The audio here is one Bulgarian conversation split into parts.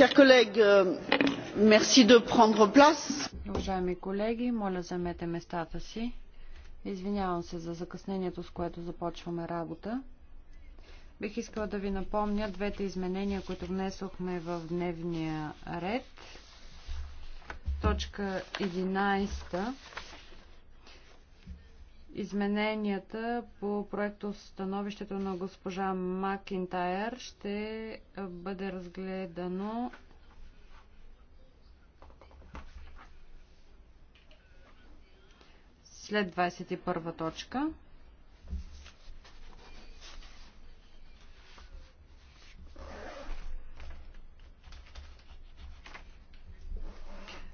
Chers collègues, euh, merci de prendre place. Уважаеми колеги, моля заемете местата си. Извинявам се за закъснението, с което започваме работа. Бих искала да ви напомня двете изменения, които внесохме в дневния ред. Точка 11 Измененията по проекто становището на госпожа Макинтайр ще бъде разгледано след 21 точка.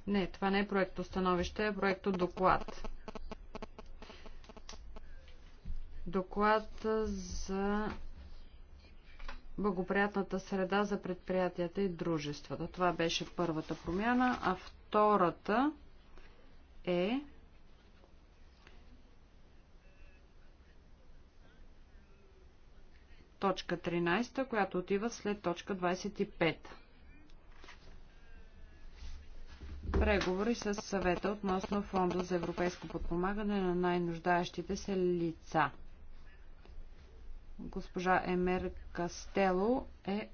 Не, това не е проекто становище, е проекто доклад. Доклад за благоприятната среда за предприятията и дружествата. Това беше първата промяна, а втората е точка 13, която отива след точка 25. Преговори с съвета относно фонда за европейско подпомагане на най-нуждаещите се лица. Госпожа Емер Кастело е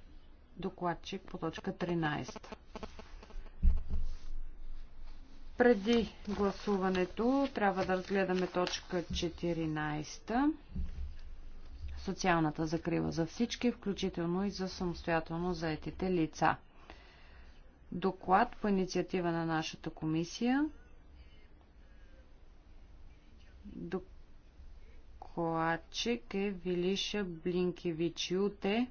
докладчик по точка 13. Преди гласуването трябва да разгледаме точка 14. Социалната закрива за всички, включително и за самостоятелно заетите лица. Доклад по инициатива на нашата комисия. Доклад докладчик е Вилиша Блинкевичиуте.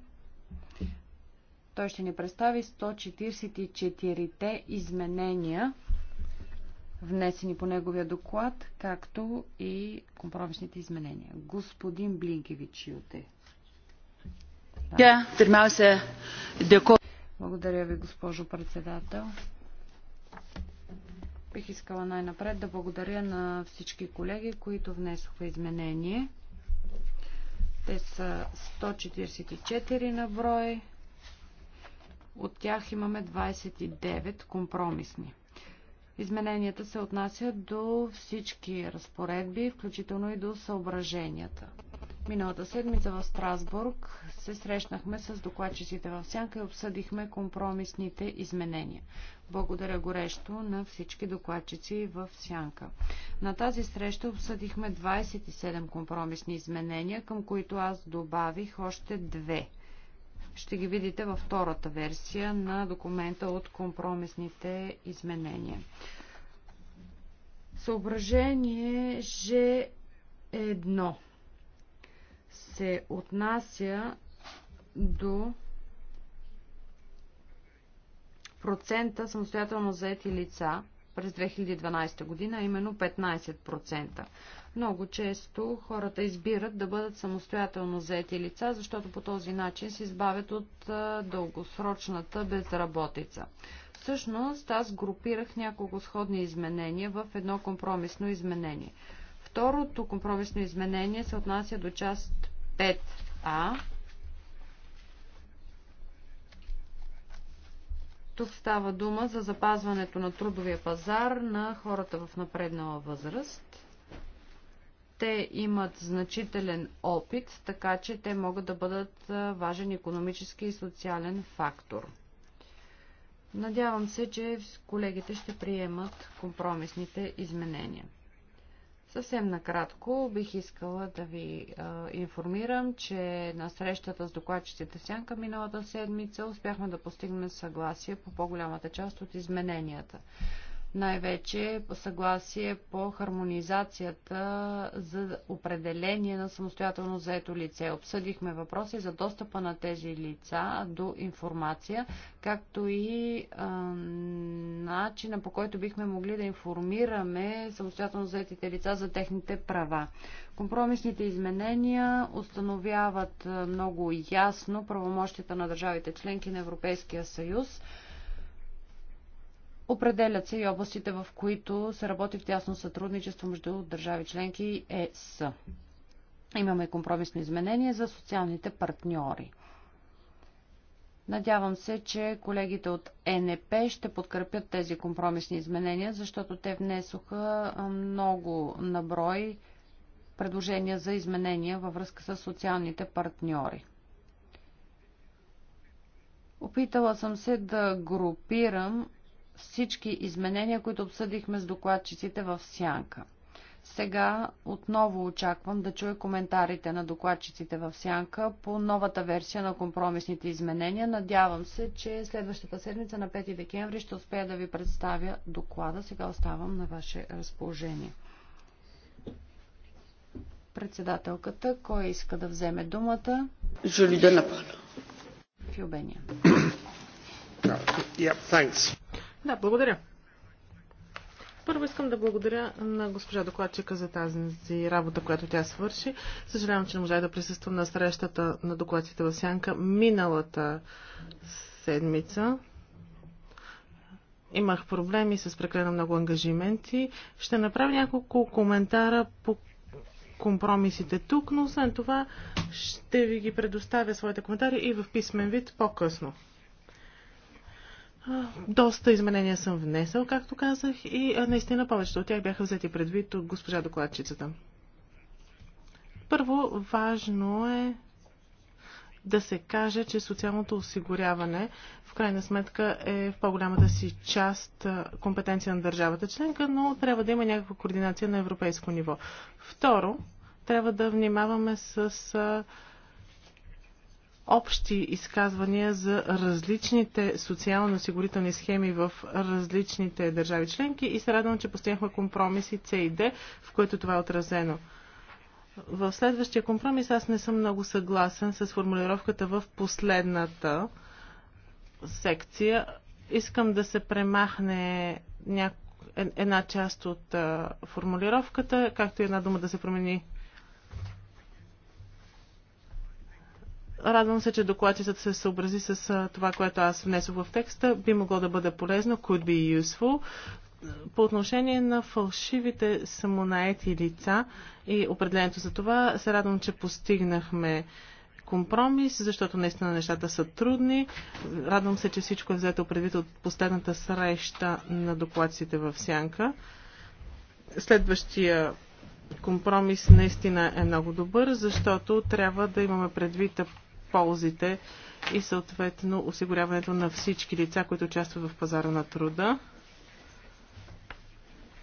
Той ще ни представи 144-те изменения, внесени по неговия доклад, както и компромисните изменения. Господин Блинкевичиуте. Да. Благодаря ви, госпожо председател. Бих искала най-напред да благодаря на всички колеги, които внесоха изменение. Те са 144 на брой. От тях имаме 29 компромисни. Измененията се отнасят до всички разпоредби, включително и до съображенията. Миналата седмица в Страсбург се срещнахме с докладчиците в Сянка и обсъдихме компромисните изменения. Благодаря горещо на всички докладчици в Сянка. На тази среща обсъдихме 27 компромисни изменения, към които аз добавих още две. Ще ги видите във втората версия на документа от компромисните изменения. Съображение е едно се отнася до процента самостоятелно заети лица през 2012 година, именно 15%. Много често хората избират да бъдат самостоятелно заети лица, защото по този начин се избавят от дългосрочната безработица. Всъщност аз групирах няколко сходни изменения в едно компромисно изменение. Второто компромисно изменение се отнася до част 5а. Тук става дума за запазването на трудовия пазар на хората в напреднала възраст. Те имат значителен опит, така че те могат да бъдат важен економически и социален фактор. Надявам се, че колегите ще приемат компромисните изменения. Съвсем накратко бих искала да ви а, информирам, че на срещата с докладчиците Сянка миналата седмица успяхме да постигнем съгласие по по-голямата част от измененията най-вече по съгласие по хармонизацията за определение на самостоятелно заето лице. Обсъдихме въпроси за достъпа на тези лица до информация, както и а, начина по който бихме могли да информираме самостоятелно заетите лица за техните права. Компромисните изменения установяват много ясно правомощията на държавите членки на Европейския съюз. Определят се и областите, в които се работи в тясно сътрудничество между държави членки и ЕС. Имаме компромисно изменение за социалните партньори. Надявам се, че колегите от е НП ще подкрепят тези компромисни изменения, защото те внесоха много наброй предложения за изменения във връзка с социалните партньори. Опитала съм се да групирам всички изменения, които обсъдихме с докладчиците в Сянка. Сега отново очаквам да чуя коментарите на докладчиците в Сянка по новата версия на компромисните изменения. Надявам се, че следващата седмица на 5 декември ще успея да ви представя доклада. Сега оставам на ваше разположение. Председателката, кой иска да вземе думата? Жули Дънапана. Фюбения. Yeah, thanks. Да, благодаря. Първо искам да благодаря на госпожа докладчика за тази работа, която тя свърши. Съжалявам, че не можах да присъствам на срещата на докладците в Сянка миналата седмица. Имах проблеми с прекалено много ангажименти. Ще направя няколко коментара по компромисите тук, но освен това ще ви ги предоставя своите коментари и в писмен вид по-късно. Доста изменения съм внесъл, както казах, и наистина повечето от тях бяха взети предвид от госпожа докладчицата. Първо, важно е да се каже, че социалното осигуряване в крайна сметка е в по-голямата си част компетенция на държавата членка, но трябва да има някаква координация на европейско ниво. Второ, трябва да внимаваме с общи изказвания за различните социално-осигурителни схеми в различните държави членки и се радвам, че постигнахме компромиси С и Д, в което това е отразено. В следващия компромис аз не съм много съгласен с формулировката в последната секция. Искам да се премахне ня... Е- една част от формулировката, както и една дума да се промени Радвам се, че докладчицата се съобрази с това, което аз внесох в текста. Би могло да бъде полезно, could be useful. По отношение на фалшивите самонаети лица и определението за това, се радвам, че постигнахме компромис, защото наистина нещата са трудни. Радвам се, че всичко е взето предвид от последната среща на докладците в Сянка. Следващия компромис наистина е много добър, защото трябва да имаме предвид ползите и съответно осигуряването на всички лица, които участват в пазара на труда.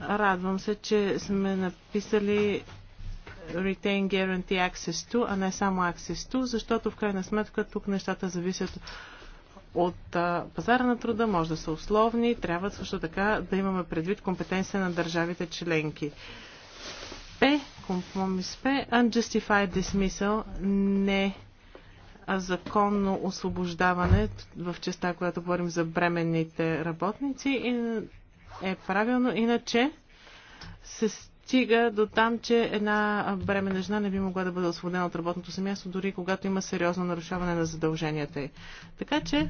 Радвам се, че сме написали Retain Guarantee Access to, а не само Access to, защото в крайна сметка тук нещата зависят от пазара на труда, може да са условни, трябва също така да имаме предвид компетенция на държавите членки. П, компромис П, unjustified dismissal, не законно освобождаване в частта, която говорим за бременните работници, е правилно. Иначе се стига до там, че една бременна жена не би могла да бъде освободена от работното си място, дори когато има сериозно нарушаване на задълженията й. Така че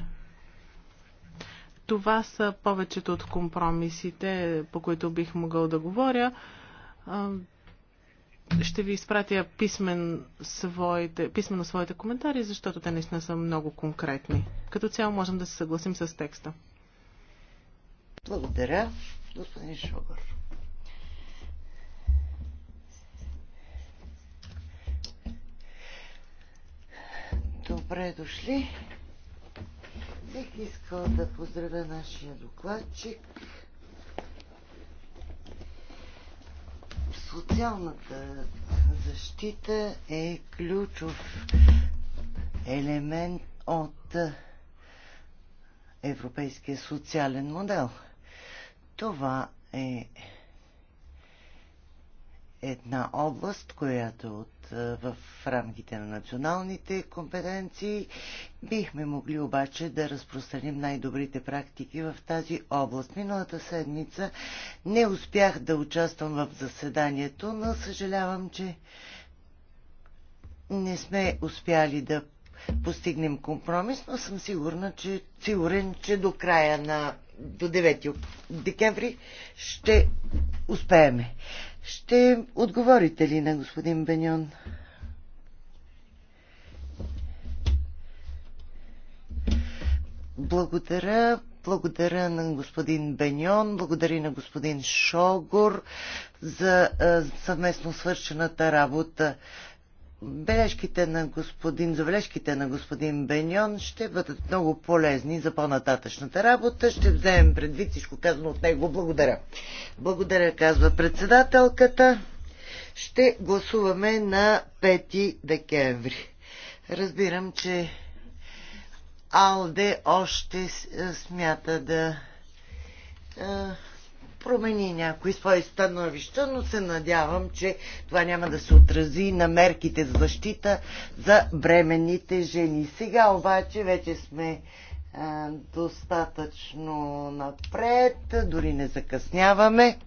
това са повечето от компромисите, по които бих могъл да говоря ще ви изпратя писмен своите, писменно своите коментари, защото те наистина са много конкретни. Като цяло можем да се съгласим с текста. Благодаря, господин Шогър. Добре дошли. Бих искал да поздравя нашия докладчик. Социалната защита е ключов елемент от европейския социален модел. Това е една област, която от, е, в рамките на националните компетенции бихме могли обаче да разпространим най-добрите практики в тази област. Миналата седмица не успях да участвам в заседанието, но съжалявам, че не сме успяли да постигнем компромис, но съм сигурна, че, сигурен, че до края на до 9 декември ще успееме. Ще отговорите ли на господин Беньон? Благодаря. Благодаря на господин Беньон, благодаря на господин Шогор за съвместно свършената работа бележките на господин, завлежките на господин Беньон ще бъдат много полезни за по-нататъчната работа. Ще вземем предвид всичко казано от него. Благодаря. Благодаря, казва председателката. Ще гласуваме на 5 декември. Разбирам, че Алде още смята да промени някои свои становища, но се надявам, че това няма да се отрази на мерките за защита за бременните жени. Сега обаче вече сме а, достатъчно напред, дори не закъсняваме.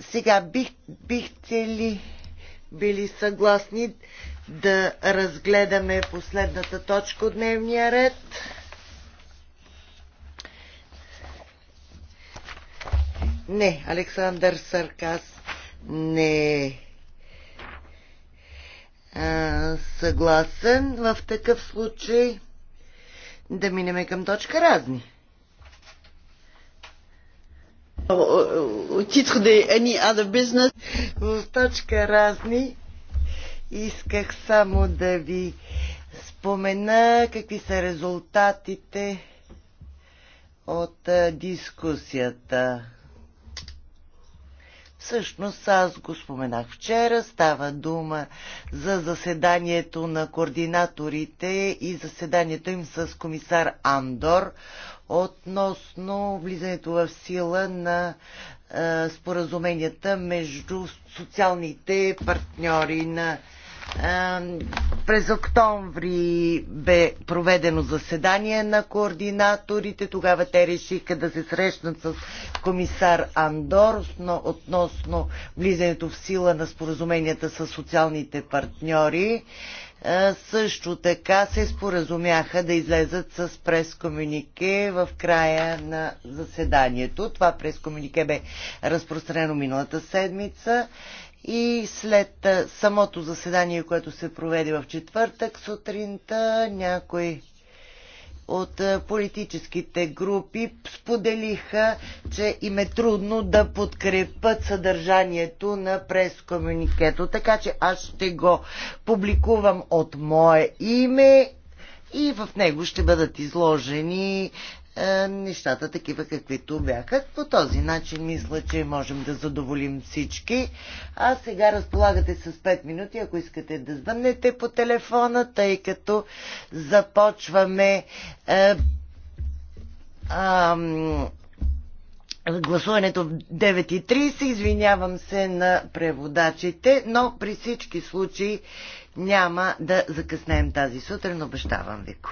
Сега бих, бихте ли били съгласни да разгледаме последната точка от дневния ред? Не, Александър Саркас не е съгласен. В такъв случай да минеме към точка разни. any other В точка разни исках само да ви спомена какви са резултатите от дискусията. Всъщност аз го споменах вчера, става дума за заседанието на координаторите и заседанието им с комисар Андор относно влизането в сила на е, споразуменията между социалните партньори на през октомври бе проведено заседание на координаторите. Тогава те решиха да се срещнат с комисар Андор относно влизането в сила на споразуменията с социалните партньори. Също така се споразумяха да излезат с прескомюнике в края на заседанието. Това прескомюнике бе разпространено миналата седмица и след самото заседание, което се проведе в четвъртък сутринта, някои от политическите групи споделиха, че им е трудно да подкрепят съдържанието на прес-комуникето. Така че аз ще го публикувам от мое име и в него ще бъдат изложени е, нещата такива каквито бяха. По този начин мисля, че можем да задоволим всички. А сега разполагате с 5 минути, ако искате да звъннете по телефона, тъй като започваме е, ам, гласуването в 9.30. Извинявам се на преводачите, но при всички случаи няма да закъснем тази сутрин, обещавам ви го.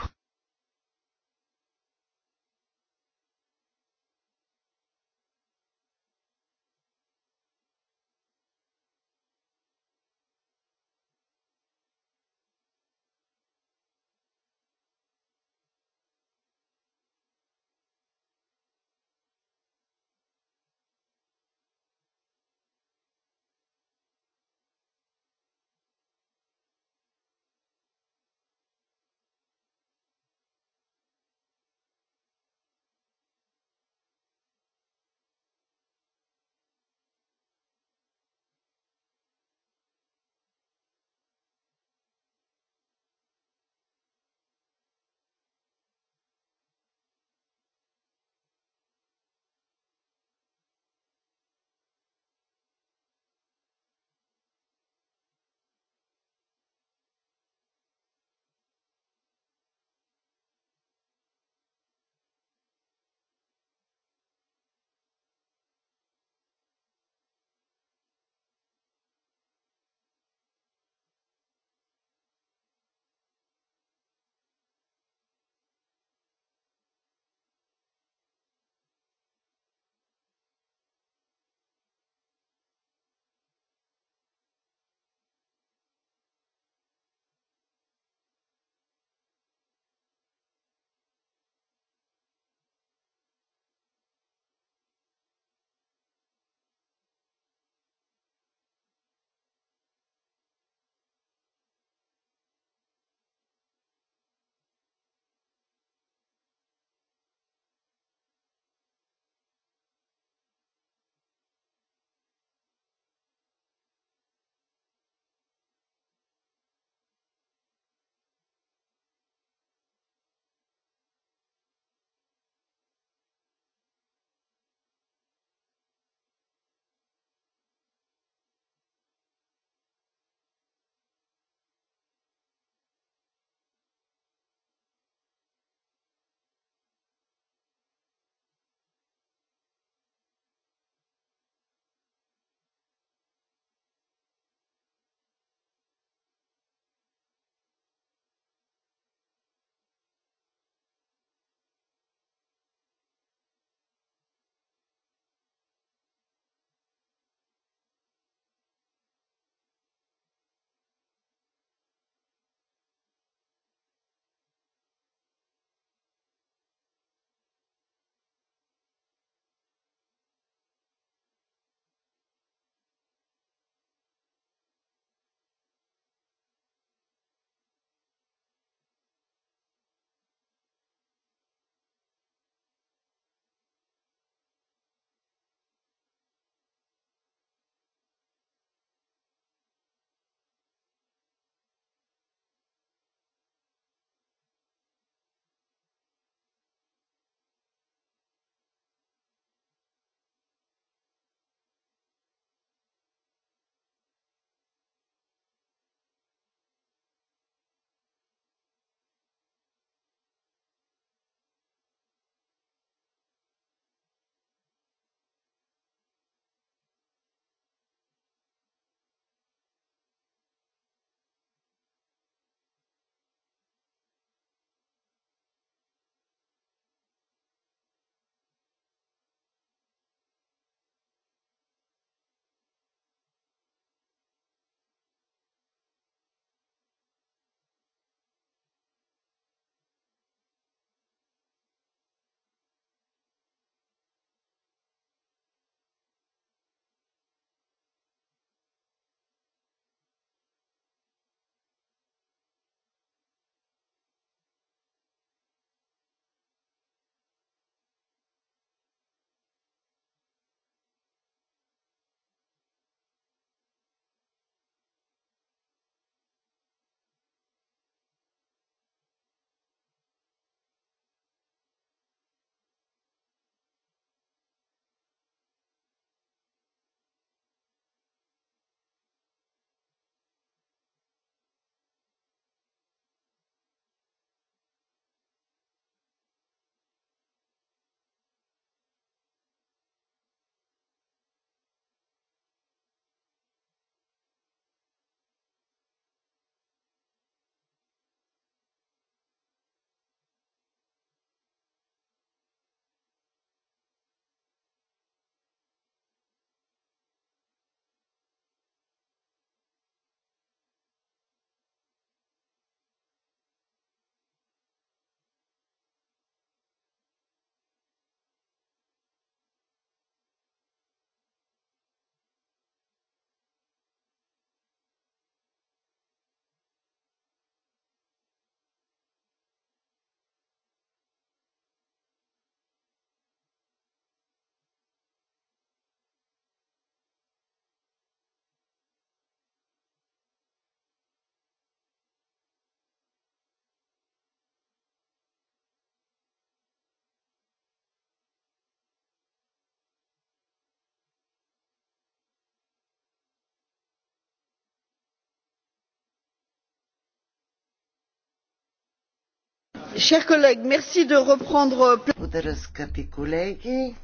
Chers collègues, merci de reprendre. Благодаря, скъпи колеги,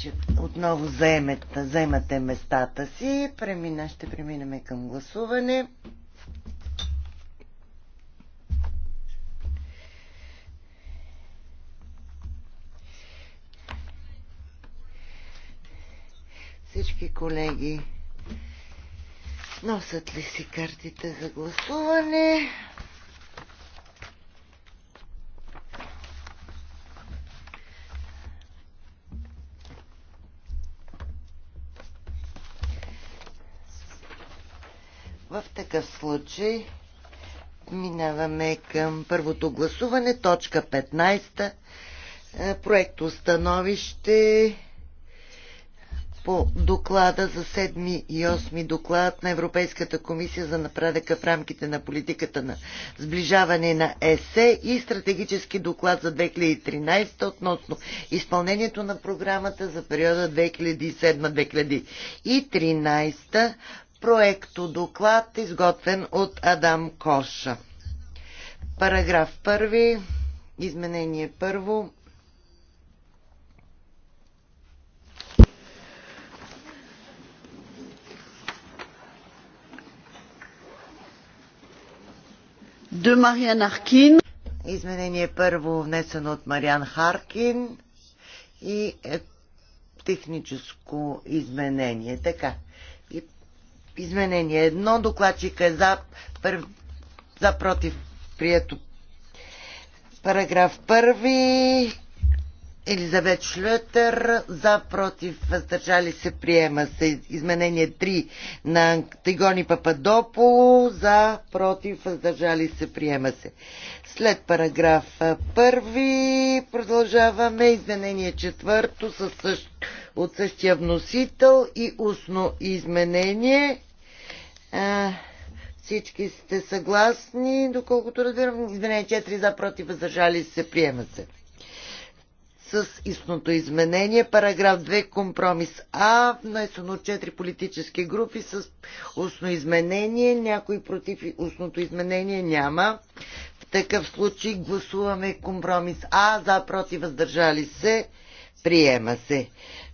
че отново заемате местата си. Премина, ще преминем към гласуване. Всички колеги носят ли си картите за гласуване? такъв случай минаваме към първото гласуване. Точка 15. Е, Проект установище по доклада за 7 и 8 доклад на Европейската комисия за напредъка в рамките на политиката на сближаване на ЕСЕ и стратегически доклад за 2013 относно изпълнението на програмата за периода 2007-2013 проектодоклад, доклад, изготвен от Адам Коша. Параграф първи, изменение първо. de Мариан Аркин. Изменение първо внесено от Мариан Харкин и е техническо изменение. Така. Изменение едно. Докладчика е за, пър, за против прието. Параграф първи. Елизабет Шлютер за против въздържали се приема се изменение 3 на Тигони Пападополо за против въздържали се приема се. След параграф 1 продължаваме изменение 4 със същ, от същия вносител и устно изменение. А, всички сте съгласни, доколкото разбирам. Извинение 4 за против, въздържали се, приема се. С истното изменение, параграф 2, компромис А, внесено от четири политически групи с устно изменение. Някой против устното изменение няма. В такъв случай гласуваме компромис А, за против, въздържали се, приема се.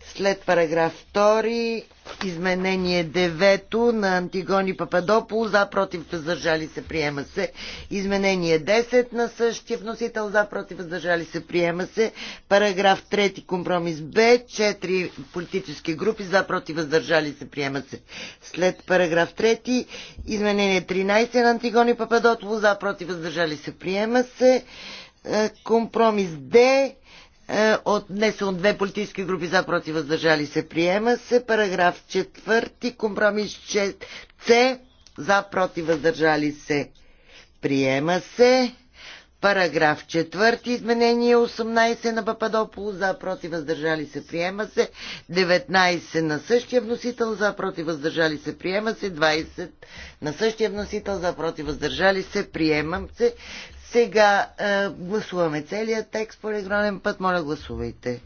След параграф 2, изменение 9 на Антигони Пападопол, за против въздържали се, приема се. Изменение 10 на същия вносител, за против въздържали се, приема се. Параграф 3, компромис Б, 4 политически групи, за против въздържали се, приема се. След параграф 3, изменение 13 на Антигони Пападопол, за против въздържали се, приема се. Е, компромис Д, е, от, внесен от две политически групи за против въздържали се приема се. Параграф 4, компромис 6, С, за против въздържали се приема се. Параграф 4, изменение 18 на Пападополо, за против въздържали се приема се. 19 на същия вносител, за против въздържали се приема се. 20 на същия вносител, за против въздържали се приемам се. Сега е, гласуваме целият текст по електронен път. Моля, гласувайте.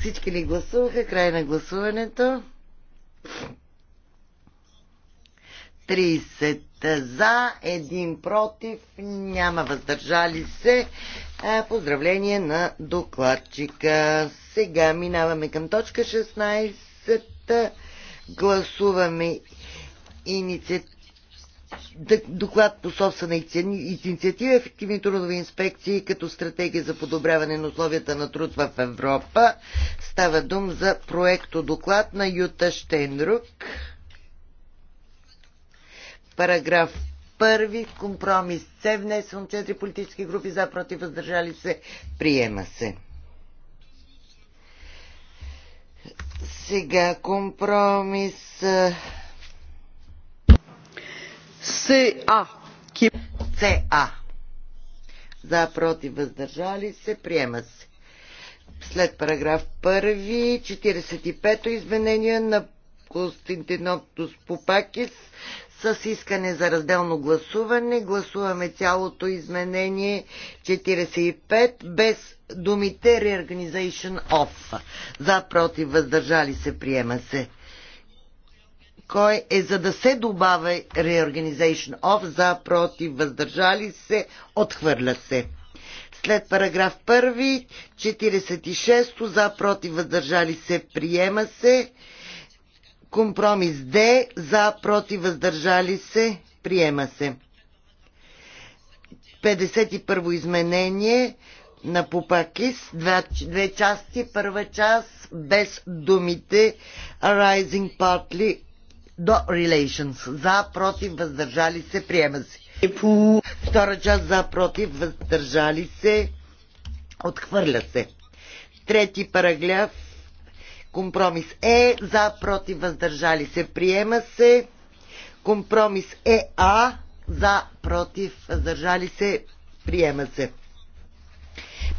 Всички ли гласуваха? Край на гласуването. 30 за, 1 против, няма въздържали се. Е, поздравление на докладчика. Сега минаваме към точка 16. Гласуваме инициатива доклад по собствена инициатива ефективни трудови инспекции като стратегия за подобряване на условията на труд в Европа. Става дум за проекто доклад на Юта Штейнрук. Параграф първи, компромис С, внесен от четири политически групи за против въздържали се, приема се. Сега компромис СА. СА. За, против, въздържали се, приема се. След параграф 1, 45-то изменение на Константинотос Попакис с искане за разделно гласуване. Гласуваме цялото изменение 45 без думите Reorganization of. За, против, въздържали се, приема се кой е за да се добавя Reorganization of, за, против, въздържали се, отхвърля се. След параграф 1, 46 за, против, въздържали се, приема се. Компромис Д, за, против, въздържали се, приема се. 51 изменение на Попакис, две, две части, първа част без думите Arising Partly до Relations. За, против, въздържали се, приема се. Втора част за, против, въздържали се, отхвърля се. Трети параграф, компромис Е, за, против, въздържали се, приема се. Компромис Е, А, за, против, въздържали се, приема се.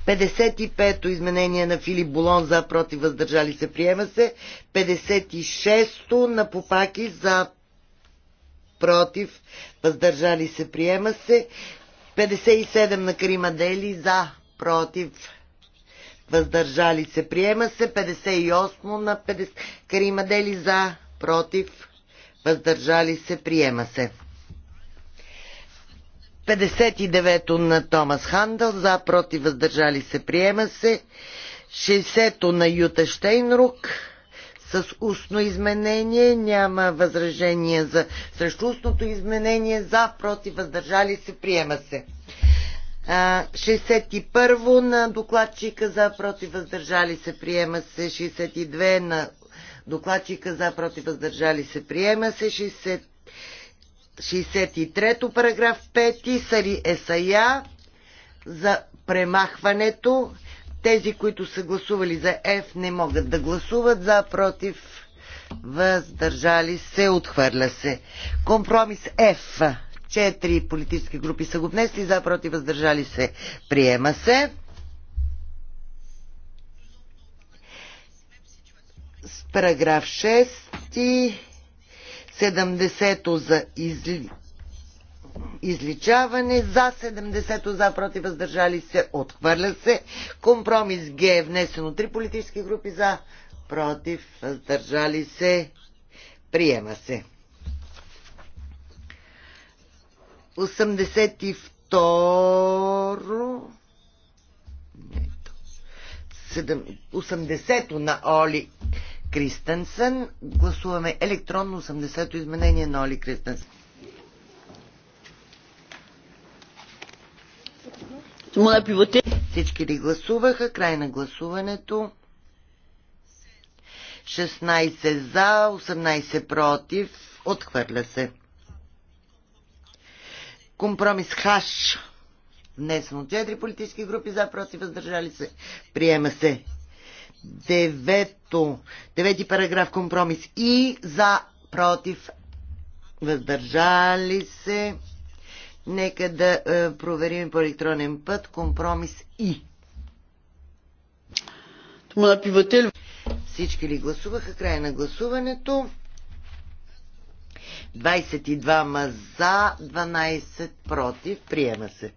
55-то изменение на Филип Болон за против въздържали се приема се. 56-то на Попаки за против въздържали се приема се. 57 на Карима Дели за против въздържали се приема се. 58 на 50... Карима Дели за против въздържали се приема се. 59-то на Томас Хандъл, за, против, въздържали се, приема се. 60-то на Юта Штейнрук, с устно изменение, няма възражение за срещу устното изменение, за, против, въздържали се, приема се. 61 на докладчика за против въздържали се приема се 62 на докладчика за против въздържали се приема се 60 63-то параграф 5 Сари Есая за премахването. Тези, които са гласували за F, не могат да гласуват за, против, въздържали се, отхвърля се. Компромис F. Четири политически групи са го внесли, за, против, въздържали се, приема се. параграф 6 70-то за изли... изличаване, за 70-то за против въздържали се, отхвърля се. Компромис Г е внесено от три политически групи за против въздържали се, приема се. 82 80-то на Оли Кристенсен. Гласуваме електронно 80-то изменение на Оли Кристенсен. Всички ли гласуваха? Край на гласуването. 16 за, 18 против. Отхвърля се. Компромис ХАШ. Внесен от 4 политически групи за, против, въздържали се. Приема се девето, девети параграф компромис и за, против, въздържали се. Нека да е, проверим по електронен път компромис и. Всички ли гласуваха? Край на гласуването. 22 ма за, 12 против. Приема се.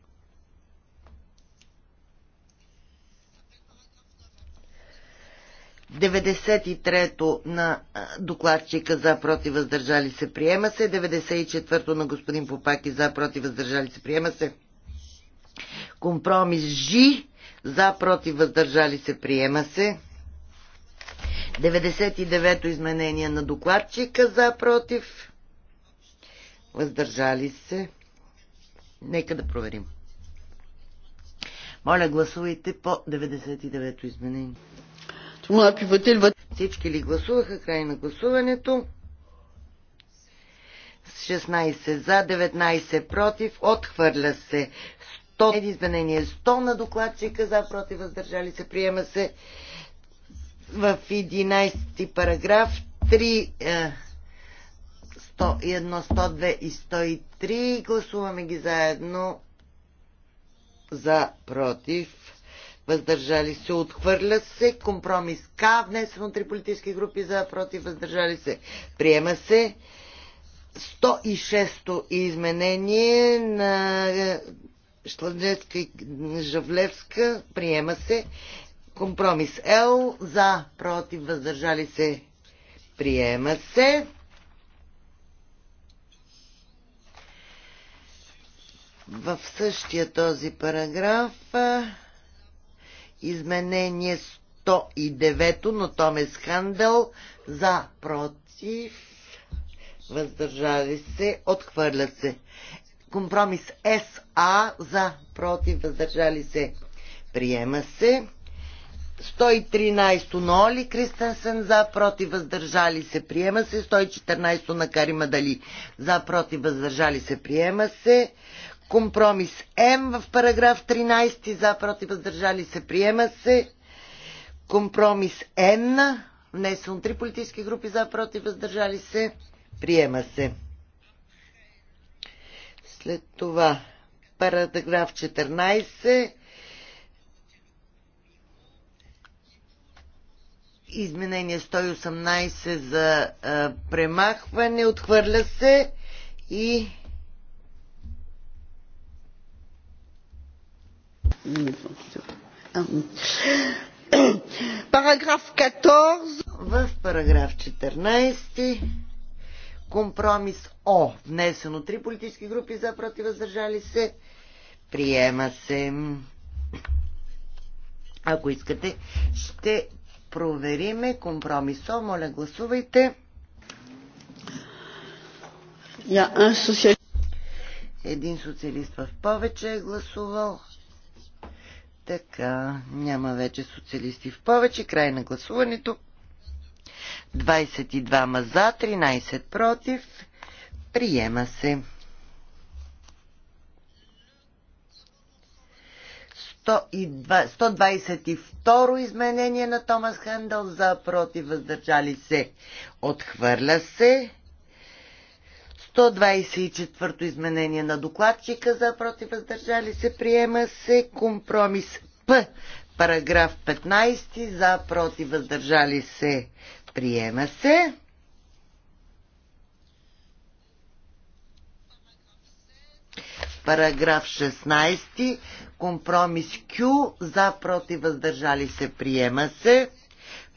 93-то на докладчика за против въздържали се приема се. 94-то на господин Попаки за против въздържали се приема се. Компромис Жи за против въздържали се приема се. 99-то изменение на докладчика за против въздържали се. Нека да проверим. Моля, гласувайте по 99-то изменение. Всички ли гласуваха? Край на гласуването. 16 за, 19 против, отхвърля се. 100 изменение 100 на докладчика за, против, въздържали се, приема се в 11 параграф 3 е, 101, 102 и 103. Гласуваме ги заедно за, против, въздържали се, отхвърля се, компромис К, внесен от три политически групи за, против, въздържали се, приема се. 106-то изменение на е, Шладецка и Жавлевска, приема се. Компромис Л, за, против, въздържали се, приема се. В същия този параграф е, Изменение 109 но то е скандал. За, против, въздържали се, отхвърля се. Компромис СА за, против, въздържали се, приема се. 113-то на Оли Кристенсен за, против, въздържали се, приема се. 114-то на Карима Дали за, против, въздържали се, приема се. Компромис М в параграф 13 за против въздържали се приема се. Компромис Н внесен три политически групи за против въздържали се приема се. След това параграф 14 изменение 118 за а, премахване отхвърля се и Параграф 14. В параграф 14 компромис О, внесен от три политически групи за против въздържали се, приема се. Ако искате, ще провериме компромис О. Моля, гласувайте. Един социалист в повече е гласувал. Така, няма вече социалисти в повече. Край на гласуването. 22 за, 13 против. Приема се. 122 изменение на Томас Хендъл за против въздържали се. Отхвърля се. 124-то изменение на докладчика за против въздържали се приема се компромис П. Параграф 15 за против въздържали се приема се. Параграф 16. Компромис Q за против въздържали се приема се.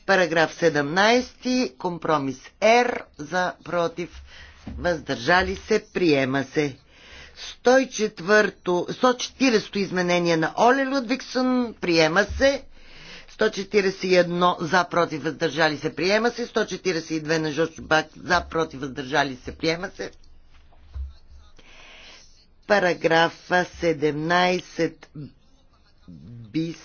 Параграф 17. Компромис R за против въздържали се въздържали се, приема се. 140 изменение на Оле Людвигсън, приема се. 141 за против въздържали се, приема се. 142 на Жош Бак за против въздържали се, приема се. Параграф 17 бис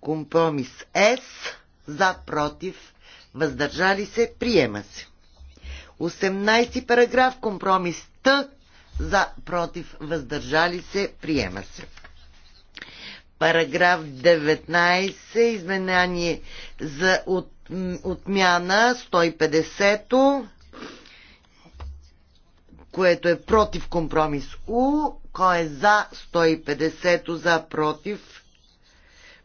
компромис С за против въздържали се, приема се. 18 параграф, компромис Т, за, против, въздържали се, приема се. Параграф 19, изменение за от, отмяна 150-то, което е против компромис У, кой е за 150-то, за против,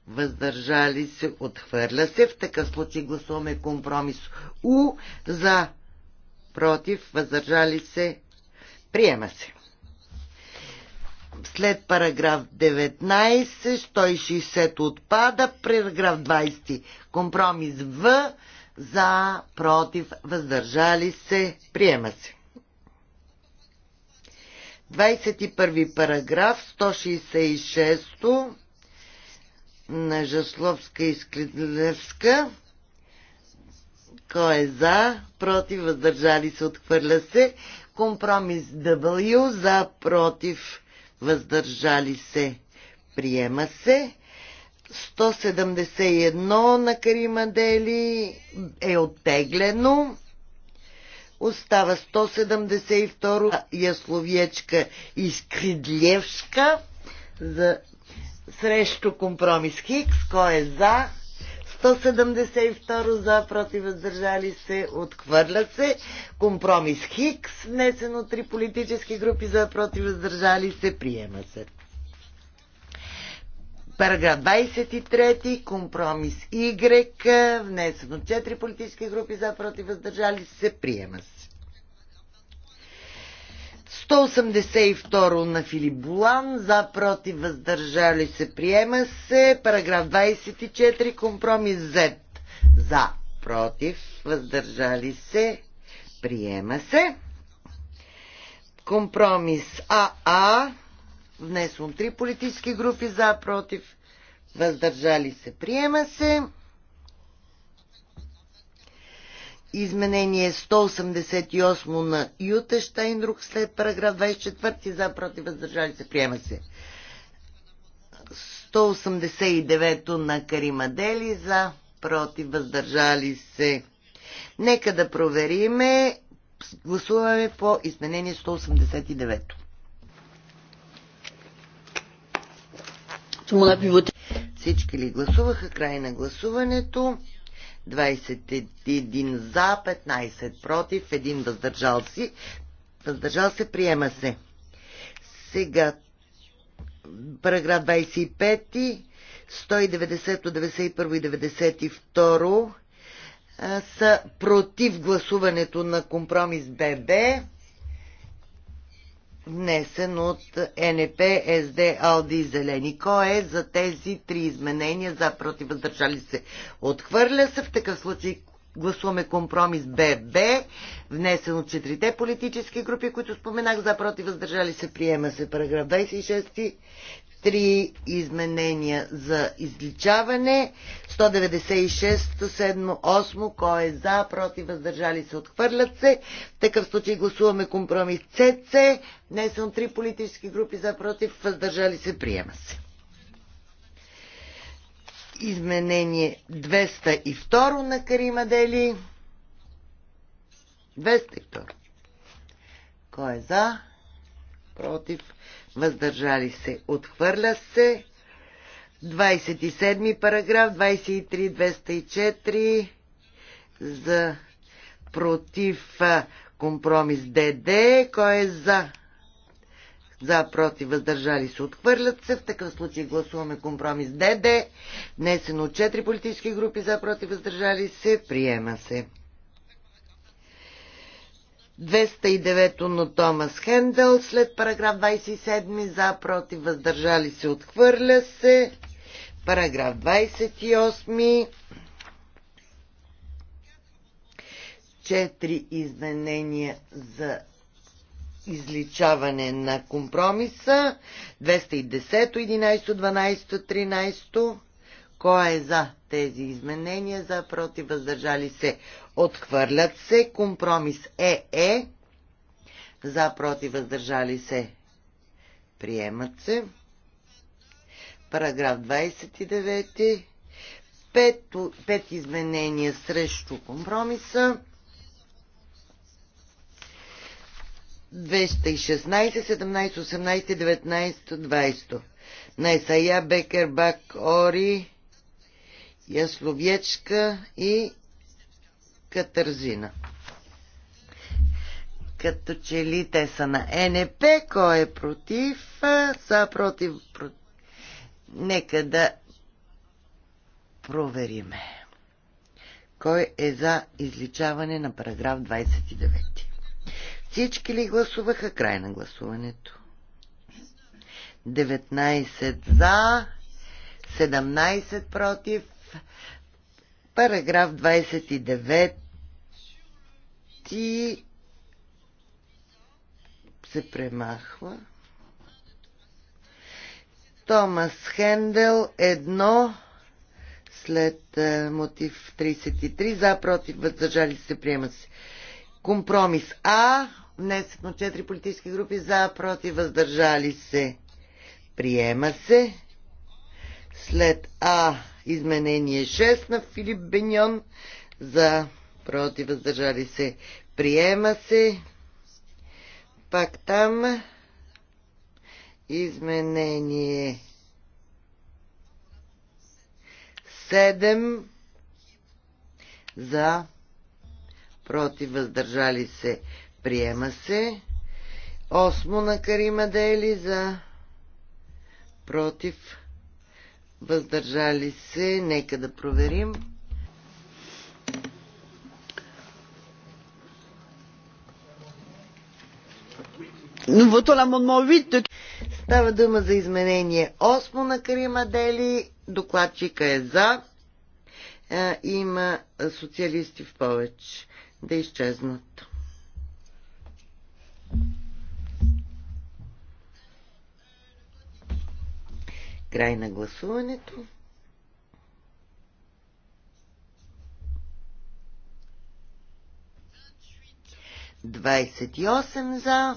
въздържали се, отхвърля се. В такъв случай гласуваме компромис У за, против, въздържали се, приема се. След параграф 19, 160 отпада, параграф 20, компромис В, за, против, въздържали се, приема се. 21 параграф, 166 на Жасловска и Скридлевска. Кой е за? Против? Въздържали се? Отхвърля се. Компромис W. За? Против? Въздържали се? Приема се. 171 на Карима Дели е оттеглено. Остава 172 Ясловечка и Скридлевска за срещу компромис Хикс. Кой е за? 172 за, против въздържали се, отхвърля се. Компромис Хикс, внесен от три политически групи за, против въздържали се, приема се. Параграф 23, компромис Y, внесен от 4 политически групи за, против въздържали се, приема се. 182 на Филип Булан, за против въздържали се, приема се. Параграф 24, компромис Z. За против въздържали се, приема се. Компромис АА, Внесвам три политически групи за против, въздържали се, приема се. Изменение 188 на Юта Штайнрук след параграф 24 за против въздържали се приема се. 189 на Каримадели за против въздържали се. Нека да провериме. Гласуваме по изменение 189. Всички ли гласуваха край на гласуването? 21 за, 15 против, 1 въздържал си. Въздържал се, приема се. Сега, параграф 25, 190, 91 и 92 са против гласуването на компромис ББ внесен от НП, СД, АЛДИ, Зелени. Кой е за тези три изменения за против въздържали се? Отхвърля се. В такъв случай гласуваме компромис ББ, внесен от четирите политически групи, които споменах за против въздържали се. Приема се параграф 26 три изменения за изличаване. 196, 7, 8, кой е за, против, въздържали се, отхвърлят се. В такъв случай гласуваме компромис ЦЦ, внесен три политически групи за, против, въздържали се, приема се. Изменение 202 на Карима Дели. 202. Кой е за? Против въздържали се, отхвърля се. 27 параграф, 23-204 за против компромис ДД. Кой е за? За, против, въздържали се, отхвърлят се. В такъв случай гласуваме компромис ДД. Внесено от 4 политически групи за, против, въздържали се, приема се. 209 на Томас Хендел след параграф 27 за против въздържали се отхвърля се. Параграф 28. Четири изменения за изличаване на компромиса. 210, 11, 12, 13. Кой е за тези изменения? За, против, въздържали се. Отхвърлят се. Компромис е е. За, против, въздържали се. Приемат се. Параграф 29. Пет, пет изменения срещу компромиса. 216, 17, 18, 19, 20. Найсая, Бекербак, Ори, Ясловечка и Катързина. Като че ли те са на НП, кой е против, са против. Нека да провериме. Кой е за изличаване на параграф 29? Всички ли гласуваха край на гласуването? 19 за, 17 против, Параграф 29 и се премахва. Томас Хендел едно след е, мотив 33 за, против, въздържали се, приема се. Компромис А, внесено от 4 политически групи за, против, въздържали се, приема се след А изменение 6 на Филип Беньон за против въздържали се. Приема се. Пак там изменение 7 за против въздържали се. Приема се. Осмо на Карима Дели за против въздържали се, нека да проверим. Става дума за изменение 8 на Карима Дели. Докладчика е за. Е, има социалисти в повече да изчезнат. Край на гласуването. Двадесет и осем за,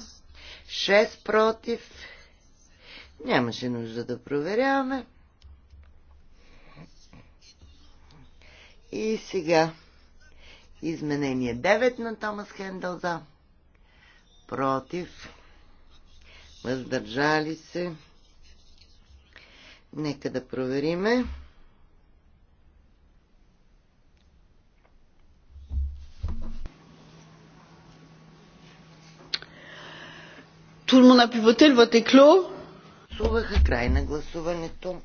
шест против. Нямаше нужда да проверяваме. И сега изменение 9 на Томас Хендъл за против въздържали се Нека да провериме. Tout пивател monde a край на гласуването.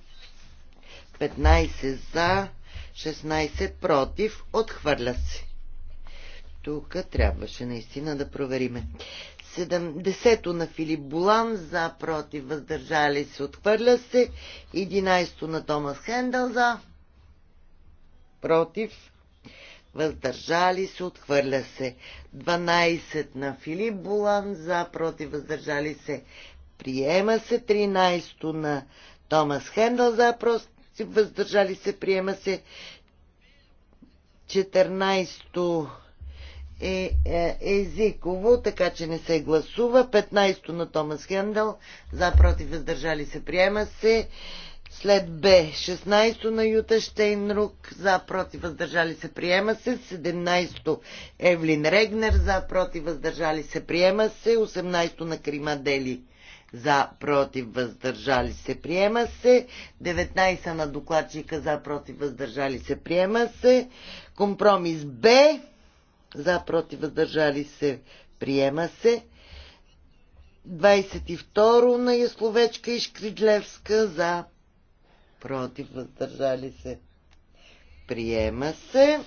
15 за, 16 против, отхвърля се. Тук трябваше наистина да провериме. 70-то на Филип Булан, за, против, въздържали се, отхвърля се. 11-то на Томас Хендъл, за, против, въздържали се, отхвърля се. 12 на Филип Булан, за, против, въздържали се, приема се. 13-то на Томас Хендъл, за, против, въздържали се, приема се. 14-то е, е езиково, така че не се гласува. 15-то на Томас Хендъл, за против въздържали се, приема се. След Б, 16-то на Юта Штейнрук, за против въздържали се, приема се. 17-то Евлин Регнер, за против въздържали се, приема се. 18-то на Крима Дели за против въздържали се приема се, 19 на докладчика за против въздържали се приема се, компромис Б за, против, въздържали се, приема се. 22 на Ясловечка и Шкриджлевска за, против, въздържали се, приема се.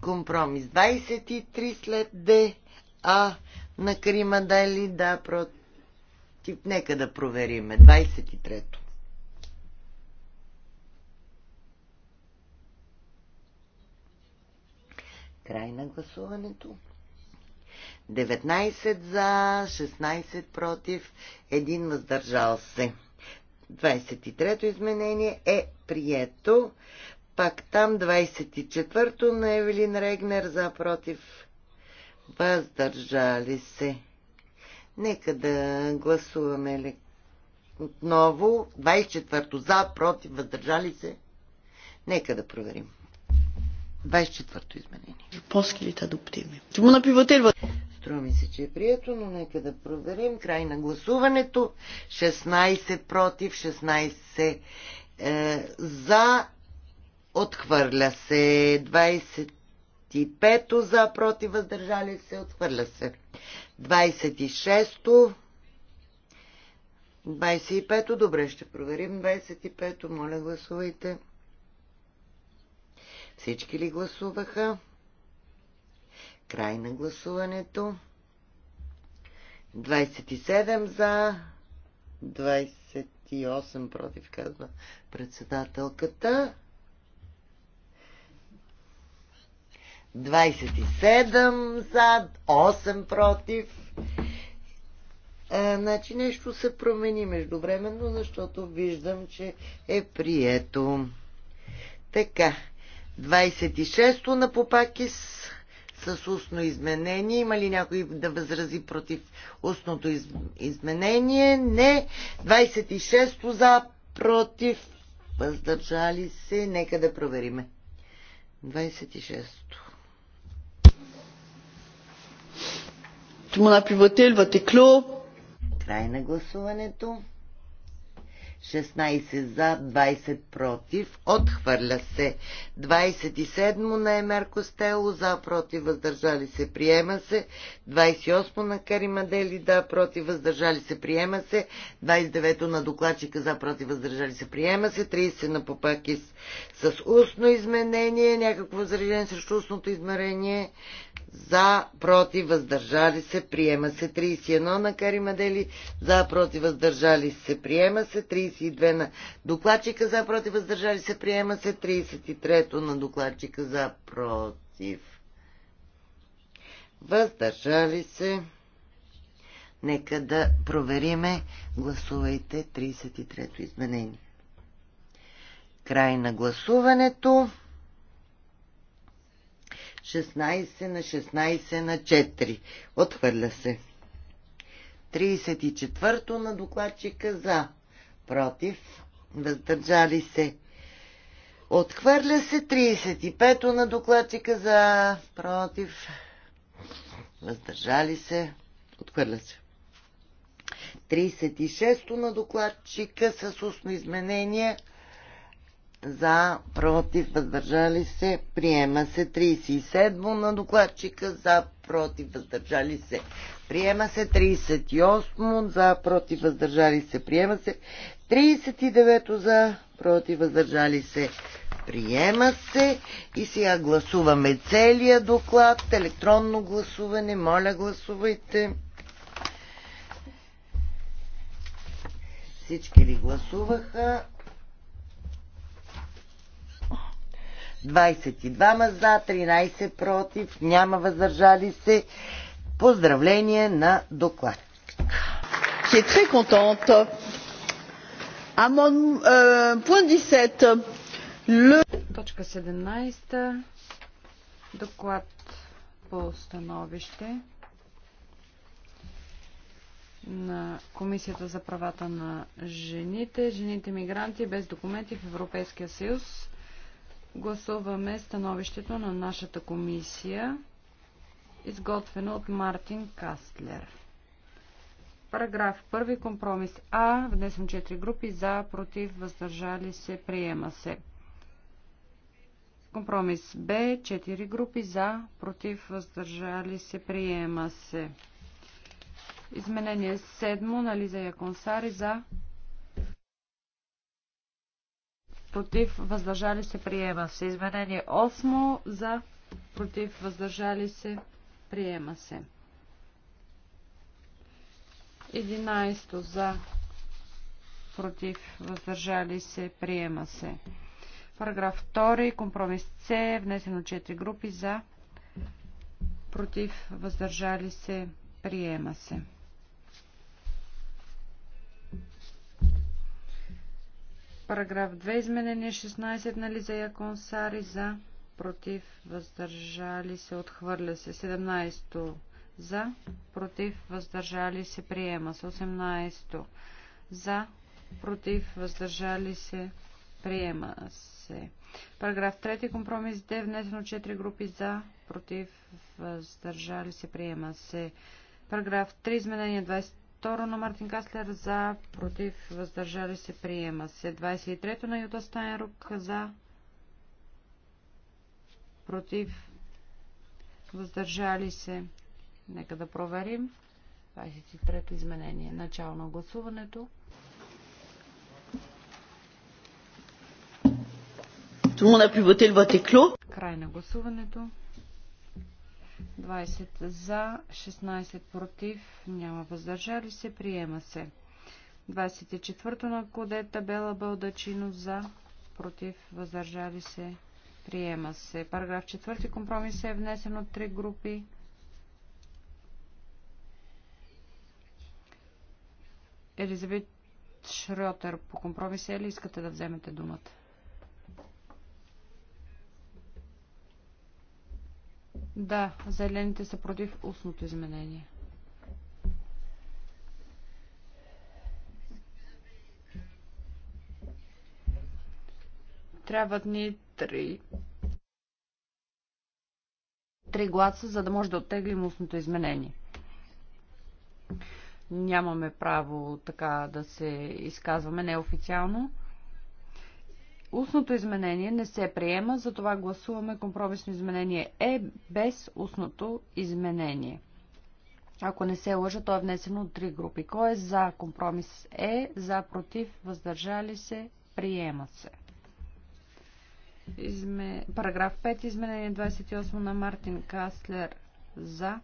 Компромис 23 след Д, А на Крима Дали, да, против, нека да провериме. 23-то. Край на гласуването. 19 за, 16 против, 1 въздържал се. 23-то изменение е прието. Пак там 24-то на Евелин Регнер за против. Въздържали се. Нека да гласуваме отново. 24-то за, против, въздържали се. Нека да проверим. 24-то изменение. Полски ли адаптивни. Чому на пивотел? Струва ми се, че е прието, но нека да проверим. Край на гласуването. 16 против, 16 е, за. Отхвърля се. 25 за, против, въздържали се. Отхвърля се. 26-то. 25-то. Добре, ще проверим. 25-то. Моля, гласувайте. Всички ли гласуваха? Край на гласуването. 27 за, 28 против, казва председателката. 27 за, 8 против. А, е, значи нещо се промени междувременно, защото виждам, че е прието. Така, 26-то на Попакис с устно изменение. Има ли някой да възрази против устното из... изменение? Не. 26-то за, против, въздържали се. Нека да провериме. 26-то. Тумана le ватекло. Край на гласуването. 16 за, 20 против. Отхвърля се. 27 на Емер Костело за, против, въздържали се, приема се. 28 на Каримадели да, против, въздържали се, приема се. 29 на докладчика за, против, въздържали се, приема се. 30 на Попакис с устно изменение, някакво възражение срещу устното измерение. За, против, въздържали се, приема се. 31 на Каримадели за, против, въздържали се, приема се. 30 32 на докладчика за против, въздържали се, приема се 33-то на докладчика за против. Въздържали се. Нека да провериме. Гласувайте 33-то изменение. Край на гласуването. 16 на 16 на 4. Отхвърля се. 34-то на докладчика за против, въздържали се. Отхвърля се 35-то на докладчика за против, въздържали се, отхвърля се. 36-то на докладчика с устно изменение за, против, въздържали се, приема се 37 на докладчика, за, против, въздържали се, приема се 38 за, против, въздържали се, приема се 39 за, против, въздържали се, приема се. И сега гласуваме целия доклад, електронно гласуване, моля гласувайте. Всички ли гласуваха? 22 за, 13 против, няма въздържали се. Поздравление на доклад. Je très contente Euh, point Точка 17. Доклад по становище на Комисията за правата на жените, жените мигранти без документи в Европейския съюз. Гласуваме становището на нашата комисия, изготвено от Мартин Кастлер. Параграф 1. Компромис А. Внесен 4 групи. За, против, въздържали се, приема се. Компромис Б. 4 групи. За, против, въздържали се, приема се. Изменение 7 на Лиза Яконсари. За, против, въздържали се, приема се. Изменение 8 за, против, въздържали се, приема се. 11 за, против, въздържали се, приема се. Параграф 2, компромис С, внесено 4 групи за, против, въздържали се, приема се. Параграф 2, изменение 16 на Лизея Консари за, против, въздържали се, отхвърля се. 17 за, против, въздържали се, приема се. 18 за, против, въздържали се, приема се. Параграф 3. Компромис Д. Внесено 4 групи за, против, въздържали се, приема се. Параграф 3. Изменение 22 на Мартин Каслер за, против, въздържали се, приема се. 23 на Юта Стайнрук за, против, въздържали се, приема се. Нека да проверим. 23-то изменение. Начало на гласуването. Край на гласуването. 20 за, 16 против, няма въздържали се, приема се. 24-то на кодета Бела Балдачино за, против, въздържали се, приема се. Параграф 4 компромис е внесен от 3 групи. Елизабет Шрьотер, по компромис е ли искате да вземете думата? Да, зелените са против устното изменение. Трябват ни три. Три гласа, за да може да оттеглим устното изменение нямаме право така да се изказваме неофициално. Устното изменение не се приема, затова гласуваме компромисно изменение Е без устното изменение. Ако не се лъжа, то е внесено от три групи. Кой е за компромис Е, за против, въздържали се, приема се. Изме... Параграф 5, изменение 28 на Мартин Каслер за,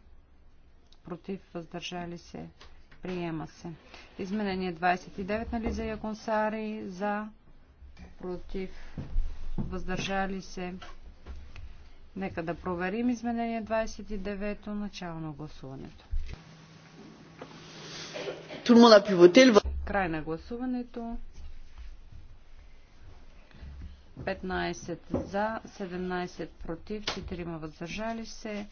против, въздържали се, Приема се. Изменение 29 на Лиза Яконсари. За. Против. Въздържали се. Нека да проверим изменение 29 начало на гласуването. Край на гласуването. 15 за, 17 против, 4 въздържали се.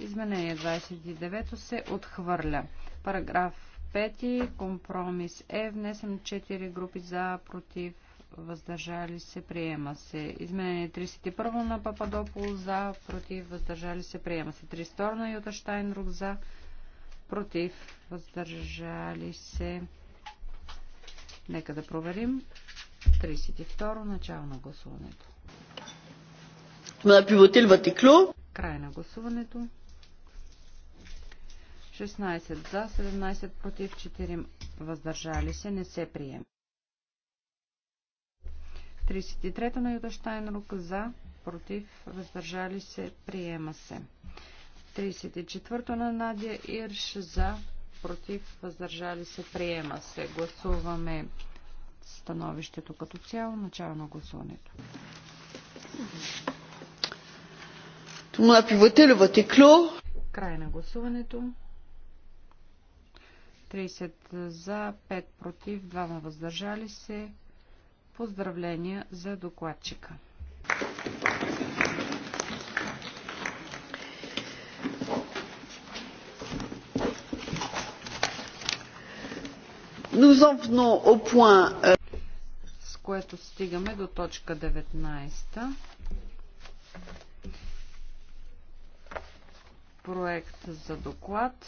Изменение 29 се отхвърля. Параграф 5. Компромис е внесен 4 групи за, против, въздържали се, приема се. Изменение 31 на Пападопол за, против, въздържали се, приема се. 32 на Юта Штайнрук за, против, въздържали се. Нека да проверим. 32 начало на гласуването. Край на гласуването. 16 за, 17 против, 4 въздържали се, не се приема. 33 на Юда Штайнрук за, против, въздържали се, приема се. 34 на Надя Ирш за, против, въздържали се, приема се. Гласуваме становището като цяло, начало на гласуването. Край на гласуването. 30 за, 5 против, 2 въздържали се. Поздравления за докладчика. Euh, С което стигаме до точка 19. Проект за доклад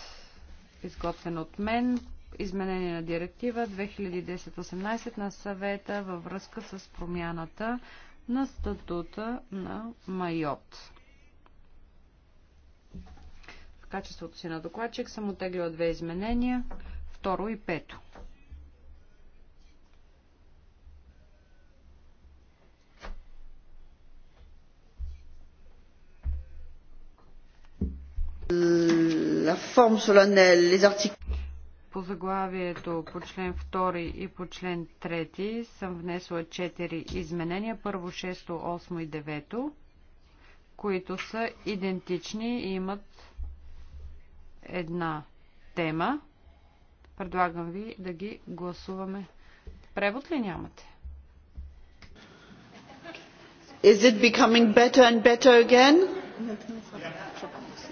изготвен от мен, изменение на директива 2010-18 на съвета във връзка с промяната на статута на Майот. В качеството си на докладчик съм отеглила две изменения, второ и пето. forme solennelle les articles по заглавието по член 2 и по член 3 съм внесла 4 изменения, първо 6, 8 и 9, които са идентични и имат една тема. Предлагам ви да ги гласуваме. Превод ли нямате? Is it becoming better and better again?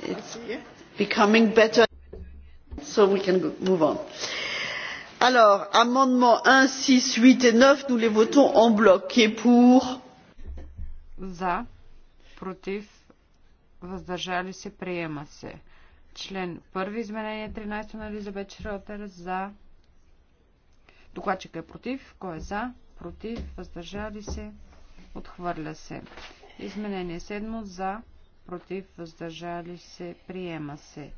It's becoming better so we can move on. Alors, amendements un, six, huit et neuf, nous les votons en bloc. Qui est pour За, против, въздържали се, приема се. Член първи, изменение 13 на Елизабет Шротер. За. Докладчик е против. Кой е за? Против, въздържали се, отхвърля се. Изменение 7 за против, въздържали се, приема се.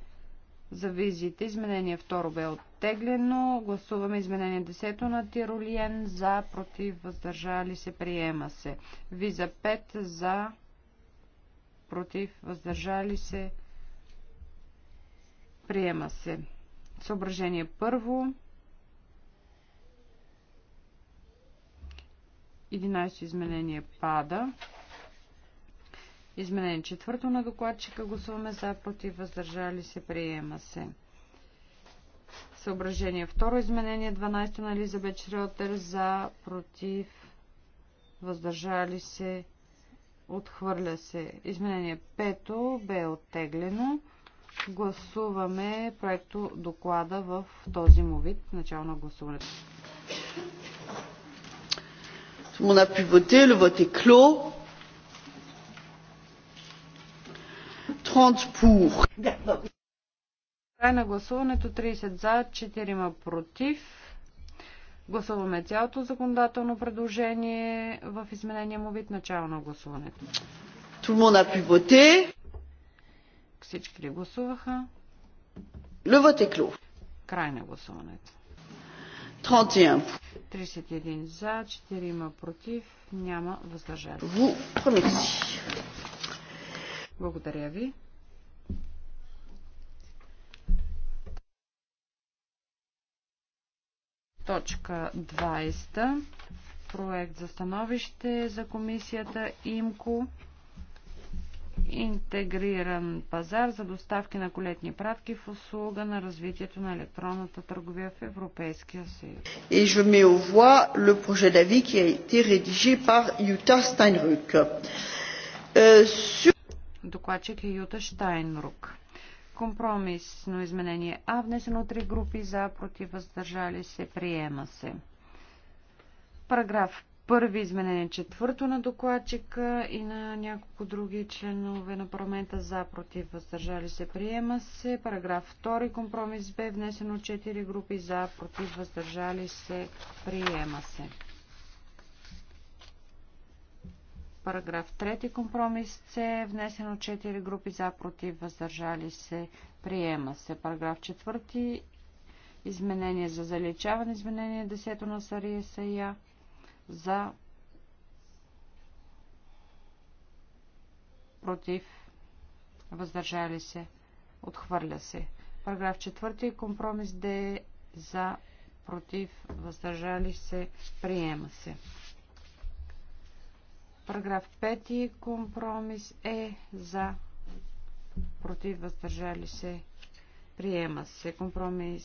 За визите изменение второ бе оттеглено. Гласуваме изменение 10 на Тиролиен. За, против, въздържали се, приема се. Виза 5 за, против, въздържали се, приема се. Съображение първо. 11 изменение пада. Изменение четвърто на докладчика гласуваме за, против, въздържали се, приема се. Съображение второ изменение 12 на Елизабет Шриотер. за, против, въздържали се, отхвърля се. Изменение пето бе оттеглено. Гласуваме проекто доклада в този му вид. Начало на гласуването. On a pu voter, le vote est clos. Край на гласуването 30 за, 4 против. Гласуваме цялото законодателно предложение в изменение му вид начало на гласуването. Тулмон le monde Всички ли гласуваха? Le е est Край на гласуването. 31. 31 за, 4 против, няма въздържали. Ву, благодаря ви. Точка 20. Проект за становище за комисията ИМКО. Интегриран пазар за доставки на колетни пратки в услуга на развитието на електронната търговия в Европейския съюз. И je mets au voix le projet d'avis qui a été rédigé par Jutta Steinruck. Euh, Докладчик е Юта Штайнрук. Компромисно изменение А, внесено три групи за, против, въздържали се, приема се. Параграф първи изменение четвърто на докладчика и на няколко други членове на парламента за против въздържали се приема се. Параграф 2 компромис бе внесено 4 групи за против въздържали се приема се. Параграф 3. Компромис С. Внесено 4 групи за, против, въздържали се. Приема се. Параграф 4. Изменение за заличаване. Изменение 10 на Сария Сая. За. Против. Въздържали се. Отхвърля се. Параграф 4. Компромис Д. За. Против. Въздържали се. Приема се. Параграф 5. Компромис е за. Против въздържали се. Приема се. Компромис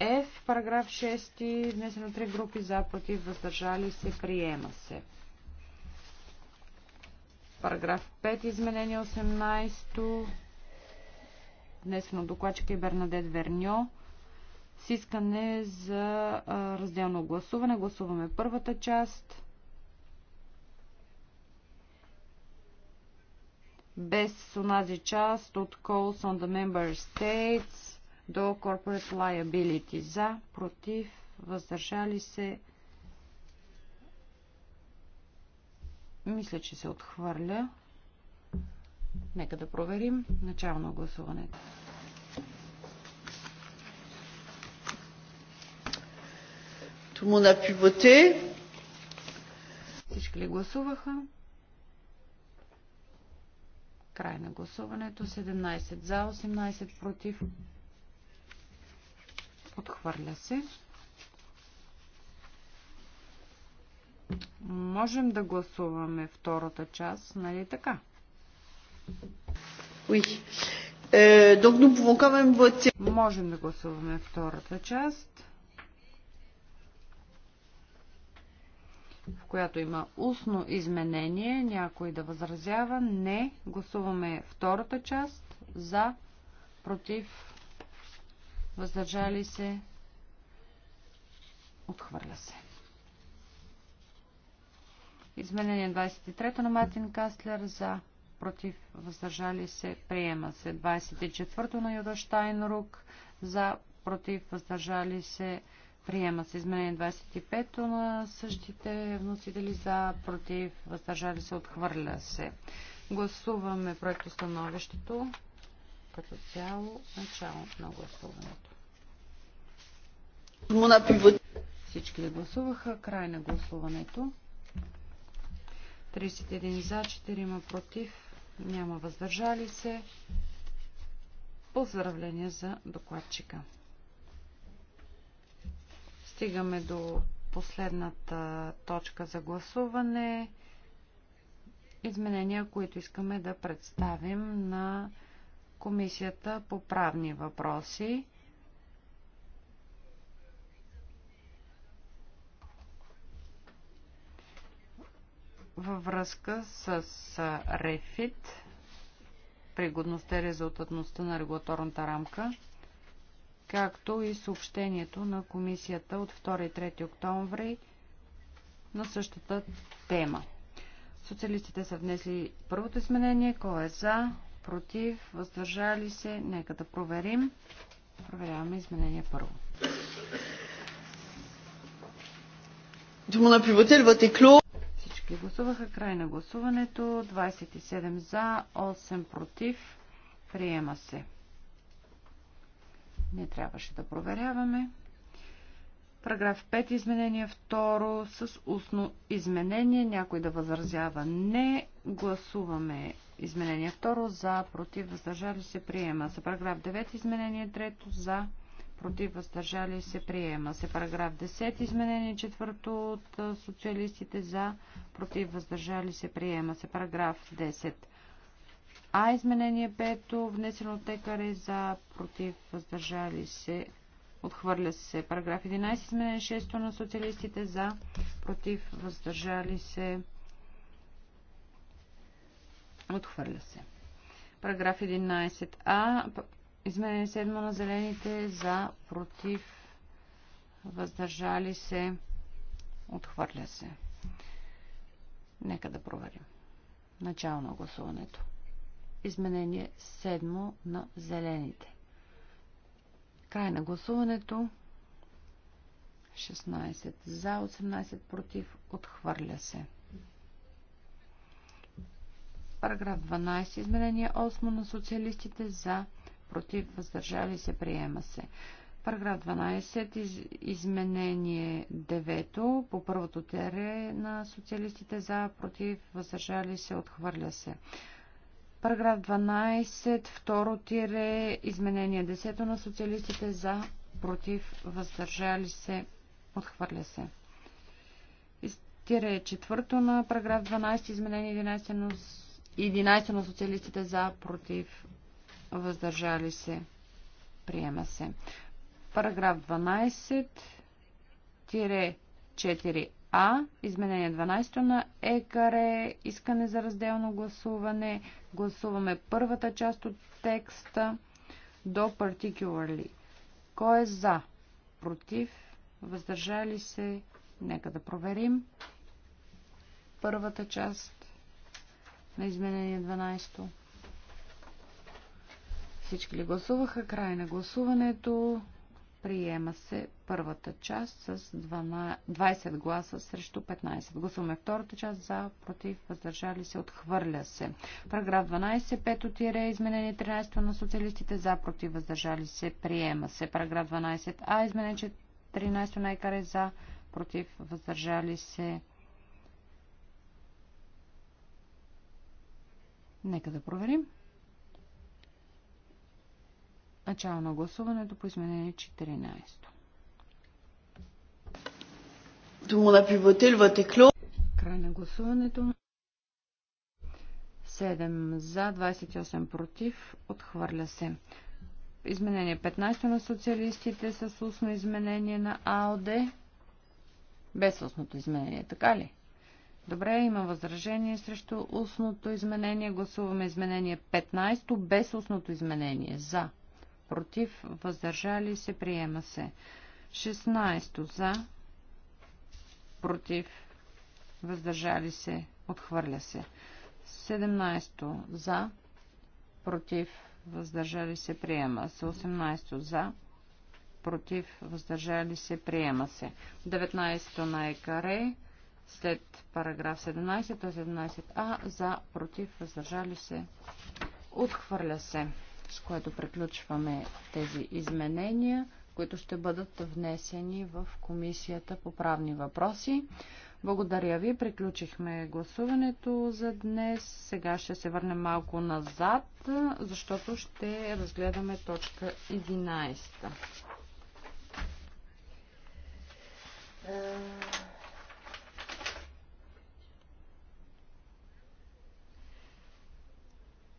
F. Параграф 6. Внесено три групи за. Против въздържали се. Приема се. Параграф 5. Изменение 18. Внесено докладчика и Бернадет Верньо с искане за разделно гласуване. Гласуваме първата част. без онази част от Calls on the Member States до Corporate Liability. За, против, въздържали се. Мисля, че се отхвърля. Нека да проверим начало на гласуването. Tout le monde a pu voter. Всички ли гласуваха? Край на гласуването. 17 за, 18 против. Отхвърля се. Можем да гласуваме втората част, нали така? Oui. Euh, donc nous pouvons quand même voter. Можем да гласуваме втората част. в която има устно изменение. Някой да възразява? Не. Гласуваме втората част. За, против, въздържали се, отхвърля се. Изменение 23 на Мартин Кастлер за против въздържали се приема се. 24 на Юда Штайнрук за против въздържали се приема се. Приема се изменение 25 на същите вносители за, против, въздържали се, отхвърля се. Гласуваме становището като цяло, начало на гласуването. Всички ли гласуваха? Край на гласуването. 31 за, 4 против, няма въздържали се. Поздравления за докладчика. Стигаме до последната точка за гласуване. Изменения, които искаме да представим на Комисията по правни въпроси. във връзка с РЕФИТ, пригодността и резултатността на регулаторната рамка както и съобщението на комисията от 2 и 3 октомври на същата тема. Социалистите са внесли първото изменение. Кой е за? Против? Въздържали се? Нека да проверим. Проверяваме изменение първо. Всички гласуваха. Край на гласуването. 27 за, 8 против. Приема се. Не трябваше да проверяваме. Параграф 5, изменение 2 с устно изменение. Някой да възразява не. Гласуваме изменение 2 за, против, въздържали се, приема. За параграф 9, изменение 3 за, против, въздържали се, приема. Се параграф 10, изменение 4 от социалистите за, против, въздържали се, приема. Се параграф 10 а изменение 5, внесено от ТКР за против, въздържали се, отхвърля се. Параграф 11, изменение 6 на социалистите за против, въздържали се, отхвърля се. Параграф 11а, изменение 7 на зелените за против, въздържали се, отхвърля се. Нека да проверим. Начало на гласуването изменение 7 на зелените. Край на гласуването. 16 за, 18 против, отхвърля се. Параграф 12, изменение 8 на социалистите за, против, въздържали се, приема се. Параграф 12, из, изменение 9 по първото тере на социалистите за, против, въздържали се, отхвърля се. Параграф 12, второ тире, изменение 10 на социалистите за, против, въздържали се, отхвърля се. Тире четвърто на параграф 12, изменение 11 на, 11 на социалистите за, против, въздържали се, приема се. Параграф 12, тире 4 а. Изменение 12 на ЕКАРЕ. Искане за разделно гласуване. Гласуваме първата част от текста до particularly. Кой е за? Против? Въздържали се? Нека да проверим. Първата част на изменение 12. Всички ли гласуваха? Край на гласуването. Приема се първата част с 12, 20 гласа срещу 15. Гласуваме втората част за, против, въздържали се, отхвърля се. Параграф 12, пето тире, изменение 13 на социалистите за, против, въздържали се, приема се. Параграф 12а, изменение 13 най-каре, за, против, въздържали се. Нека да проверим. Начало на гласуването по изменение 14. Край на гласуването. 7 за, 28 против. Отхвърля се. Изменение 15 на социалистите с устно изменение на АОД. Без устното изменение, така ли? Добре, има възражение срещу устното изменение. Гласуваме изменение 15 без устното изменение. За против, въздържали се, приема се. 16 за, против, въздържали се, отхвърля се. 17 за, против, въздържали се, приема се. 18 за, против, въздържали се, приема се. 19 на екаре, след параграф 17, т.е. 17а, за, против, въздържали се, отхвърля се с което приключваме тези изменения, които ще бъдат внесени в Комисията по правни въпроси. Благодаря ви. Приключихме гласуването за днес. Сега ще се върнем малко назад, защото ще разгледаме точка 11.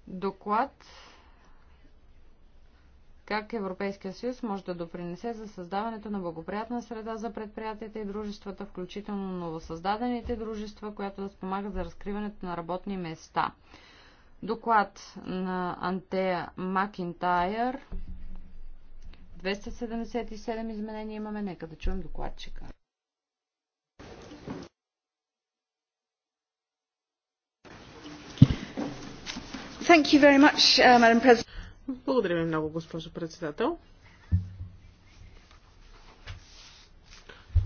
Доклад как Европейския съюз може да допринесе за създаването на благоприятна среда за предприятията и дружествата, включително новосъздадените дружества, която да спомага за разкриването на работни места. Доклад на Антея Макинтайр. 277 изменения имаме. Нека да чуем докладчика. Thank you very much, uh, Madam President. Благодаря ви много, госпожо председател.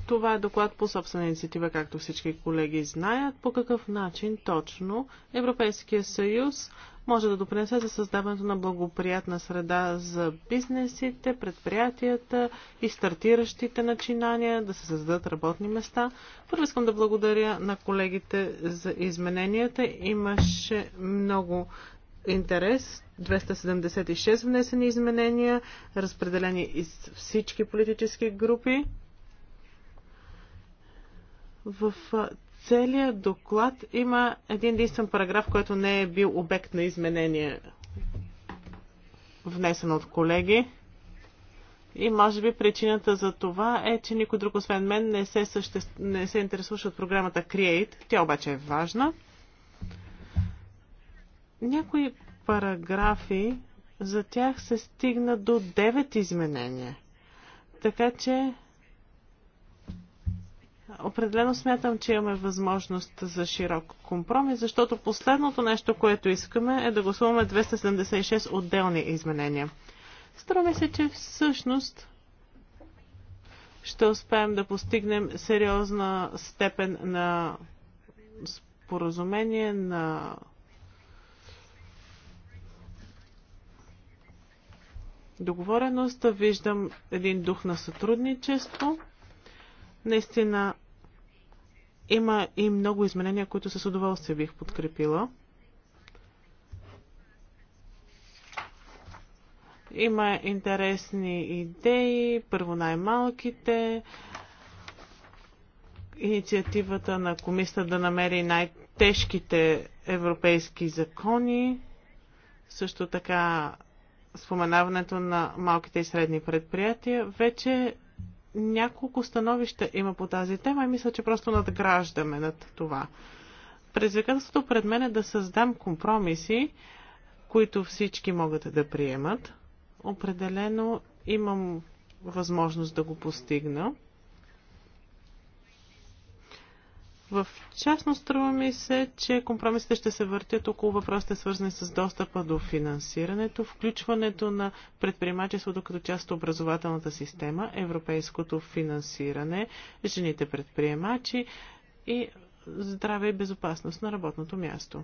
Това е доклад по собствена инициатива, както всички колеги знаят, по какъв начин точно Европейския съюз може да допринесе за създаването на благоприятна среда за бизнесите, предприятията и стартиращите начинания, да се създадат работни места. Първо искам да благодаря на колегите за измененията. Имаше много интерес 276 внесени изменения, разпределени из всички политически групи. В целият доклад има един единствен параграф, който не е бил обект на изменение, внесен от колеги. И може би причината за това е, че никой друг освен мен не се, съществ... не се интересуваше от програмата Create. Тя обаче е важна. Някои параграфи, за тях се стигна до 9 изменения. Така че определено смятам, че имаме възможност за широк компромис, защото последното нещо, което искаме е да гласуваме 276 отделни изменения. Струва се, че всъщност ще успеем да постигнем сериозна степен на споразумение, на договореност, виждам един дух на сътрудничество. Наистина има и много изменения, които с удоволствие бих подкрепила. Има интересни идеи, първо най-малките, инициативата на комисията да намери най-тежките европейски закони, също така споменаването на малките и средни предприятия. Вече няколко становища има по тази тема и мисля, че просто надграждаме над това. Предизвикателството пред мен е да създам компромиси, които всички могат да приемат. Определено имам възможност да го постигна. В частност, струва ми се, че компромисите ще се въртят около въпросите, свързани с достъпа до финансирането, включването на предприемачеството като част от образователната система, европейското финансиране, жените предприемачи и здраве и безопасност на работното място.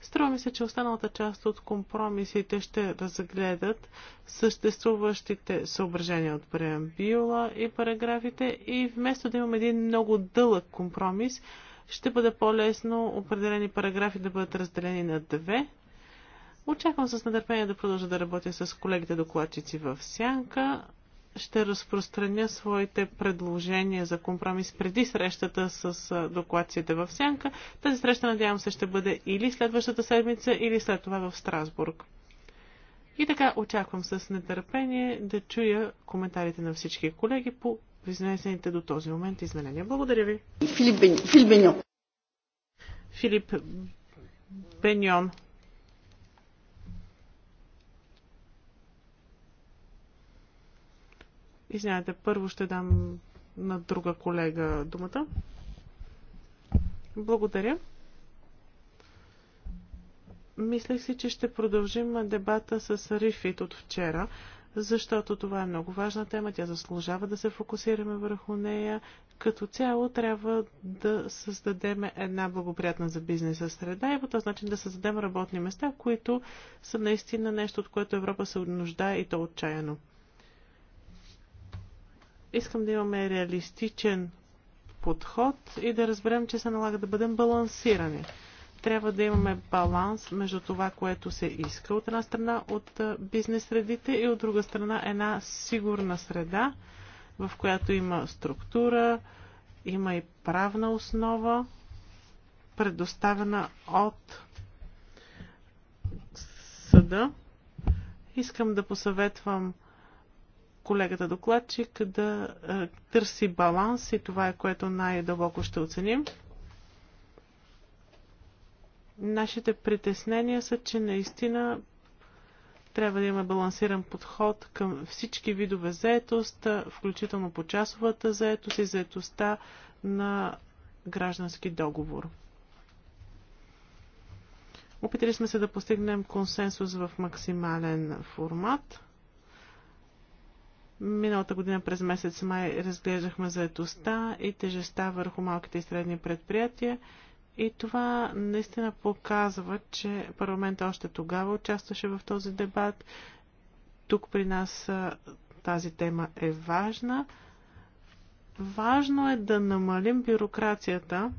Струва ми се, че останалата част от компромисите ще разгледат съществуващите съображения от преамбюла и параграфите и вместо да имаме един много дълъг компромис, ще бъде по-лесно определени параграфи да бъдат разделени на две. Очаквам с нетърпение да продължа да работя с колегите докладчици в Сянка ще разпространя своите предложения за компромис преди срещата с докладците в Сянка. Тази среща, надявам се, ще бъде или следващата седмица, или след това в Страсбург. И така очаквам с нетърпение да чуя коментарите на всички колеги по изнесените до този момент изменения. Благодаря ви. Филип Беньон. Филип Беньон. Извинявайте, първо ще дам на друга колега думата. Благодаря. Мислех си, че ще продължим дебата с Рифит от вчера, защото това е много важна тема, тя заслужава да се фокусираме върху нея. Като цяло трябва да създадем една благоприятна за бизнеса среда и по този начин да създадем работни места, които са наистина нещо, от което Европа се нуждае и то отчаяно. Искам да имаме реалистичен подход и да разберем, че се налага да бъдем балансирани. Трябва да имаме баланс между това, което се иска от една страна от бизнес средите и от друга страна една сигурна среда, в която има структура, има и правна основа, предоставена от съда. Искам да посъветвам колегата докладчик да е, търси баланс и това е което най-дълбоко ще оценим. Нашите притеснения са, че наистина трябва да има балансиран подход към всички видове заетост, включително по часовата заетост и заетостта на граждански договор. Опитали сме се да постигнем консенсус в максимален формат. Миналата година през месец май разглеждахме заедостта и тежестта върху малките и средни предприятия. И това наистина показва, че парламентът още тогава участваше в този дебат. Тук при нас тази тема е важна. Важно е да намалим бюрокрацията,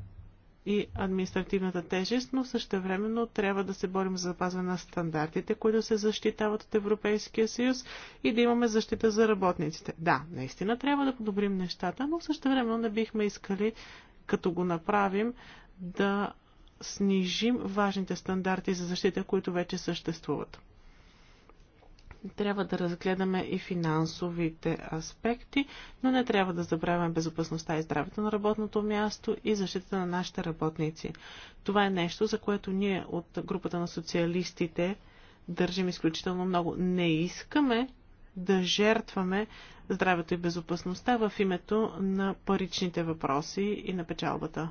и административната тежест, но същевременно трябва да се борим за запазване на стандартите, които се защитават от Европейския съюз и да имаме защита за работниците. Да, наистина трябва да подобрим нещата, но същевременно не бихме искали, като го направим, да снижим важните стандарти за защита, които вече съществуват. Трябва да разгледаме и финансовите аспекти, но не трябва да забравяме безопасността и здравето на работното място и защита на нашите работници. Това е нещо, за което ние от групата на социалистите държим изключително много. Не искаме да жертваме здравето и безопасността в името на паричните въпроси и на печалбата.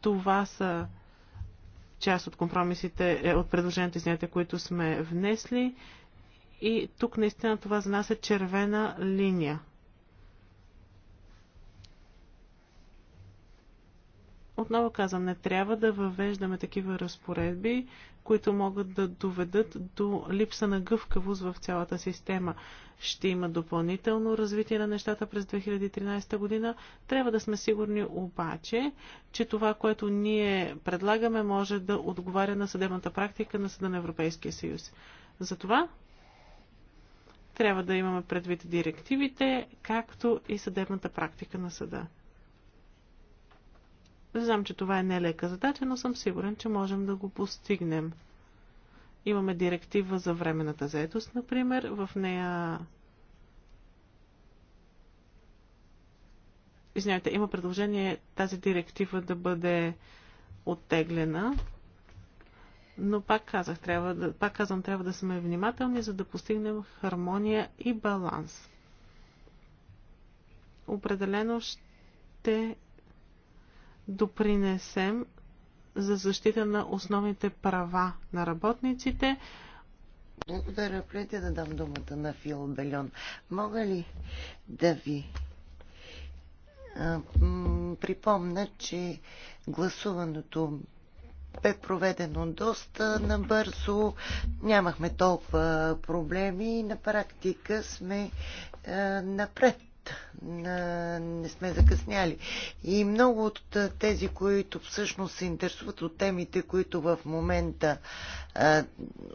Това са част от компромисите, е, от предложените, извинете, които сме внесли. И тук наистина това за нас е червена линия. Отново казвам, не трябва да въвеждаме такива разпоредби, които могат да доведат до липса на гъвкавост в цялата система. Ще има допълнително развитие на нещата през 2013 година. Трябва да сме сигурни обаче, че това, което ние предлагаме, може да отговаря на съдебната практика на Съда на Европейския съюз. Затова трябва да имаме предвид директивите, както и съдебната практика на съда. Знам, че това е нелека задача, но съм сигурен, че можем да го постигнем. Имаме директива за временната заедост, например. В нея Извинявайте, има предложение тази директива да бъде оттеглена. Но пак, казах, трябва да, пак казвам, трябва да сме внимателни, за да постигнем хармония и баланс. Определено ще допринесем за защита на основните права на работниците. Благодаря. плете да дам думата на Фил Бельон. Мога ли да ви а, припомня, че гласуваното бе проведено доста набързо, нямахме толкова проблеми и на практика сме а, е, напред. Не сме закъсняли. И много от тези, които всъщност се интересуват от темите, които в момента а, е,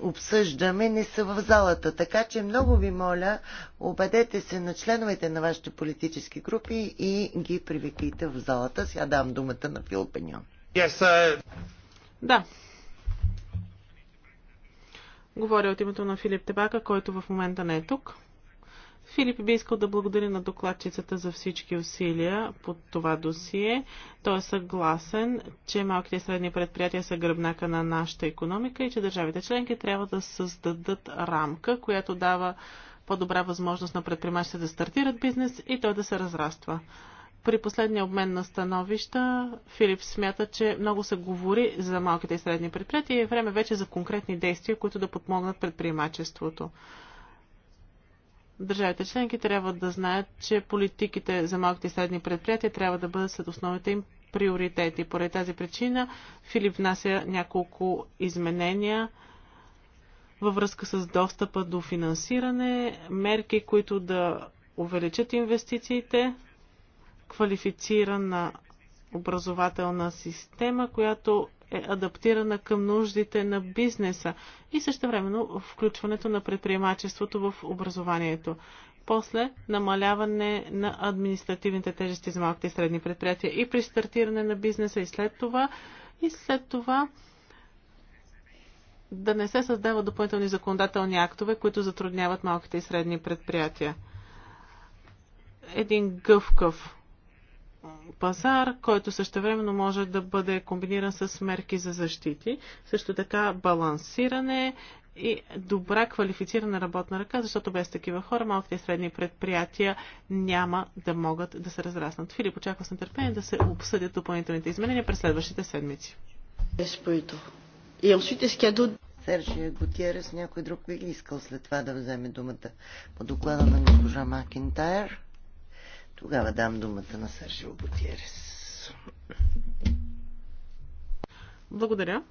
обсъждаме, не са в залата. Така че много ви моля, обадете се на членовете на вашите политически групи и ги привикайте в залата. Сега давам думата на Фил Yes, uh... Да. Говоря от името на Филип Тебака, който в момента не е тук. Филип би искал да благодари на докладчицата за всички усилия по това досие. Той е съгласен, че малките и средни предприятия са гръбнака на нашата економика и че държавите членки трябва да създадат рамка, която дава по-добра възможност на предприемачите да стартират бизнес и той да се разраства. При последния обмен на становища Филип смята, че много се говори за малките и средни предприятия и е време вече за конкретни действия, които да подмогнат предприемачеството. Държавите членки трябва да знаят, че политиките за малките и средни предприятия трябва да бъдат след основните им приоритети. Поради тази причина Филип внася няколко изменения във връзка с достъпа до финансиране, мерки, които да увеличат инвестициите, квалифицирана образователна система, която е адаптирана към нуждите на бизнеса и същевременно включването на предприемачеството в образованието. После намаляване на административните тежести за малките и средни предприятия и при стартиране на бизнеса и след това. И след това да не се създават допълнителни законодателни актове, които затрудняват малките и средни предприятия. Един гъвкав пазар, който същевременно може да бъде комбиниран с мерки за защити. Също така балансиране и добра квалифицирана работна ръка, защото без такива хора малките и средни предприятия няма да могат да се разраснат. Филип, очаква с нетърпение да се обсъдят допълнителните изменения през следващите седмици. И ensuite, ce Сержия някой друг би искал след това да вземе думата по доклада на госпожа Макинтайр. Тогава дам думата на Сержио Бутиерес. Благодаря.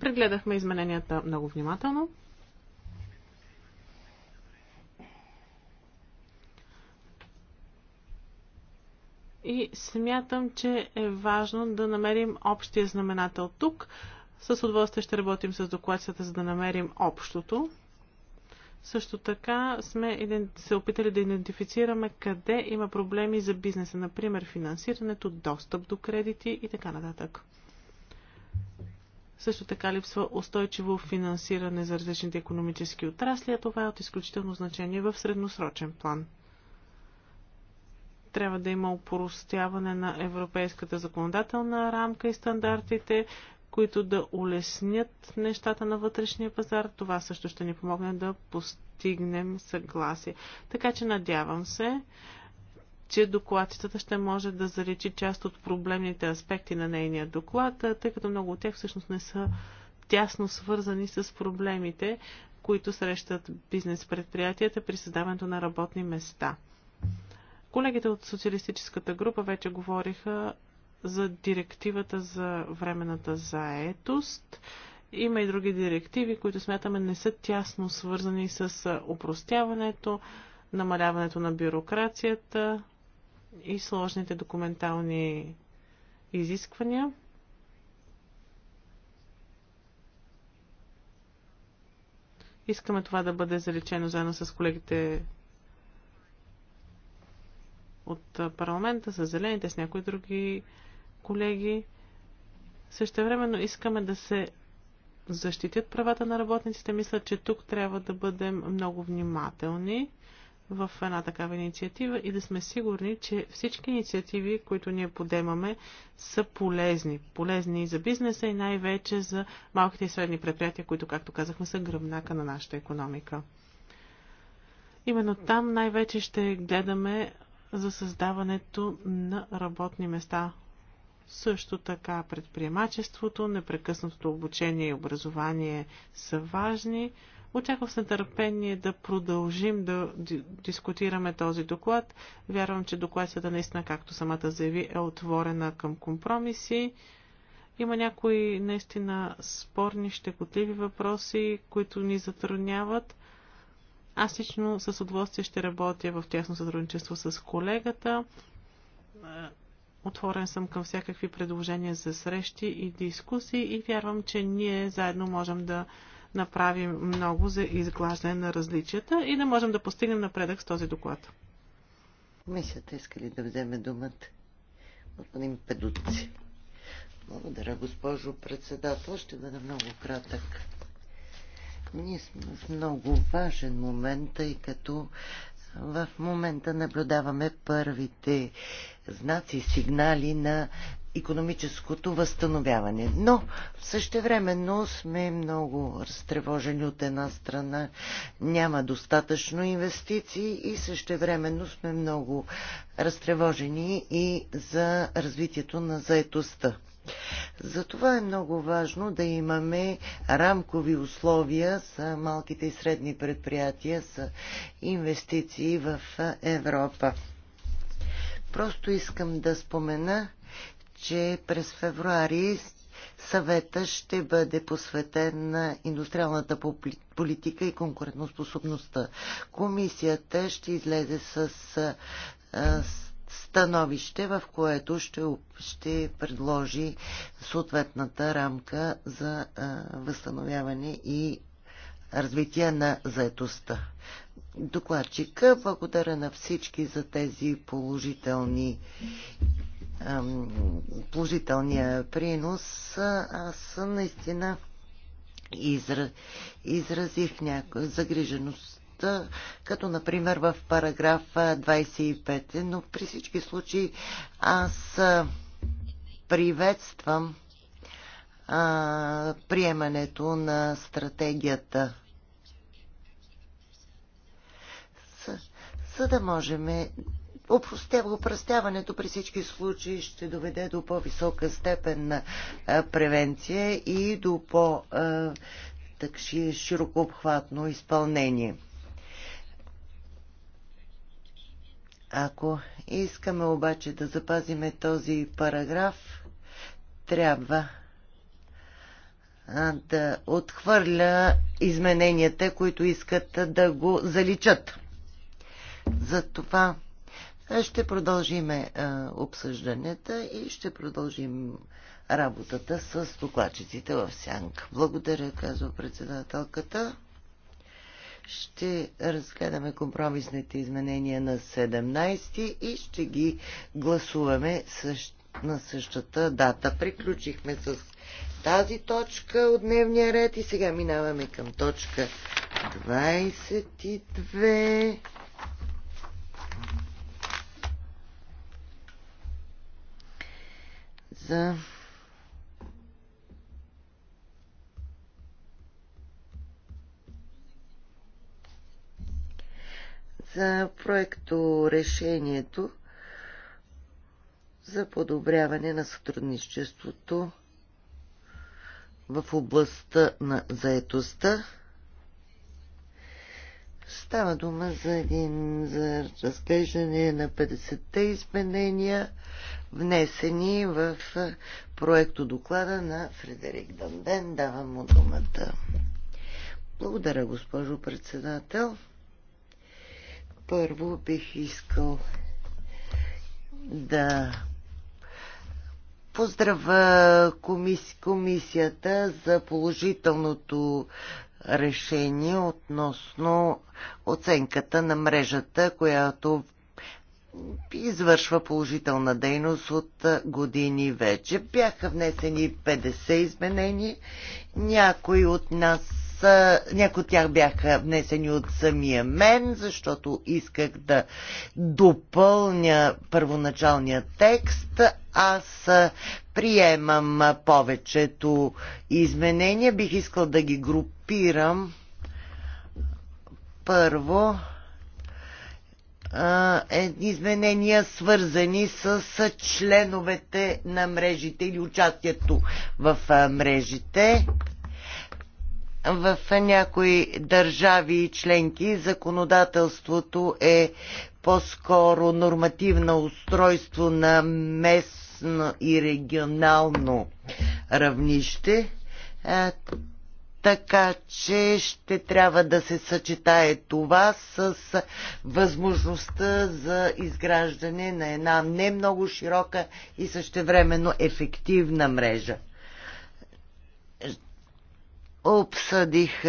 Прегледахме измененията много внимателно. И смятам, че е важно да намерим общия знаменател тук. С удоволствие ще работим с докладцата, за да намерим общото. Също така сме се опитали да идентифицираме къде има проблеми за бизнеса, например финансирането, достъп до кредити и така нататък. Също така липсва устойчиво финансиране за различните економически отрасли, а това е от изключително значение в средносрочен план. Трябва да има упоростяване на европейската законодателна рамка и стандартите, които да улеснят нещата на вътрешния пазар. Това също ще ни помогне да постигнем съгласие. Така че надявам се, че докладчетата ще може да заречи част от проблемните аспекти на нейния доклад, тъй като много от тях всъщност не са тясно свързани с проблемите, които срещат бизнес предприятията при създаването на работни места. Колегите от социалистическата група вече говориха за директивата за временната заетост. Има и други директиви, които смятаме не са тясно свързани с упростяването, намаляването на бюрокрацията и сложните документални изисквания. Искаме това да бъде заличено заедно с колегите от парламента, с зелените, с някои други колеги. Същевременно искаме да се защитят правата на работниците. Мисля, че тук трябва да бъдем много внимателни в една такава инициатива и да сме сигурни, че всички инициативи, които ние подемаме, са полезни. Полезни и за бизнеса, и най-вече за малките и средни предприятия, които, както казахме, са гръбнака на нашата економика. Именно там най-вече ще гледаме за създаването на работни места. Също така предприемачеството, непрекъснатото обучение и образование са важни. Очаквам с нетърпение да продължим да дискутираме този доклад. Вярвам, че докладът наистина, както самата заяви, е отворена към компромиси. Има някои наистина спорни, щекотливи въпроси, които ни затрудняват. Аз лично с удоволствие ще работя в тясно сътрудничество с колегата. Отворен съм към всякакви предложения за срещи и дискусии и вярвам, че ние заедно можем да направим много за изглаждане на различията и да можем да постигнем напредък с този доклад. Комисията иска ли да вземе думата? Господин Педуци. Благодаря, госпожо председател. Ще бъда много кратък. Ние сме в много важен момент, тъй като в момента наблюдаваме първите знаци сигнали на економическото възстановяване. Но същевременно сме много разтревожени от една страна. Няма достатъчно инвестиции и същевременно сме много разтревожени и за развитието на заетостта. Затова е много важно да имаме рамкови условия за малките и средни предприятия за инвестиции в Европа. Просто искам да спомена, че през февруари съвета ще бъде посветен на индустриалната политика и конкурентоспособността. Комисията ще излезе с, с становище, в което ще, ще предложи съответната рамка за а, възстановяване и развитие на заетостта. Докладчика, благодаря на всички за тези положителни положителния принос. Аз наистина изра... изразих някаква загриженост като например в параграф 25. Но при всички случаи аз приветствам а, приемането на стратегията. За, да можем Опростяването при всички случаи ще доведе до по-висока степен на превенция и до по-широко обхватно изпълнение. Ако искаме обаче да запазиме този параграф, трябва да отхвърля измененията, които искат да го заличат. Затова ще продължиме обсъжданията и ще продължим работата с докладчиците в сянка. Благодаря, казва председателката. Ще разгледаме компромисните изменения на 17 и ще ги гласуваме същ... на същата дата. Приключихме с тази точка от дневния ред и сега минаваме към точка 22. За за проекто решението за подобряване на сътрудничеството в областта на заетостта. Става дума за, един, за разглеждане на 50-те изменения, внесени в проекто доклада на Фредерик Данден. Давам му думата. Благодаря, госпожо председател. Първо бих искал да поздравя комисията за положителното решение относно оценката на мрежата, която извършва положителна дейност от години вече. Бяха внесени 50 изменения. Някои от нас някои от тях бяха внесени от самия мен, защото исках да допълня първоначалния текст. Аз приемам повечето изменения. Бих искал да ги групирам. Първо, е, изменения, свързани с членовете на мрежите или участието в мрежите в някои държави и членки законодателството е по-скоро нормативно устройство на местно и регионално равнище, така че ще трябва да се съчетае това с възможността за изграждане на една не много широка и същевременно ефективна мрежа обсъдих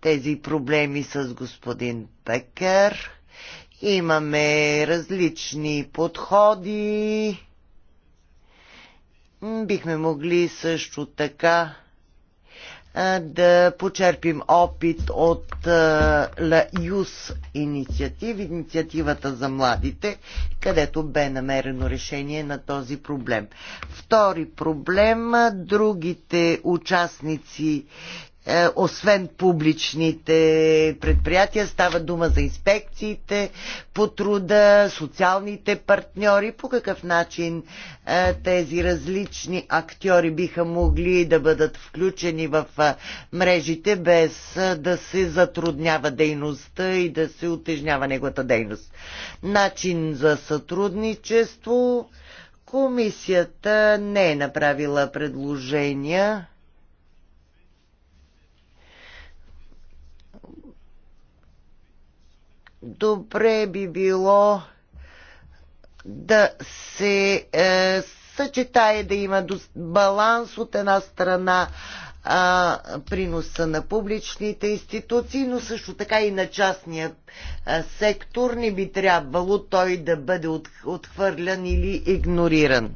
тези проблеми с господин Пекер. Имаме различни подходи. Бихме могли също така да почерпим опит от La Юс инициатив, инициативата за младите, където бе намерено решение на този проблем. Втори проблем, другите участници е, освен публичните предприятия, става дума за инспекциите по труда, социалните партньори, по какъв начин е, тези различни актьори биха могли да бъдат включени в е, мрежите, без да се затруднява дейността и да се утежнява неговата дейност. Начин за сътрудничество. Комисията не е направила предложения добре би било да се е, съчетае, да има баланс от една страна а, приноса на публичните институции, но също така и на частния а, сектор не би трябвало той да бъде от, отхвърлян или игнориран.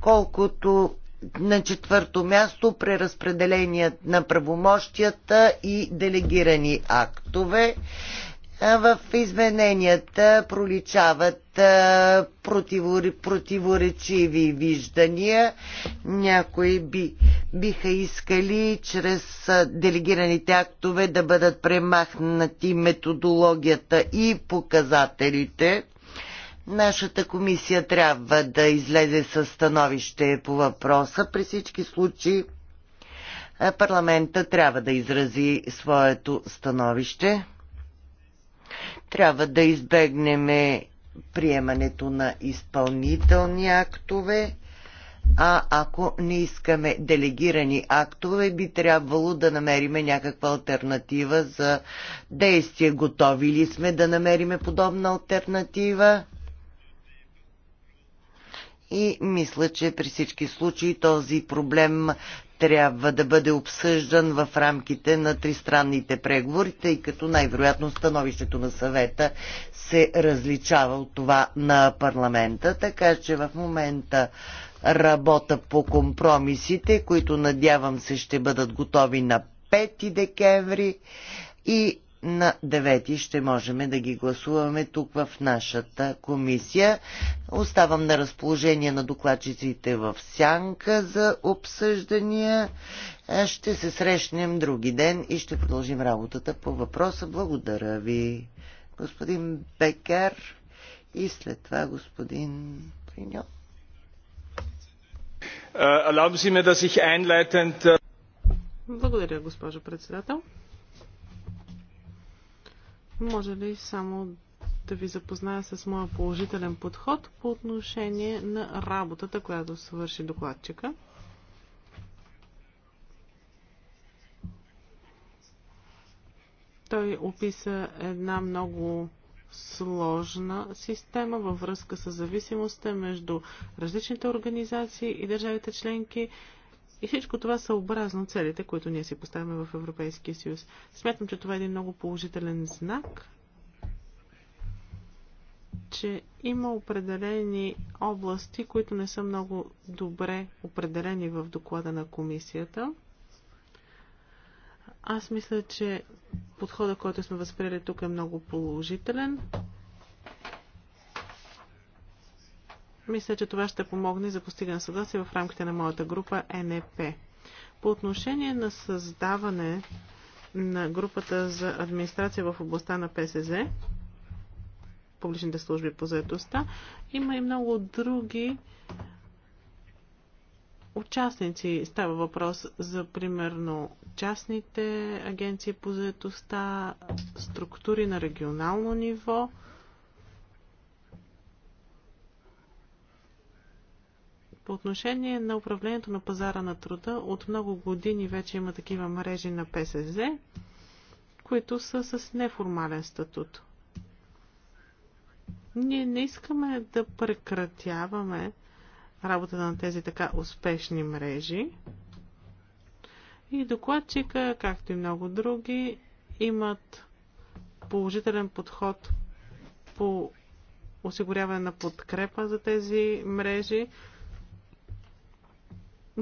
Колкото на четвърто място преразпределение на правомощията и делегирани актове в измененията проличават противоречиви виждания. Някои би, биха искали чрез делегираните актове да бъдат премахнати методологията и показателите. Нашата комисия трябва да излезе със становище по въпроса. При всички случаи парламента трябва да изрази своето становище. Трябва да избегнем приемането на изпълнителни актове, а ако не искаме делегирани актове, би трябвало да намериме някаква альтернатива за действие. Готови ли сме да намериме подобна альтернатива? и мисля, че при всички случаи този проблем трябва да бъде обсъждан в рамките на тристранните преговори, тъй като най-вероятно становището на съвета се различава от това на парламента. Така че в момента работа по компромисите, които надявам се ще бъдат готови на 5 декември и на 9 ще можем да ги гласуваме тук в нашата комисия. Оставам на разположение на докладчиците в Сянка за обсъждания. Ще се срещнем други ден и ще продължим работата по въпроса. Благодаря ви, господин Бекер и след това господин Приньо. Е, е- Благодаря, госпожо председател. Може ли само да ви запозная с моя положителен подход по отношение на работата, която свърши докладчика? Той описа една много сложна система във връзка с зависимостта между различните организации и държавите членки и всичко това съобразно целите, които ние си поставяме в Европейския съюз. Смятам, че това е един много положителен знак, че има определени области, които не са много добре определени в доклада на комисията. Аз мисля, че подхода, който сме възприели тук е много положителен. Мисля, че това ще помогне за постигане съгласие в рамките на моята група НЕП. По отношение на създаване на групата за администрация в областта на ПСЗ, публичните служби по заедостта, има и много други участници. Става въпрос за примерно частните агенции по заедостта, структури на регионално ниво, По отношение на управлението на пазара на труда, от много години вече има такива мрежи на ПСЗ, които са с неформален статут. Ние не искаме да прекратяваме работата на тези така успешни мрежи. И докладчика, както и много други, имат положителен подход по осигуряване на подкрепа за тези мрежи.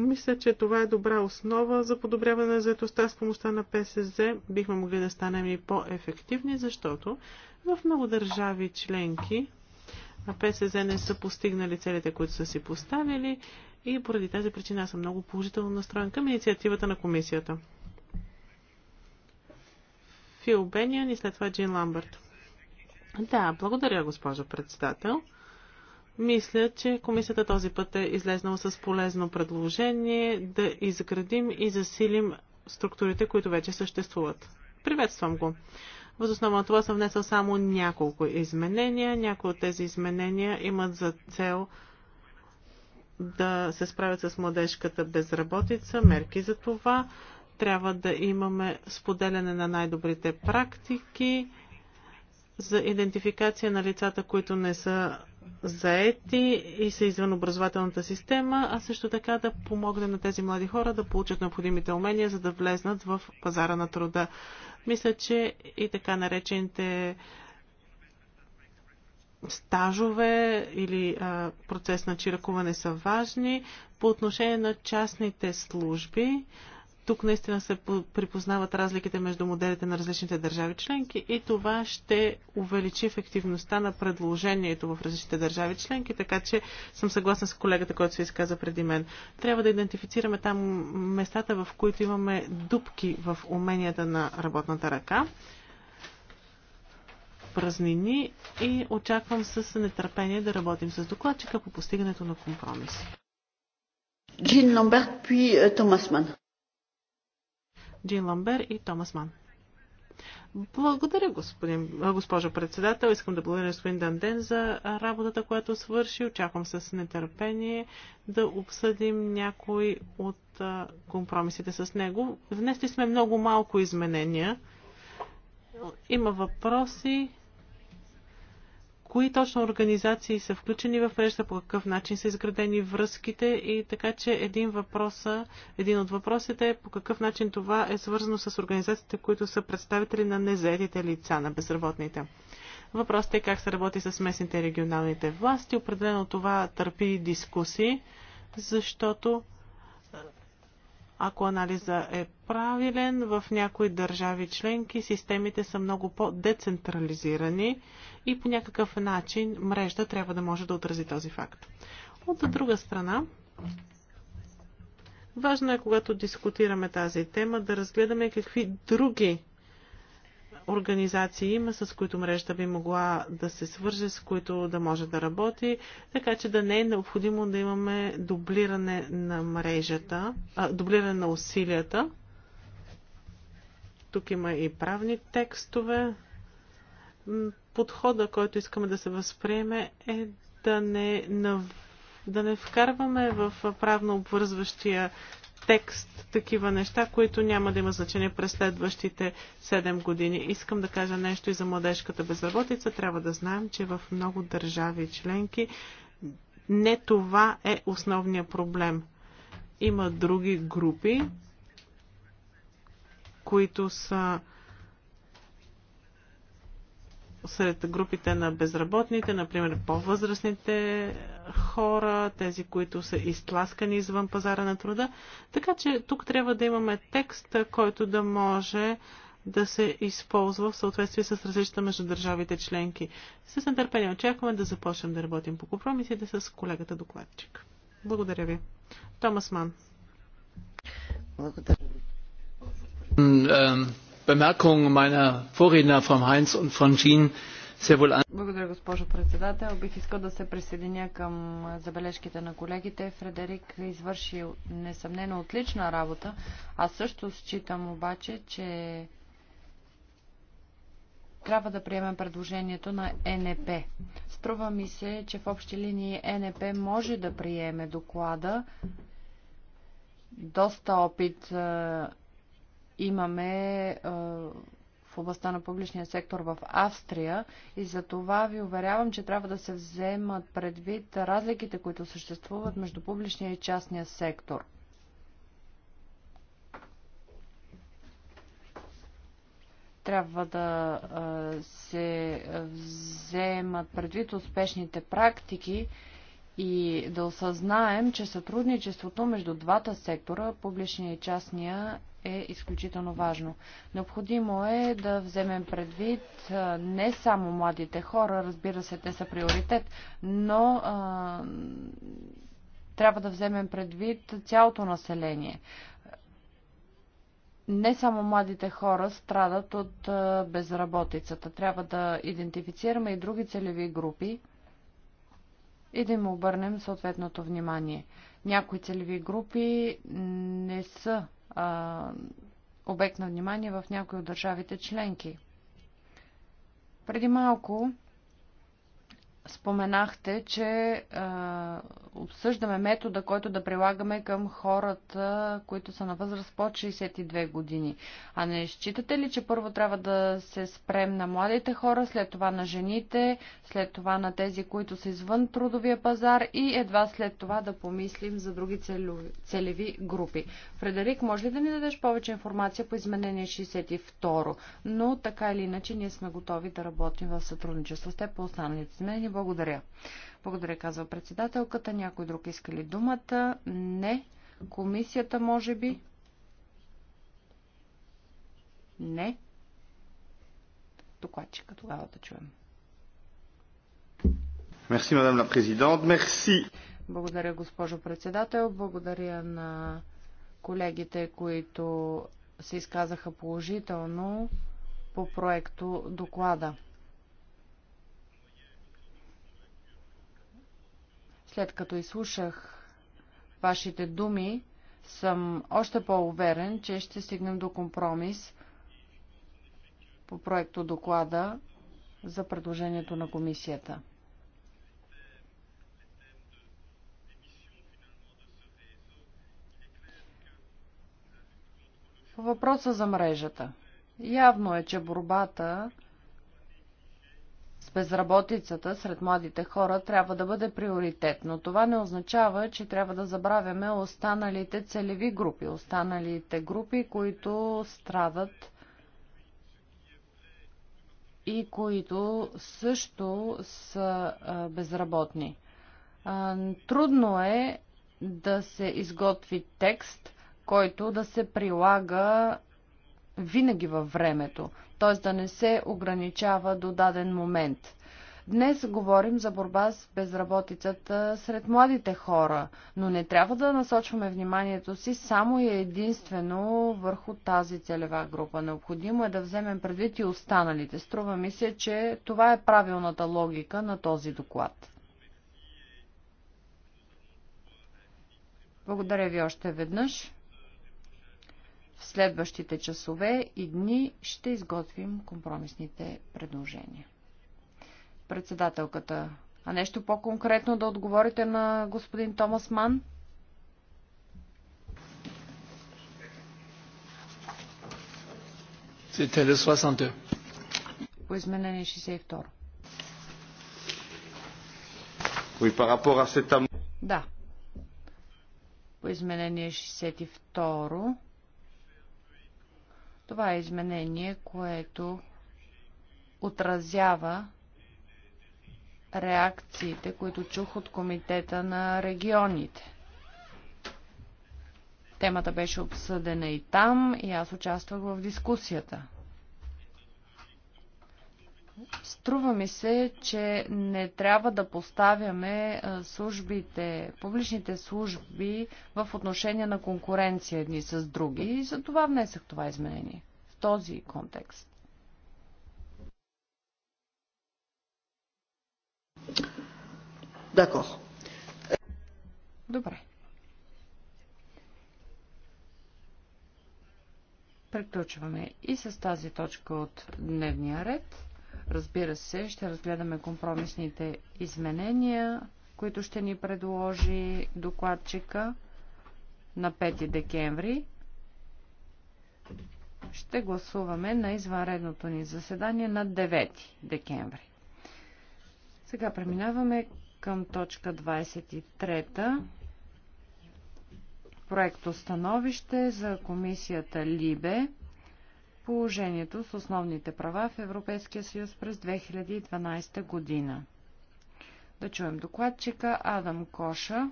Мисля, че това е добра основа за подобряване на заедостта с помощта на ПСЗ. Бихме могли да станем и по-ефективни, защото в много държави членки на ПСЗ не са постигнали целите, които са си поставили и поради тази причина съм много положително настроен към инициативата на комисията. Фил Бениан и след това Джин Ламбърт. Да, благодаря, госпожо председател. Мисля, че комисията този път е излезнала с полезно предложение да изградим и засилим структурите, които вече съществуват. Приветствам го. Възоснова основа на това съм внесъл само няколко изменения. Някои от тези изменения имат за цел да се справят с младежката безработица, мерки за това. Трябва да имаме споделяне на най-добрите практики за идентификация на лицата, които не са заети и са извън образователната система, а също така да помогне на тези млади хора да получат необходимите умения, за да влезнат в пазара на труда. Мисля, че и така наречените стажове или а, процес на чиракуване са важни. По отношение на частните служби, а, тук наистина се припознават разликите между моделите на различните държави членки и това ще увеличи ефективността на предложението в различните държави членки, така че съм съгласна с колегата, който се изказа преди мен. Трябва да идентифицираме там местата, в които имаме дупки в уменията на работната ръка празнини и очаквам с нетърпение да работим с докладчика по постигането на компромис. Джин Ломберг puis Томас э, Ман. Джин Ламбер и Томас Ман. Благодаря, господин, госпожо председател. Искам да благодаря господин Данден за работата, която свърши. Очаквам с нетърпение да обсъдим някой от компромисите с него. Внесли сме много малко изменения. Има въпроси, кои точно организации са включени в мрежата, по какъв начин са изградени връзките и така че един, въпроса, един от въпросите е по какъв начин това е свързано с организациите, които са представители на незаедите лица, на безработните. Въпросът е как се работи с местните и регионалните власти. Определено това търпи дискусии, защото ако анализа е правилен, в някои държави членки системите са много по-децентрализирани и по някакъв начин мрежда трябва да може да отрази този факт. От друга страна, важно е, когато дискутираме тази тема, да разгледаме какви други организации има, с които мрежата би могла да се свърже, с които да може да работи, така че да не е необходимо да имаме дублиране на мрежата, а, дублиране на усилията. Тук има и правни текстове подхода, който искаме да се възприеме, е да не, да не вкарваме в правно обвързващия текст такива неща, които няма да има значение през следващите 7 години. Искам да кажа нещо и за младежката безработица. Трябва да знаем, че в много държави членки не това е основният проблем. Има други групи, които са сред групите на безработните, например по-възрастните хора, тези, които са изтласкани извън пазара на труда. Така че тук трябва да имаме текст, който да може да се използва в съответствие с различията между държавите членки. С нетърпение очакваме да започнем да работим по компромисите с колегата докладчик. Благодаря ви. Томас Ман. Благодаря. Bemerkungen майна Vorredner фром Хайнц и фром Джин Благодаря, госпожо председател. Бих искал да се присъединя към забележките на колегите. Фредерик е извърши несъмнено отлична работа. Аз също считам обаче, че трябва да приемем предложението на НП. Струва ми се, че в общи линии НП може да приеме доклада. Доста опит е, имаме в областта на публичния сектор в Австрия и за това ви уверявам, че трябва да се вземат предвид разликите, които съществуват между публичния и частния сектор. трябва да се вземат предвид успешните практики и да осъзнаем, че сътрудничеството между двата сектора, публичния и частния, е изключително важно. Необходимо е да вземем предвид не само младите хора, разбира се, те са приоритет, но а, трябва да вземем предвид цялото население. Не само младите хора страдат от безработицата. Трябва да идентифицираме и други целеви групи и да им обърнем съответното внимание. Някои целеви групи не са а, обект на внимание в някои от държавите членки. Преди малко споменахте, че а, обсъждаме метода, който да прилагаме към хората, които са на възраст под 62 години. А не считате ли, че първо трябва да се спрем на младите хора, след това на жените, след това на тези, които са извън трудовия пазар и едва след това да помислим за други целеви групи? Фредерик, може ли да ни дадеш повече информация по изменение 62? Но така или иначе ние сме готови да работим в сътрудничество с теб по останалите смени? Благодаря. Благодаря, казва председателката. Някой друг иска ли думата? Не. Комисията, може би? Не. Докладчика тогава да чуем. Мерси, мадам на президент. Мерси. Благодаря, госпожо председател. Благодаря на колегите, които се изказаха положително по проекто доклада. След като изслушах вашите думи, съм още по-уверен, че ще стигнем до компромис по проекто доклада за предложението на комисията. По въпроса за мрежата. Явно е, че борбата с безработицата сред младите хора трябва да бъде приоритет, но това не означава, че трябва да забравяме останалите целеви групи, останалите групи, които страдат и които също са безработни. Трудно е да се изготви текст, който да се прилага винаги във времето т.е. да не се ограничава до даден момент. Днес говорим за борба с безработицата сред младите хора, но не трябва да насочваме вниманието си само и единствено върху тази целева група. Необходимо е да вземем предвид и останалите. Струва ми се, че това е правилната логика на този доклад. Благодаря ви още веднъж. В следващите часове и дни ще изготвим компромисните предложения. Председателката, а нещо по-конкретно да отговорите на господин Томас Ман? По изменение 62. Да. По изменение 62 това е изменение, което отразява реакциите, които чух от Комитета на регионите. Темата беше обсъдена и там, и аз участвах в дискусията. Струва ми се, че не трябва да поставяме службите, публичните служби в отношение на конкуренция едни с други и за това внесах това изменение в този контекст. Дакор. Добре. Приключваме и с тази точка от дневния ред. Разбира се, ще разгледаме компромисните изменения, които ще ни предложи докладчика на 5 декември. Ще гласуваме на извънредното ни заседание на 9 декември. Сега преминаваме към точка 23. Проект становище за комисията Либе положението с основните права в Европейския съюз през 2012 година. Да чуем докладчика Адам Коша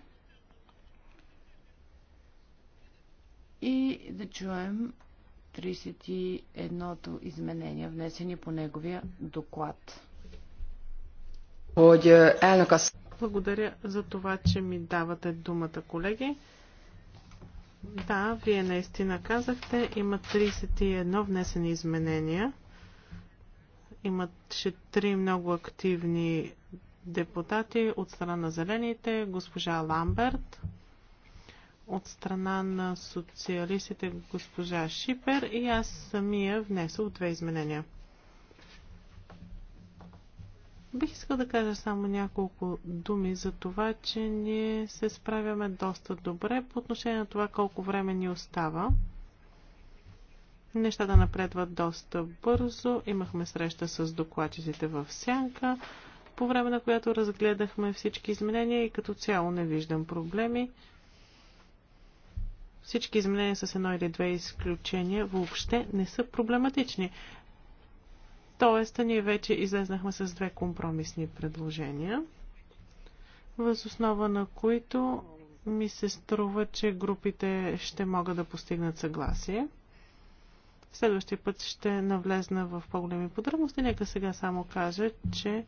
и да чуем 31-то изменение, внесени по неговия доклад. Е, Благодаря за това, че ми давате думата, колеги. Да, вие наистина казахте. Има 31 внесени изменения. Имаше три много активни депутати от страна на зелените, госпожа Ламберт, от страна на социалистите госпожа Шипер и аз самия внесох две изменения. Бих искал да кажа само няколко думи за това, че ние се справяме доста добре по отношение на това колко време ни остава. Нещата напредват доста бързо. Имахме среща с докладчиците в Сянка, по време на която разгледахме всички изменения и като цяло не виждам проблеми. Всички изменения с едно или две изключения въобще не са проблематични. Тоест, ние вече излезнахме с две компромисни предложения, възоснова на които ми се струва, че групите ще могат да постигнат съгласие. Следващия път ще навлезна в по-големи подробности. Нека сега само кажа, че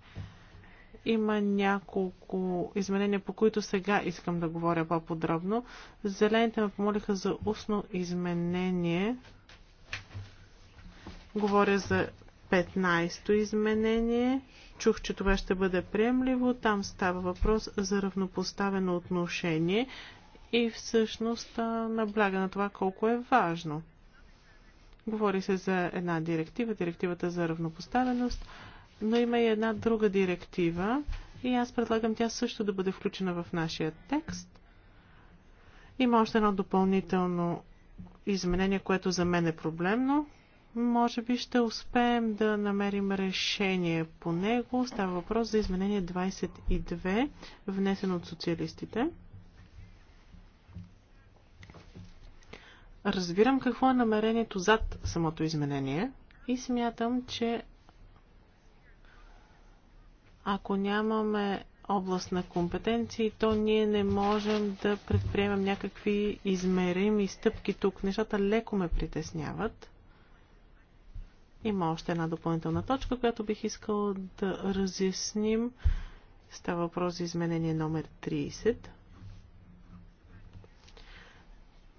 има няколко изменения, по които сега искам да говоря по-подробно. Зелените ме помолиха за устно изменение. Говоря за 15-то изменение. Чух, че това ще бъде приемливо. Там става въпрос за равнопоставено отношение и всъщност набляга на това колко е важно. Говори се за една директива, директивата за равнопоставеност, но има и една друга директива и аз предлагам тя също да бъде включена в нашия текст. Има още едно допълнително изменение, което за мен е проблемно може би ще успеем да намерим решение по него. Става въпрос за изменение 22, внесен от социалистите. Разбирам какво е намерението зад самото изменение и смятам, че ако нямаме област на компетенции, то ние не можем да предприемем някакви измерими стъпки тук. Нещата леко ме притесняват. Има още една допълнителна точка, която бих искала да разясним. Става въпрос за изменение номер 30.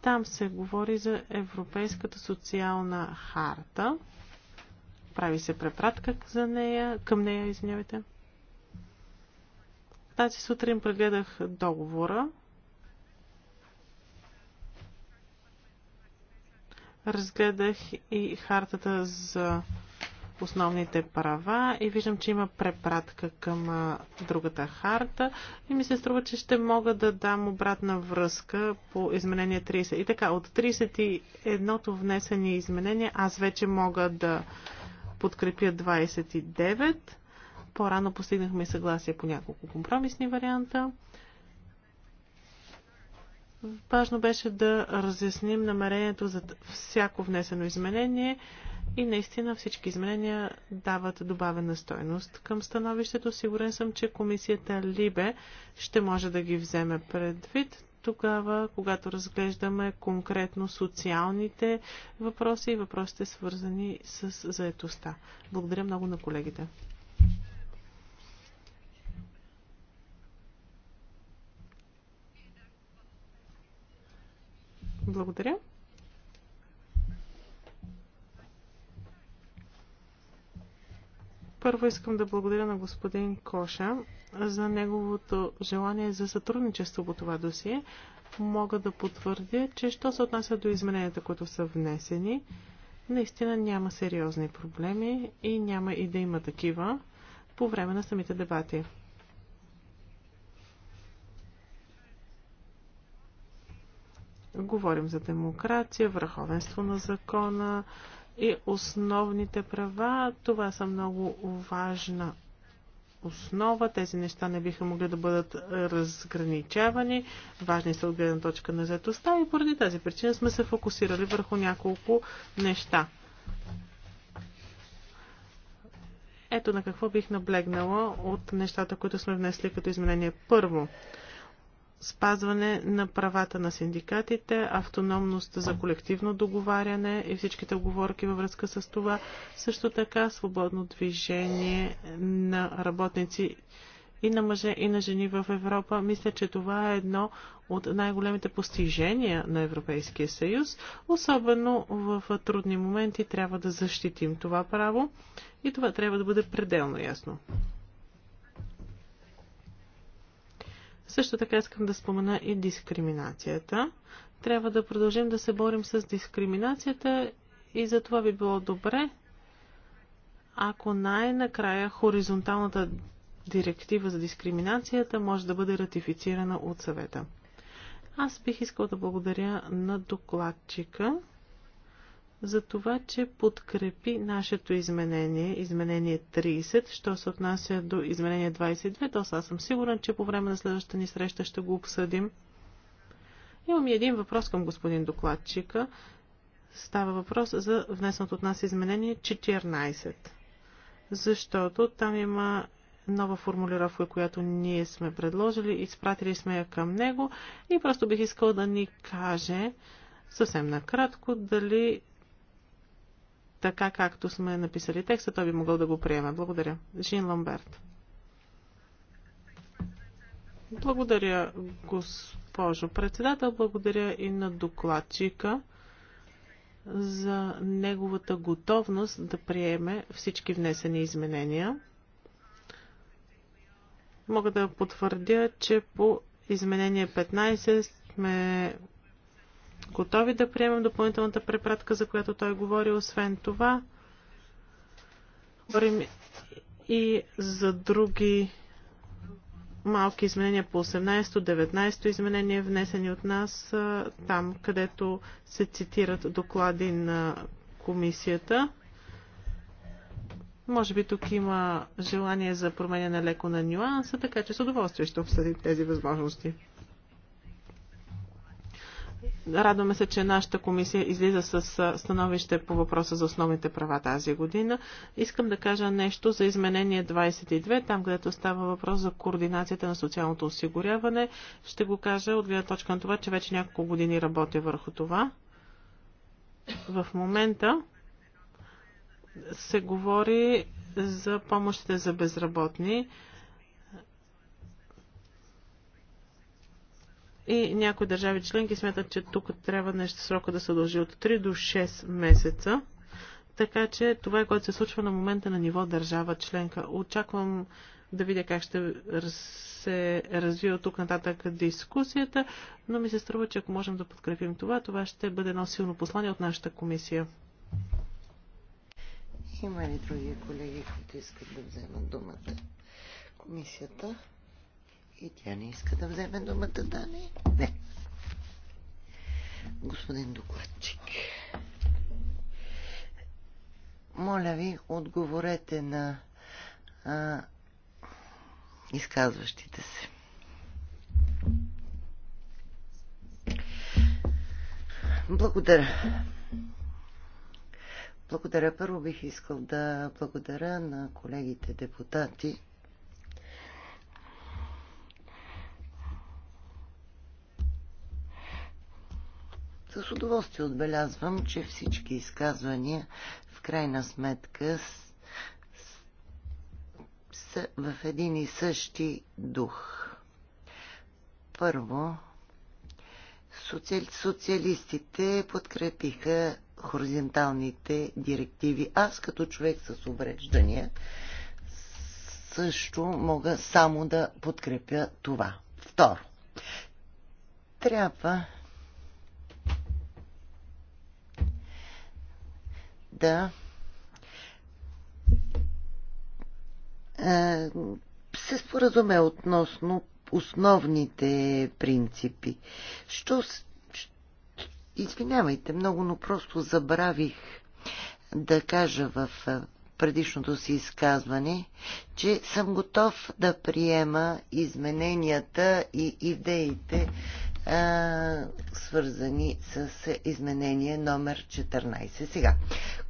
Там се говори за Европейската социална харта. Прави се препратка за нея, към нея, извинявайте. Тази сутрин прегледах договора разгледах и хартата за основните права и виждам, че има препратка към другата харта и ми се струва, че ще мога да дам обратна връзка по изменение 30. И така, от 31-то внесени изменения аз вече мога да подкрепя 29. По-рано постигнахме съгласие по няколко компромисни варианта. Важно беше да разясним намерението за всяко внесено изменение и наистина всички изменения дават добавена стойност. Към становището сигурен съм, че комисията Либе ще може да ги вземе предвид тогава, когато разглеждаме конкретно социалните въпроси и въпросите свързани с заетостта. Благодаря много на колегите. Благодаря. Първо искам да благодаря на господин Коша за неговото желание за сътрудничество по това досие. Мога да потвърдя, че що се отнася до измененията, които са внесени, наистина няма сериозни проблеми и няма и да има такива по време на самите дебати. Говорим за демокрация, върховенство на закона и основните права. Това са много важна основа. Тези неща не биха могли да бъдат разграничавани. Важни са от гледна точка на заедостта и поради тази причина сме се фокусирали върху няколко неща. Ето на какво бих наблегнала от нещата, които сме внесли като изменение. Първо, спазване на правата на синдикатите, автономност за колективно договаряне и всичките оговорки във връзка с това. Също така свободно движение на работници и на мъже, и на жени в Европа. Мисля, че това е едно от най-големите постижения на Европейския съюз. Особено в трудни моменти трябва да защитим това право и това трябва да бъде пределно ясно. Също така искам да спомена и дискриминацията. Трябва да продължим да се борим с дискриминацията и за това би било добре, ако най-накрая хоризонталната директива за дискриминацията може да бъде ратифицирана от съвета. Аз бих искал да благодаря на докладчика за това, че подкрепи нашето изменение, изменение 30, що се отнася до изменение 22, то аз съм сигурен, че по време на следващата ни среща ще го обсъдим. Имам и един въпрос към господин докладчика. Става въпрос за внесното от нас изменение 14. Защото там има нова формулировка, която ние сме предложили, изпратили сме я към него и просто бих искал да ни каже съвсем накратко дали така както сме написали текста, той би могъл да го приеме. Благодаря. Жин Ламберт. Благодаря, госпожо председател. Благодаря и на докладчика за неговата готовност да приеме всички внесени изменения. Мога да потвърдя, че по изменение 15 сме готови да приемем допълнителната препратка, за която той говори. Освен това, говорим и за други малки изменения по 18-19 изменения, внесени от нас там, където се цитират доклади на комисията. Може би тук има желание за променяне на леко на нюанса, така че с удоволствие ще обсъдим тези възможности. Радваме се, че нашата комисия излиза с становище по въпроса за основните права тази година. Искам да кажа нещо за изменение 22, там където става въпрос за координацията на социалното осигуряване. Ще го кажа от гледна точка на това, че вече няколко години работя върху това. В момента се говори за помощите за безработни. И някои държави членки смятат, че тук трябва нещо срока да се дължи от 3 до 6 месеца. Така че това е което се случва на момента на ниво държава членка. Очаквам да видя как ще се развие тук нататък дискусията, но ми се струва, че ако можем да подкрепим това, това ще бъде едно силно послание от нашата комисия. Има ли други колеги, които искат да вземат думата? Комисията. И тя не иска да вземе думата, не. Не. Господин докладчик. Моля ви, отговорете на а, изказващите се. Благодаря. Благодаря. Първо бих искал да благодаря на колегите депутати С удоволствие отбелязвам, че всички изказвания в крайна сметка са в един и същи дух. Първо, социалистите подкрепиха хоризонталните директиви. Аз като човек с увреждания също мога само да подкрепя това. Второ, трябва да е, се споразуме относно основните принципи. Що... Извинявайте много, но просто забравих да кажа в е, предишното си изказване, че съм готов да приема измененията и идеите свързани с изменение номер 14. Сега,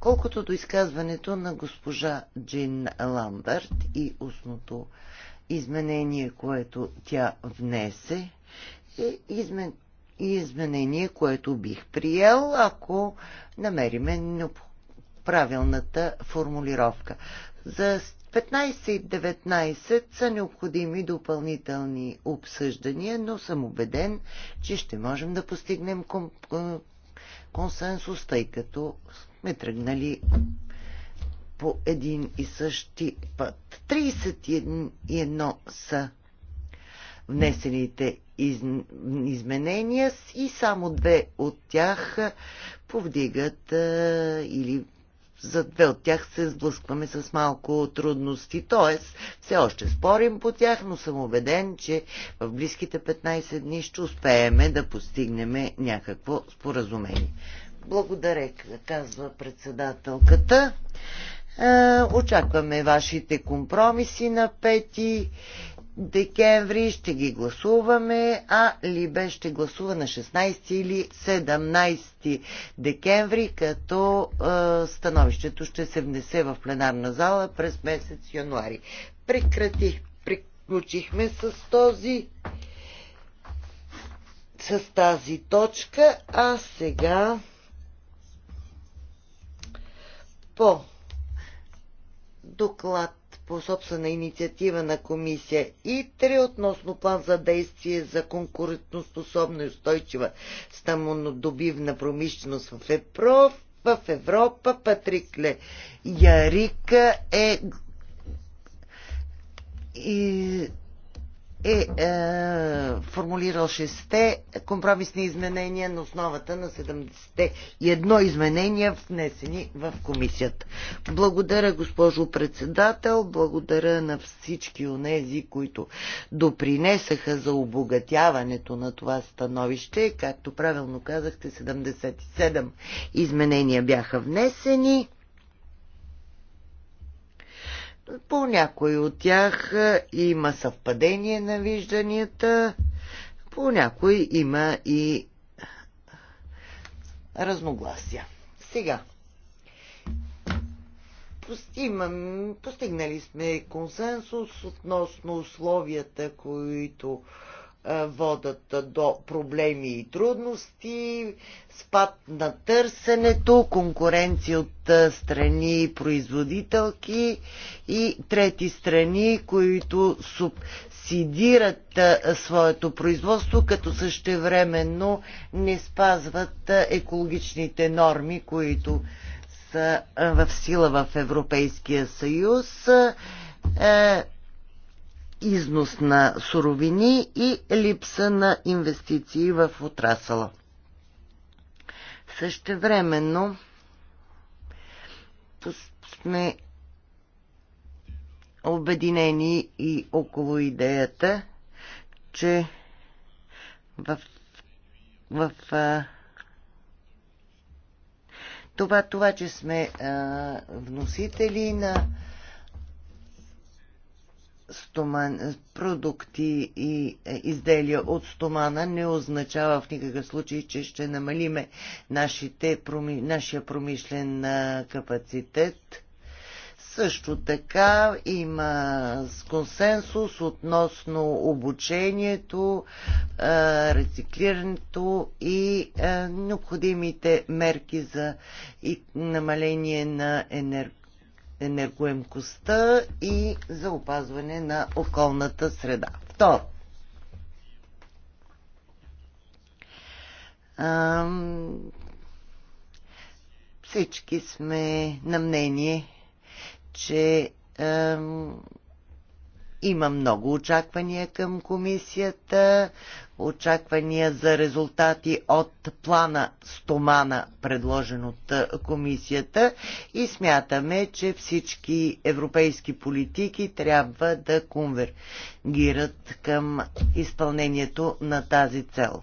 колкото до изказването на госпожа Джин Ламберт и устното изменение, което тя внесе, е измен... изменение, което бих приел, ако намериме правилната формулировка. За 15 и 19 са необходими допълнителни обсъждания, но съм убеден, че ще можем да постигнем консенсус, тъй като сме тръгнали по един и същи път. 31 са внесените из, изменения и само две от тях повдигат а, или за две от тях се сблъскваме с малко трудности, т.е. все още спорим по тях, но съм убеден, че в близките 15 дни ще успееме да постигнем някакво споразумение. Благодаря, казва председателката. Е, очакваме вашите компромиси на пети декември ще ги гласуваме, а Либе ще гласува на 16 или 17 декември, като е, становището ще се внесе в пленарна зала през месец януари. Прекратих, приключихме с този с тази точка, а сега по доклад по собствена инициатива на комисия и три относно план за действие за конкурентоспособна и устойчива стамонодобивна промишленост в Европа, в Европа Патрик Ле Ярика е и е, е формулирал 6-те компромисни изменения на основата на 70-те и едно изменение внесени в комисията. Благодаря, госпожо председател, благодаря на всички онези, които допринесаха за обогатяването на това становище. Както правилно казахте, 77 изменения бяха внесени. По някои от тях е, има съвпадение на вижданията, по някои има и разногласия. Сега, постигнали сме консенсус относно условията, които водат до проблеми и трудности, спад на търсенето, конкуренция от страни производителки и трети страни, които субсидират своето производство, като същевременно не спазват екологичните норми, които са в сила в Европейския съюз износ на суровини и липса на инвестиции в отрасъла. Същевременно сме обединени и около идеята, че в, в това, това, че сме а, вносители на стоман, продукти и е, изделия от стомана не означава в никакъв случай, че ще намалиме нашите, нашия промишлен капацитет. Също така има консенсус относно обучението, рециклирането и необходимите мерки за намаление на енергия енергоемкостта и за опазване на околната среда. Второ. Ам, всички сме на мнение, че ам, има много очаквания към комисията, очаквания за резултати от плана Стомана, предложен от комисията и смятаме, че всички европейски политики трябва да конвергират към изпълнението на тази цел.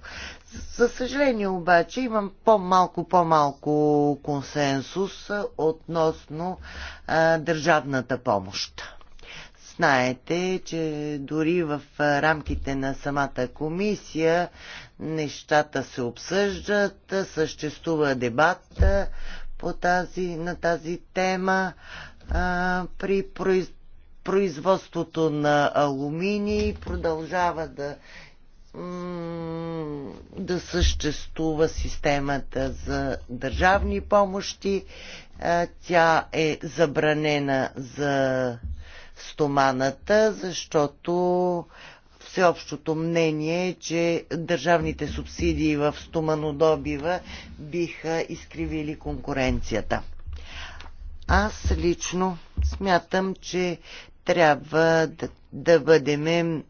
За съжаление обаче имам по-малко, по-малко консенсус относно а, държавната помощ. Знаете, че дори в рамките на самата комисия нещата се обсъждат, съществува дебат по тази, на тази тема а, при произ, производството на алуминий продължава да да съществува системата за държавни помощи. Тя е забранена за стоманата, защото всеобщото мнение е, че държавните субсидии в стоманодобива биха изкривили конкуренцията. Аз лично смятам, че трябва да, да бъдем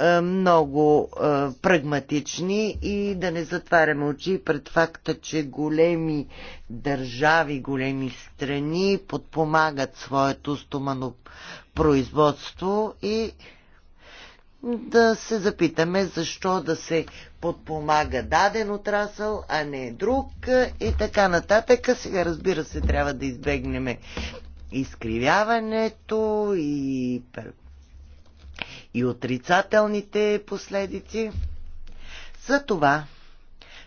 е, много е, прагматични и да не затваряме очи пред факта, че големи държави, големи страни подпомагат своето стомано производство и да се запитаме защо да се подпомага даден отрасъл, а не друг и така нататък. Сега разбира се трябва да избегнем изкривяването и и отрицателните последици. За това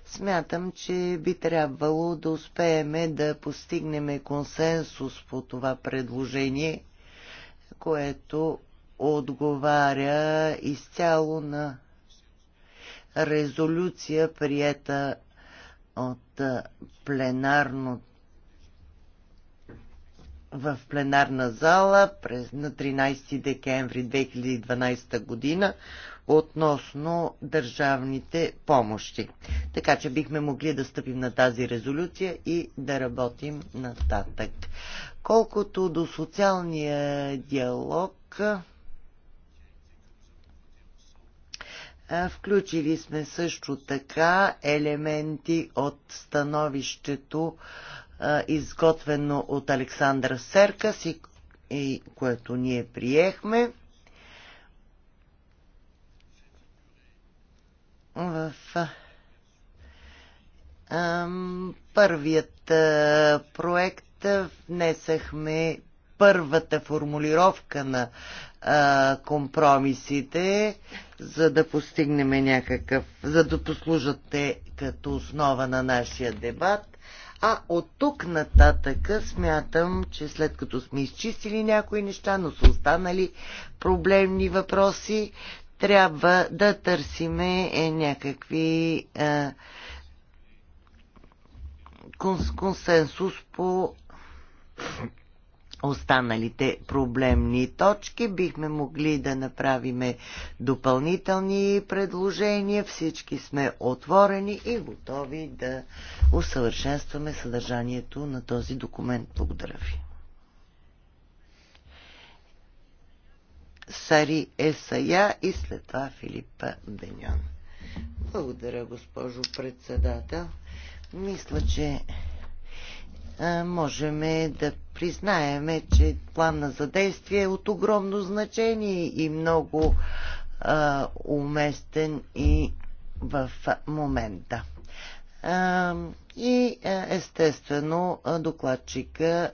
смятам, че би трябвало да успееме да постигнем консенсус по това предложение, което отговаря изцяло на резолюция, приета от пленарното в пленарна зала през, на 13 декември 2012 година относно държавните помощи. Така че бихме могли да стъпим на тази резолюция и да работим нататък. Колкото до социалния диалог, включили сме също така елементи от становището изготвено от Александър Серкас и, и което ние приехме. В а, първият а, проект внесахме първата формулировка на а, компромисите, за да постигнем някакъв, за да послужат те като основа на нашия дебат. А от тук нататък смятам, че след като сме изчистили някои неща, но са останали проблемни въпроси, трябва да търсиме е, някакви е, консенсус по останалите проблемни точки. Бихме могли да направиме допълнителни предложения. Всички сме отворени и готови да усъвършенстваме съдържанието на този документ. Благодаря ви. Сари Есая и след това Филипа Деньон. Благодаря, госпожо председател. Мисля, че можем да признаем, че плана за действие е от огромно значение и много а, уместен и в момента. А, и естествено докладчика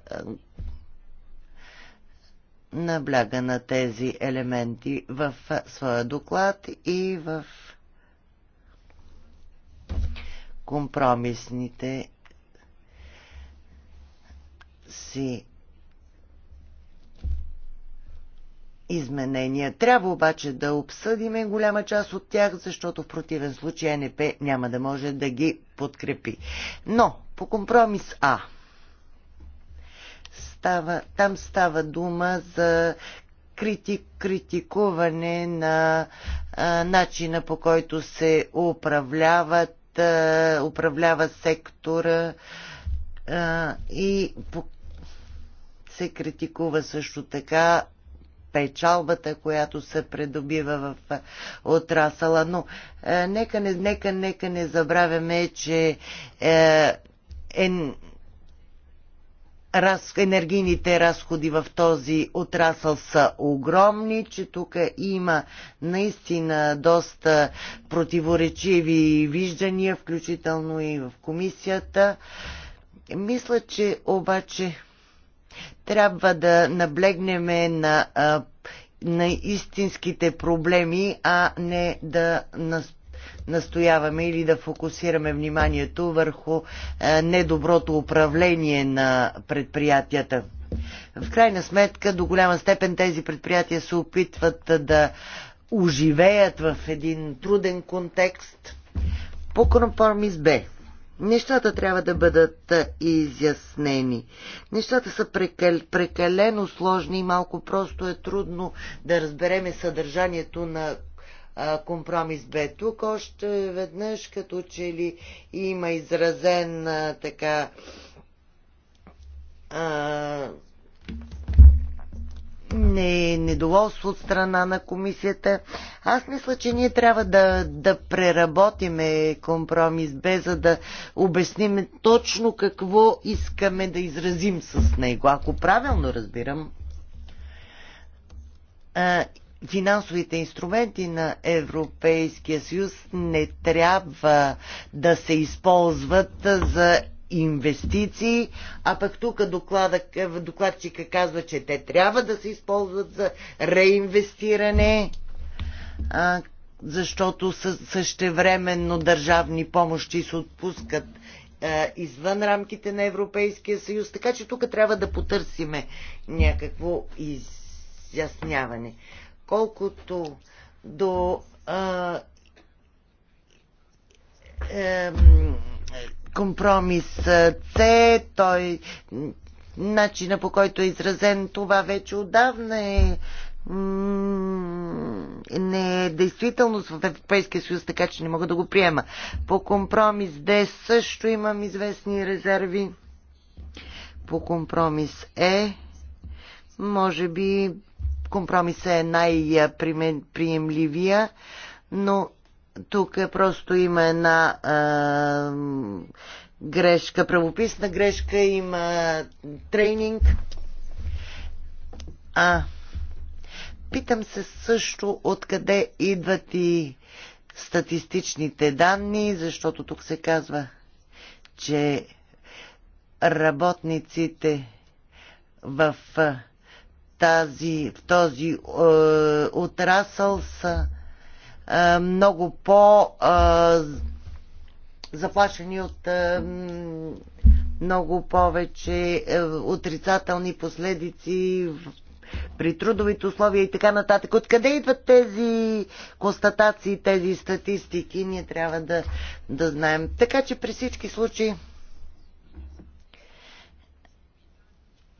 набляга на тези елементи в своя доклад и в компромисните си изменения. Трябва обаче да обсъдиме голяма част от тях, защото в противен случай НП няма да може да ги подкрепи. Но по компромис А става, там става дума за критик, критикуване на а, начина по който се управляват, а, управлява сектора а, и по се критикува също така печалбата, която се придобива в отрасала. Но е, нека, не, нека, нека не забравяме, че е, е, раз, енергийните разходи в този отрасъл са огромни, че тук има наистина доста противоречиви виждания, включително и в комисията. Мисля, че обаче трябва да наблегнеме на, на истинските проблеми, а не да настояваме или да фокусираме вниманието върху недоброто управление на предприятията. В крайна сметка, до голяма степен тези предприятия се опитват да оживеят в един труден контекст. По компромис Б. Нещата трябва да бъдат изяснени. Нещата са прекал, прекалено сложни и малко просто е трудно да разбереме съдържанието на компромис бе. Тук още веднъж като че ли има изразен така а, не, е недоволство от страна на комисията. Аз мисля, че ние трябва да, да преработиме компромис Б, за да обясним точно какво искаме да изразим с него. Ако правилно разбирам, финансовите инструменти на Европейския съюз не трябва да се използват за инвестиции, а пък тук докладчика казва, че те трябва да се използват за реинвестиране, а, защото същевременно държавни помощи се отпускат а, извън рамките на Европейския съюз, така че тук трябва да потърсиме някакво изясняване. Колкото до а, компромис С, той начина по който е изразен, това вече отдавна е не е действителност в Европейския съюз, така че не мога да го приема. По компромис Д също имам известни резерви. По компромис Е, може би компромис е, е най-приемливия, но тук е просто има една а, грешка, правописна грешка, има тренинг. А, питам се също откъде идват и статистичните данни, защото тук се казва, че работниците в тази, в този е, отрасъл са е, много по е, заплашени от е, много повече отрицателни последици при трудовите условия и така нататък. Откъде идват тези констатации, тези статистики? Ние трябва да, да знаем. Така че при всички случаи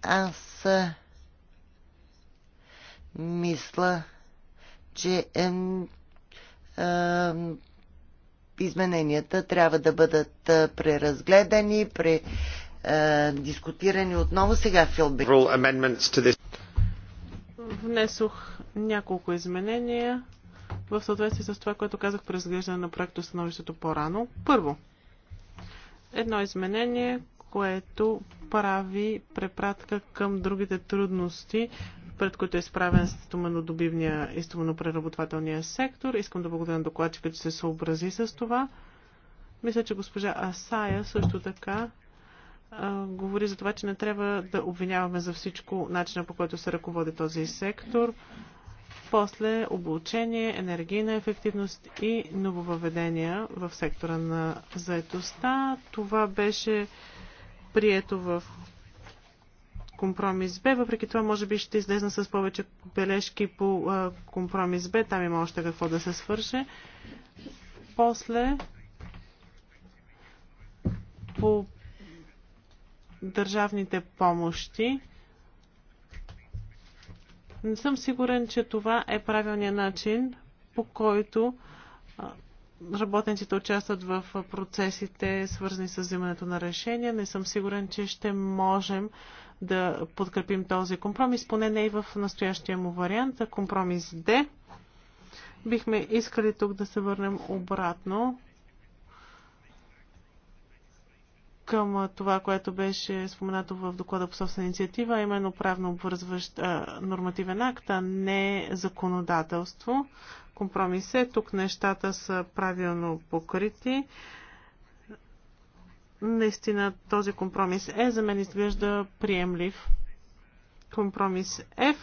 аз мисля, че е, измененията трябва да бъдат преразгледани, предискутирани дискутирани отново. Сега Филби. Внесох няколко изменения в съответствие с това, което казах при разглеждане на проекта становището по-рано. Първо, едно изменение, което прави препратка към другите трудности пред който е изправен стоманодобивния и стоманопреработвателния сектор. Искам да благодаря на докладчика, че се съобрази с това. Мисля, че госпожа Асая също така а, говори за това, че не трябва да обвиняваме за всичко начина по който се ръководи този сектор. После обучение, енергийна ефективност и нововъведения в сектора на заетостта. Това беше прието в компромис Б. Въпреки това, може би ще излезна с повече бележки по компромис Б. Там има още какво да се свърши. После по държавните помощи. Не съм сигурен, че това е правилният начин, по който работниците участват в процесите, свързани с взимането на решения. Не съм сигурен, че ще можем да подкрепим този компромис, поне не и в настоящия му вариант. Компромис Д. Бихме искали тук да се върнем обратно към това, което беше споменато в доклада по собствена инициатива, именно правно обвързващ а, нормативен акт, а не законодателство. Компромис е, тук нещата са правилно покрити. А, Наистина този компромис Е за мен изглежда приемлив. Компромис F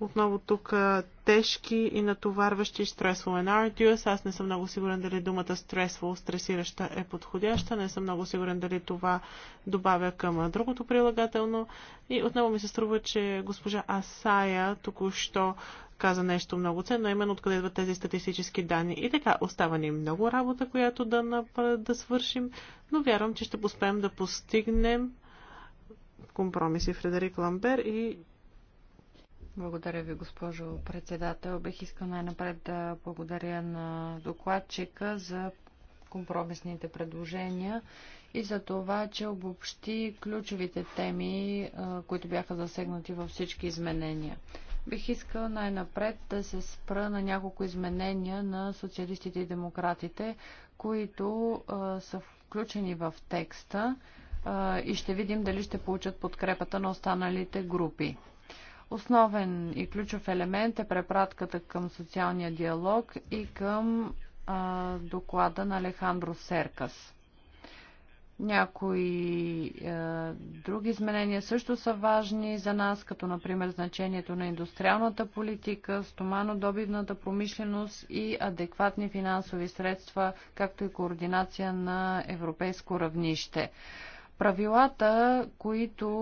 отново тук тежки и натоварващи stressful and arduous. Аз не съм много сигурен дали думата stressful, стресираща е подходяща. Не съм много сигурен дали това добавя към другото прилагателно. И отново ми се струва, че госпожа Асая току-що каза нещо много ценно, именно откъде идват тези статистически данни. И така, остава ни много работа, която да, да свършим, но вярвам, че ще успеем да постигнем компромиси Фредерик Ламбер и благодаря ви, госпожо председател. Бих искал най-напред да благодаря на докладчика за компромисните предложения и за това, че обобщи ключовите теми, които бяха засегнати във всички изменения. Бих искал най-напред да се спра на няколко изменения на социалистите и демократите, които са включени в текста и ще видим дали ще получат подкрепата на останалите групи. Основен и ключов елемент е препратката към социалния диалог и към а, доклада на Алехандро Серкас. Някои е, други изменения също са важни за нас, като например значението на индустриалната политика, стоманодобивната промишленост и адекватни финансови средства, както и координация на европейско равнище. Правилата, които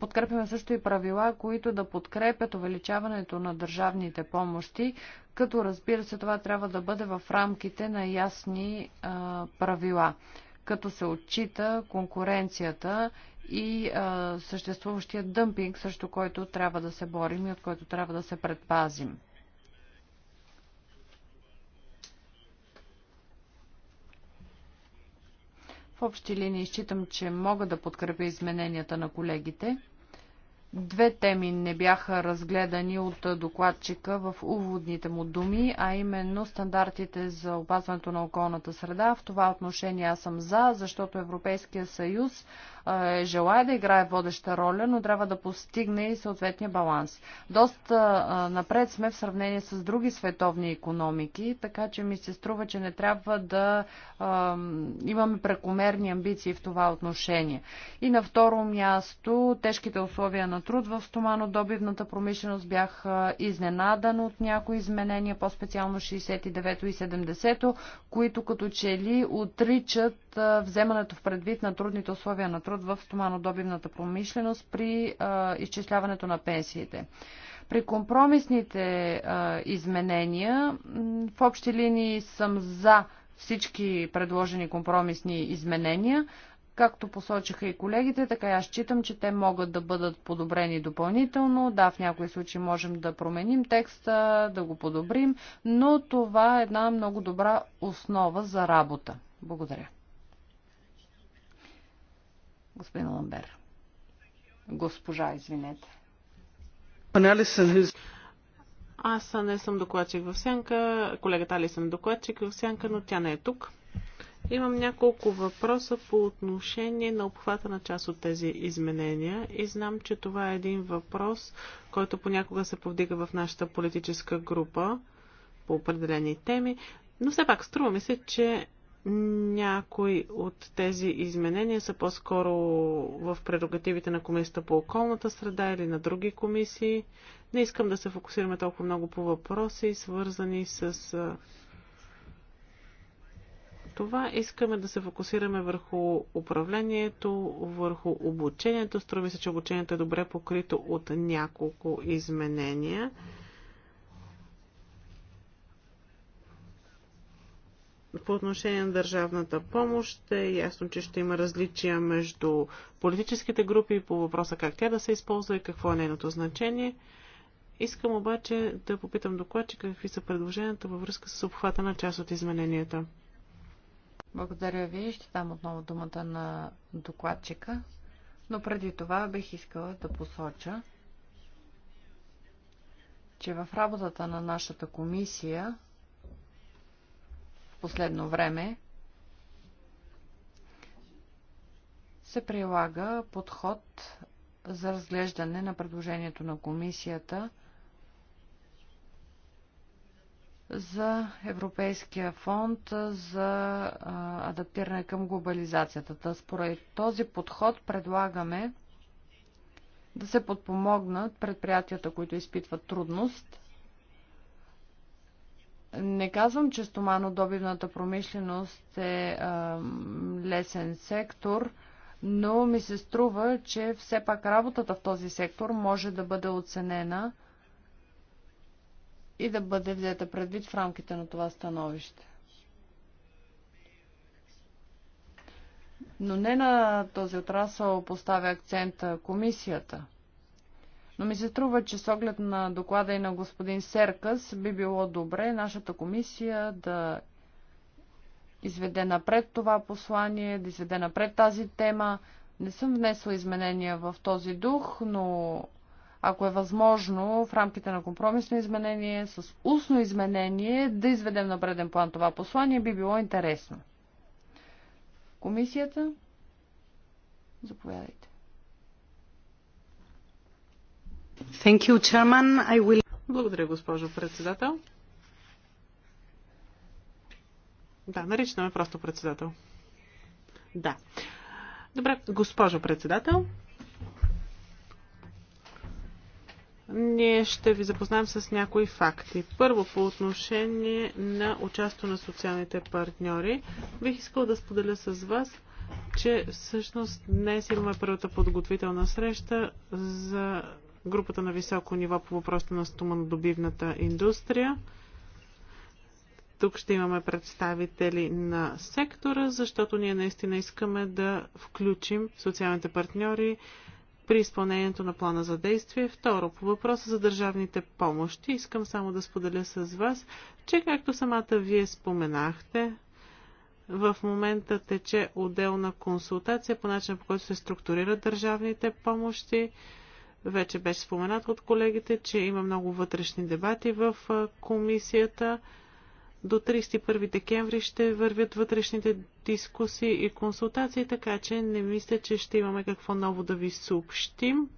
Подкрепяме също и правила, които да подкрепят увеличаването на държавните помощи, като разбира се това трябва да бъде в рамките на ясни а, правила, като се отчита конкуренцията и а, съществуващия дъмпинг, също който трябва да се борим и от който трябва да се предпазим. В общи линии считам, че мога да подкрепя измененията на колегите. Две теми не бяха разгледани от докладчика в уводните му думи, а именно стандартите за опазването на околната среда. В това отношение аз съм за, защото Европейския съюз е, желая да играе водеща роля, но трябва да постигне и съответния баланс. Доста е, напред сме в сравнение с други световни економики, така че ми се струва, че не трябва да е, имаме прекомерни амбиции в това отношение. И на второ място, тежките условия на труд в стоманодобивната промишленост. Бях изненадан от някои изменения, по-специално 69 то и 70, които като че ли отричат вземането в предвид на трудните условия на труд в стоманодобивната промишленост при изчисляването на пенсиите. При компромисните а, изменения в общи линии съм за всички предложени компромисни изменения, Както посочиха и колегите, така и аз считам, че те могат да бъдат подобрени допълнително. Да, в някои случаи можем да променим текста, да го подобрим, но това е една много добра основа за работа. Благодаря. Господин Ламбер. Госпожа, извинете. Е- аз не съм докладчик в сянка, колегата Алисън докладчик в сянка, но тя не е тук. Имам няколко въпроса по отношение на обхвата на част от тези изменения и знам, че това е един въпрос, който понякога се повдига в нашата политическа група по определени теми, но все пак струва ми се, че някои от тези изменения са по-скоро в прерогативите на Комисията по околната среда или на други комисии. Не искам да се фокусираме толкова много по въпроси, свързани с това искаме да се фокусираме върху управлението, върху обучението. Струва се, че обучението е добре покрито от няколко изменения. по отношение на държавната помощ е ясно, че ще има различия между политическите групи по въпроса как тя да се използва и какво е нейното значение. Искам обаче да попитам докладчика какви са предложенията във връзка с обхвата на част от измененията. Благодаря ви. Ще дам отново думата на докладчика. Но преди това бих искала да посоча, че в работата на нашата комисия в последно време се прилага подход за разглеждане на предложението на комисията – за Европейския фонд за адаптиране към глобализацията. Според този подход предлагаме да се подпомогнат предприятията, които изпитват трудност. Не казвам, че стоманодобивната промишленост е лесен сектор, но ми се струва, че все пак работата в този сектор може да бъде оценена – и да бъде взета предвид в рамките на това становище. Но не на този отрасъл поставя акцента комисията. Но ми се струва, че с оглед на доклада и на господин Серкас би било добре нашата комисия да изведе напред това послание, да изведе напред тази тема. Не съм внесла изменения в този дух, но ако е възможно, в рамките на компромисно изменение, с устно изменение, да изведем на преден план това послание, би било интересно. Комисията? Заповядайте. Thank you, Chairman. I will... Благодаря, госпожо председател. Да, наричаме просто председател. Да. Добре, госпожо председател, ние ще ви запознаем с някои факти. Първо, по отношение на участието на социалните партньори, бих искал да споделя с вас, че всъщност днес имаме първата подготвителна среща за групата на високо ниво по въпроса на стоманодобивната индустрия. Тук ще имаме представители на сектора, защото ние наистина искаме да включим социалните партньори при изпълнението на плана за действие. Второ, по въпроса за държавните помощи, искам само да споделя с вас, че както самата вие споменахте, в момента тече отделна консултация по начин, по който се структурират държавните помощи. Вече беше споменато от колегите, че има много вътрешни дебати в комисията. До 31 декември ще вървят вътрешните дискусии и консултации, така че не мисля, че ще имаме какво ново да ви съобщим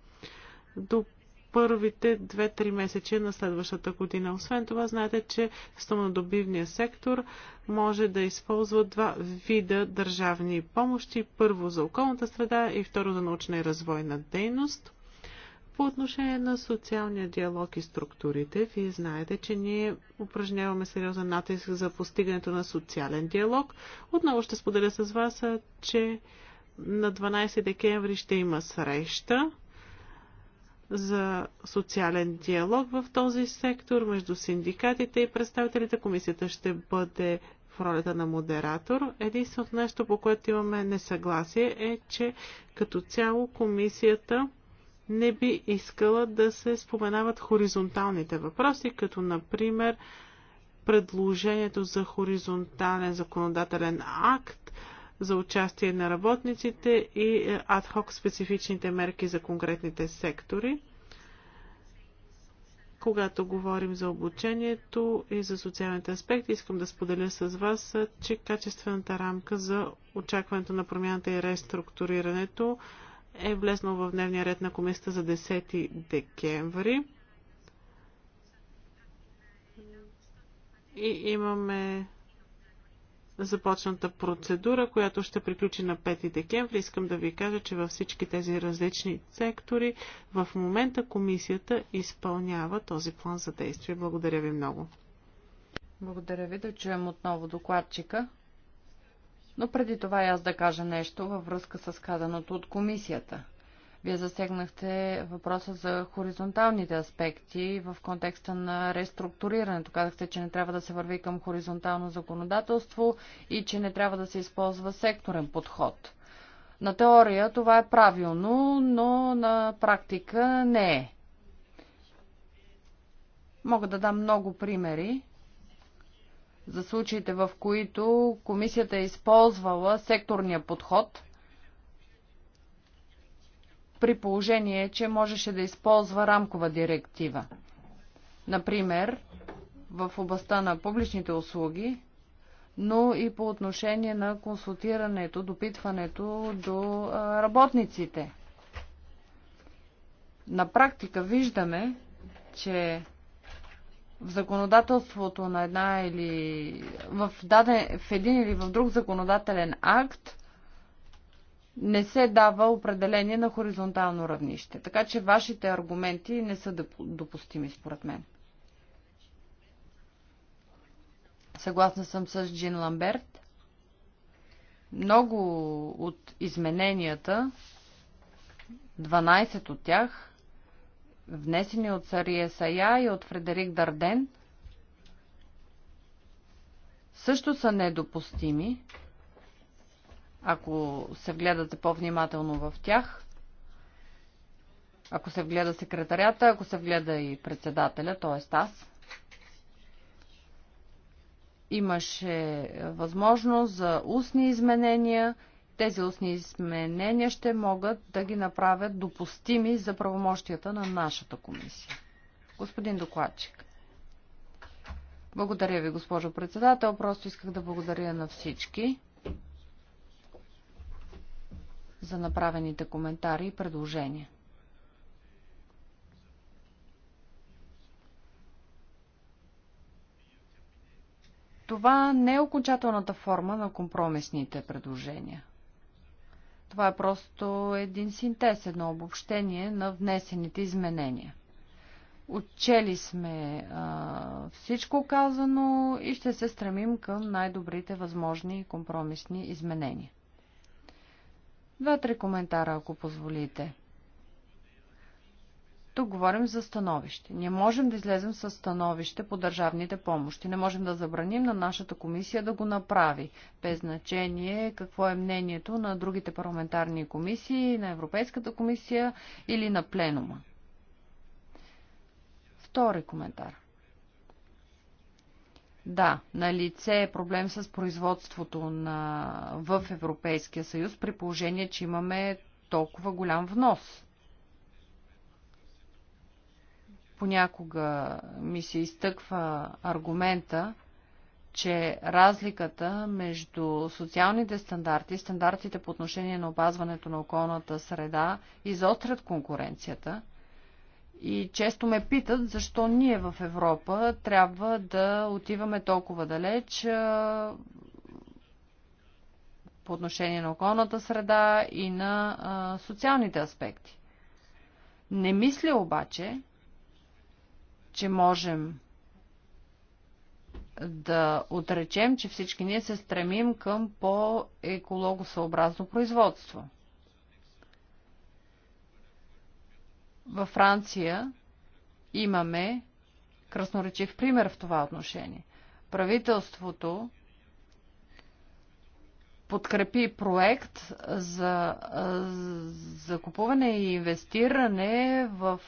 до първите 2-3 месече на следващата година. Освен това, знаете, че стомнодобивния сектор може да използва два вида държавни помощи. Първо за околната среда и второ за научна и развойна дейност. По отношение на социалния диалог и структурите, вие знаете, че ние упражняваме сериозен натиск за постигането на социален диалог. Отново ще споделя с вас, че на 12 декември ще има среща за социален диалог в този сектор между синдикатите и представителите. Комисията ще бъде в ролята на модератор. Единственото нещо, по което имаме несъгласие е, че като цяло комисията не би искала да се споменават хоризонталните въпроси, като например предложението за хоризонтален законодателен акт, за участие на работниците и е, адхок специфичните мерки за конкретните сектори. Когато говорим за обучението и за социалните аспекти, искам да споделя с вас, е, че качествената рамка за очакването на промяната и реструктурирането е влезнал в дневния ред на комисията за 10 декември. И имаме започната процедура, която ще приключи на 5 декември. Искам да ви кажа, че във всички тези различни сектори в момента комисията изпълнява този план за действие. Благодаря ви много. Благодаря ви да чуем отново докладчика. Но преди това и аз да кажа нещо във връзка с казаното от комисията. Вие засегнахте въпроса за хоризонталните аспекти в контекста на реструктурирането. Казахте, че не трябва да се върви към хоризонтално законодателство и че не трябва да се използва секторен подход. На теория това е правилно, но на практика не е. Мога да дам много примери за случаите, в които комисията е използвала секторния подход, при положение, че можеше да използва рамкова директива. Например, в областта на публичните услуги, но и по отношение на консултирането, допитването до работниците. На практика виждаме, че в законодателството на една или в, даден, в един или в друг законодателен акт не се дава определение на хоризонтално равнище. Така че вашите аргументи не са допустими според мен. Съгласна съм с Джин Ламберт. Много от измененията, 12 от тях, внесени от Сария Сая и от Фредерик Дарден, също са недопустими, ако се вгледате по-внимателно в тях, ако се вгледа секретарята, ако се вгледа и председателя, т.е. аз. Имаше възможност за устни изменения – тези устни изменения ще могат да ги направят допустими за правомощията на нашата комисия. Господин докладчик. Благодаря ви, госпожо председател. Просто исках да благодаря на всички за направените коментари и предложения. Това не е окончателната форма на компромисните предложения. Това е просто един синтез, едно обобщение на внесените изменения. Отчели сме а, всичко казано и ще се стремим към най-добрите възможни компромисни изменения. Два-три коментара, ако позволите. Тук говорим за становище. Не можем да излезем с становище по държавните помощи. Не можем да забраним на нашата комисия да го направи. Без значение какво е мнението на другите парламентарни комисии, на Европейската комисия или на пленума. Втори коментар. Да, на лице е проблем с производството на... в Европейския съюз, при положение, че имаме толкова голям внос. Понякога ми се изтъква аргумента, че разликата между социалните стандарти и стандартите по отношение на опазването на околната среда изострят конкуренцията. И често ме питат, защо ние в Европа трябва да отиваме толкова далеч по отношение на околната среда и на социалните аспекти. Не мисля обаче, че можем да отречем, че всички ние се стремим към по-екологосъобразно производство. Във Франция имаме красноречив пример в това отношение. Правителството подкрепи проект за закупуване и инвестиране в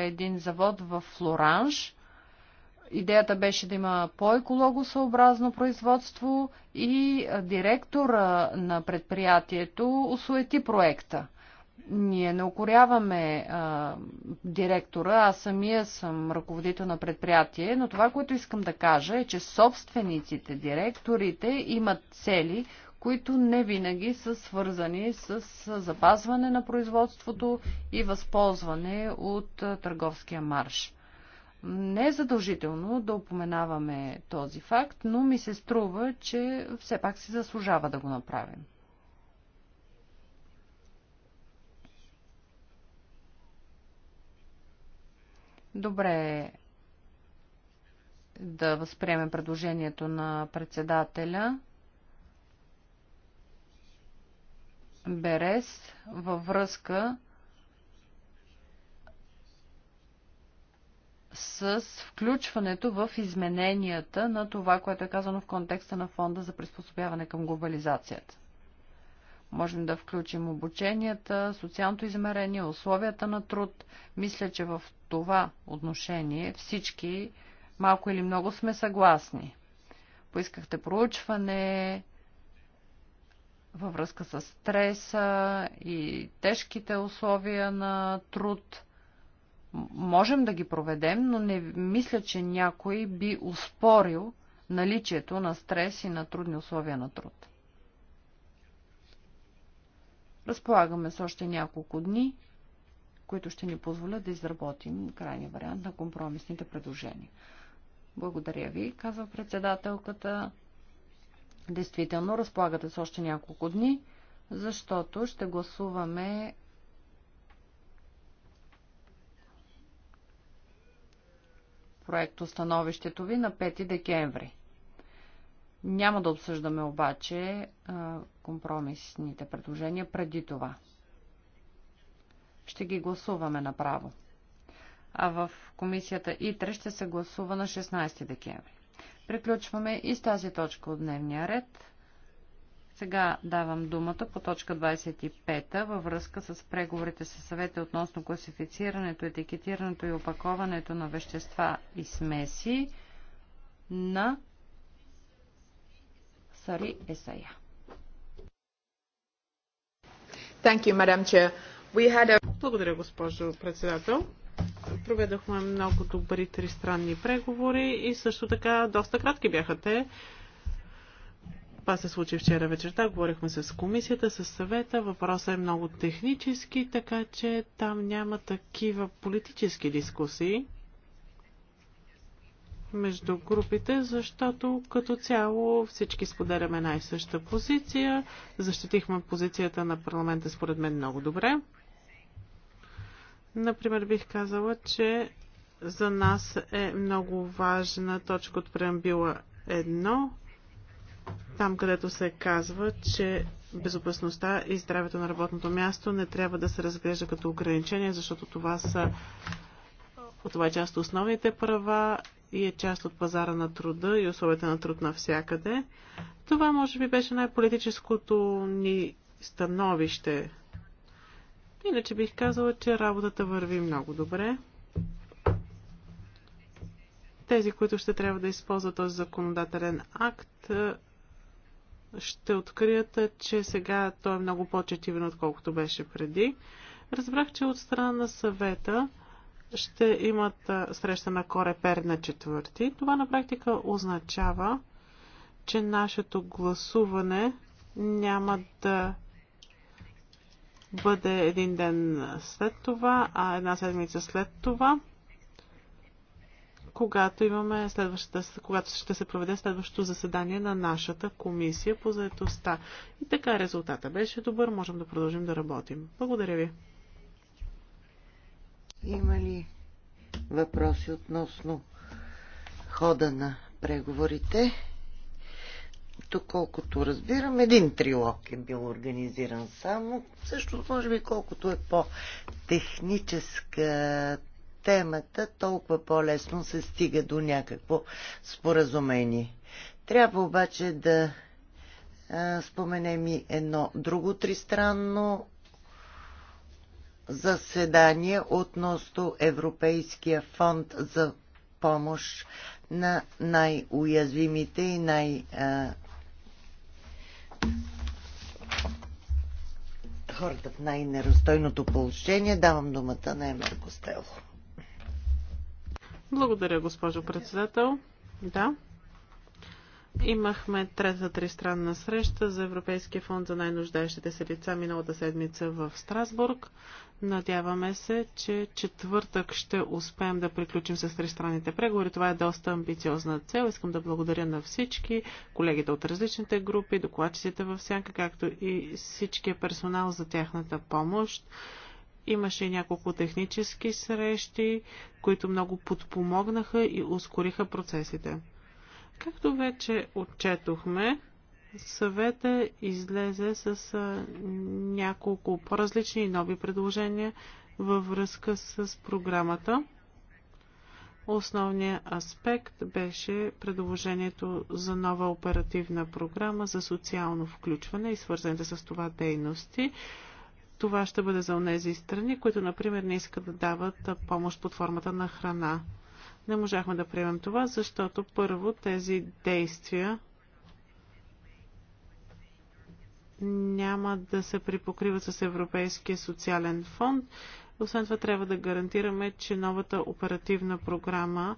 един завод в Флоранж. Идеята беше да има по-екологосъобразно производство и директора на предприятието осуети проекта. Ние не укоряваме а, директора, аз самия съм ръководител на предприятие, но това, което искам да кажа е, че собствениците, директорите имат цели, които не винаги са свързани с запазване на производството и възползване от търговския марш. Не е задължително да упоменаваме този факт, но ми се струва, че все пак си заслужава да го направим. Добре е да възприемем предложението на председателя. Берес във връзка с включването в измененията на това, което е казано в контекста на фонда за приспособяване към глобализацията. Можем да включим обученията, социалното измерение, условията на труд. Мисля, че в това отношение всички малко или много сме съгласни. Поискахте проучване, във връзка с стреса и тежките условия на труд. Можем да ги проведем, но не мисля, че някой би успорил наличието на стрес и на трудни условия на труд. Разполагаме с още няколко дни, които ще ни позволят да изработим крайния вариант на компромисните предложения. Благодаря ви, казва председателката. Действително, разполагате с още няколко дни, защото ще гласуваме проекто становището ви на 5 декември. Няма да обсъждаме обаче компромисните предложения преди това. Ще ги гласуваме направо. А в комисията ИТРЕ ще се гласува на 16 декември. Приключваме и с тази точка от дневния ред. Сега давам думата по точка 25 във връзка с преговорите със съвета относно класифицирането, етикетирането и опаковането на вещества и смеси на Сари Есая. Благодаря, госпожо председател. Проведохме много добри тристранни преговори и също така доста кратки бяха те. Това се случи вчера вечерта. Говорихме с комисията, с съвета. Въпросът е много технически, така че там няма такива политически дискусии между групите, защото като цяло всички споделяме най-съща позиция. Защитихме позицията на парламента според мен много добре. Например, бих казала, че за нас е много важна точка от преамбила 1, там където се казва, че безопасността и здравето на работното място не трябва да се разглежда като ограничение, защото това са това е част от основните права и е част от пазара на труда и условията на труд навсякъде. Това може би беше най-политическото ни становище Иначе бих казала, че работата върви много добре. Тези, които ще трябва да използват този законодателен акт, ще открият, че сега той е много по-четивен, отколкото беше преди. Разбрах, че от страна на съвета ще имат среща на Корепер на четвърти. Това на практика означава, че нашето гласуване няма да бъде един ден след това, а една седмица след това, когато имаме следващата, когато ще се проведе следващото заседание на нашата комисия по заедостта. И така резултата беше добър, можем да продължим да работим. Благодаря ви. Има ли въпроси относно хода на преговорите? доколкото разбирам, един трилог е бил организиран само. също може би, колкото е по-техническа темата, толкова по-лесно се стига до някакво споразумение. Трябва обаче да а, споменем и едно друго тристранно заседание относно Европейския фонд за помощ на най-уязвимите и най- хората в най-неразстойното положение. Давам думата на Емер Костело. Благодаря, госпожо председател. Да. Имахме трета тристранна среща за Европейския фонд за най-нуждаещите се лица миналата седмица в Страсбург. Надяваме се, че четвъртък ще успеем да приключим с тристранните преговори. Това е доста амбициозна цел. Искам да благодаря на всички, колегите от различните групи, докладчиците в сянка, както и всичкия персонал за тяхната помощ. Имаше и няколко технически срещи, които много подпомогнаха и ускориха процесите. Както вече отчетохме, съвета излезе с няколко по-различни и нови предложения във връзка с програмата. Основният аспект беше предложението за нова оперативна програма за социално включване и свързаните с това дейности. Това ще бъде за тези страни, които, например, не искат да дават помощ под формата на храна. Не можахме да приемем това, защото първо тези действия няма да се припокриват с Европейския социален фонд. Освен това трябва да гарантираме, че новата оперативна програма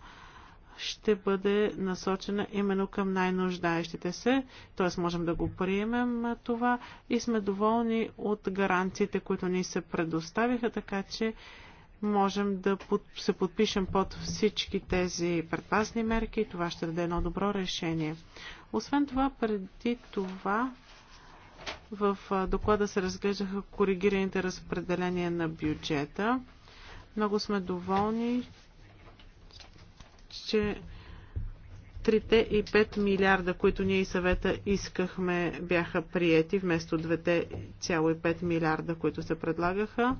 ще бъде насочена именно към най-нуждаещите се, т.е. можем да го приемем това и сме доволни от гаранциите, които ни се предоставиха, така че можем да се подпишем под всички тези предпазни мерки и това ще даде едно добро решение. Освен това, преди това в доклада се разглеждаха коригираните разпределения на бюджета. Много сме доволни, че 3,5 милиарда, които ние и съвета искахме, бяха приети вместо 2,5 милиарда, които се предлагаха.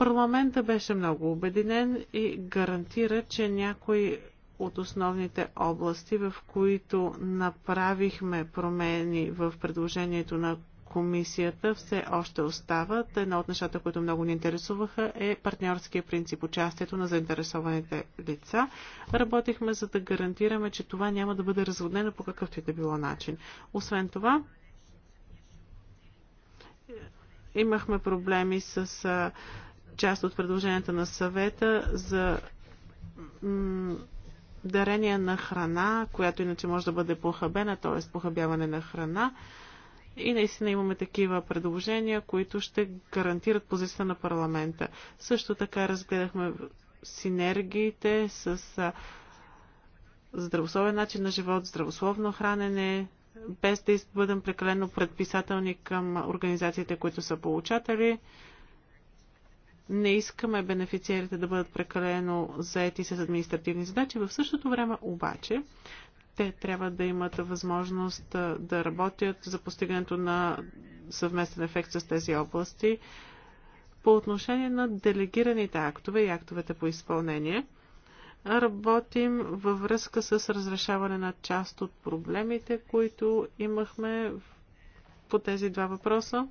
Парламента беше много обединен и гарантира, че някои от основните области, в които направихме промени в предложението на комисията все още остават. Една от нещата, които много ни интересуваха е партньорския принцип, участието на заинтересованите лица. Работихме за да гарантираме, че това няма да бъде разводнено по какъвто и да било начин. Освен това, имахме проблеми с част от предложенията на съвета за дарение на храна, която иначе може да бъде похабена, т.е. похабяване на храна. И наистина имаме такива предложения, които ще гарантират позицията на парламента. Също така разгледахме синергиите с здравословен начин на живот, здравословно хранене, без да бъдем прекалено предписателни към организациите, които са получатели не искаме бенефициерите да бъдат прекалено заети с административни задачи. В същото време обаче те трябва да имат възможност да работят за постигането на съвместен ефект с тези области по отношение на делегираните актове и актовете по изпълнение. Работим във връзка с разрешаване на част от проблемите, които имахме по тези два въпроса.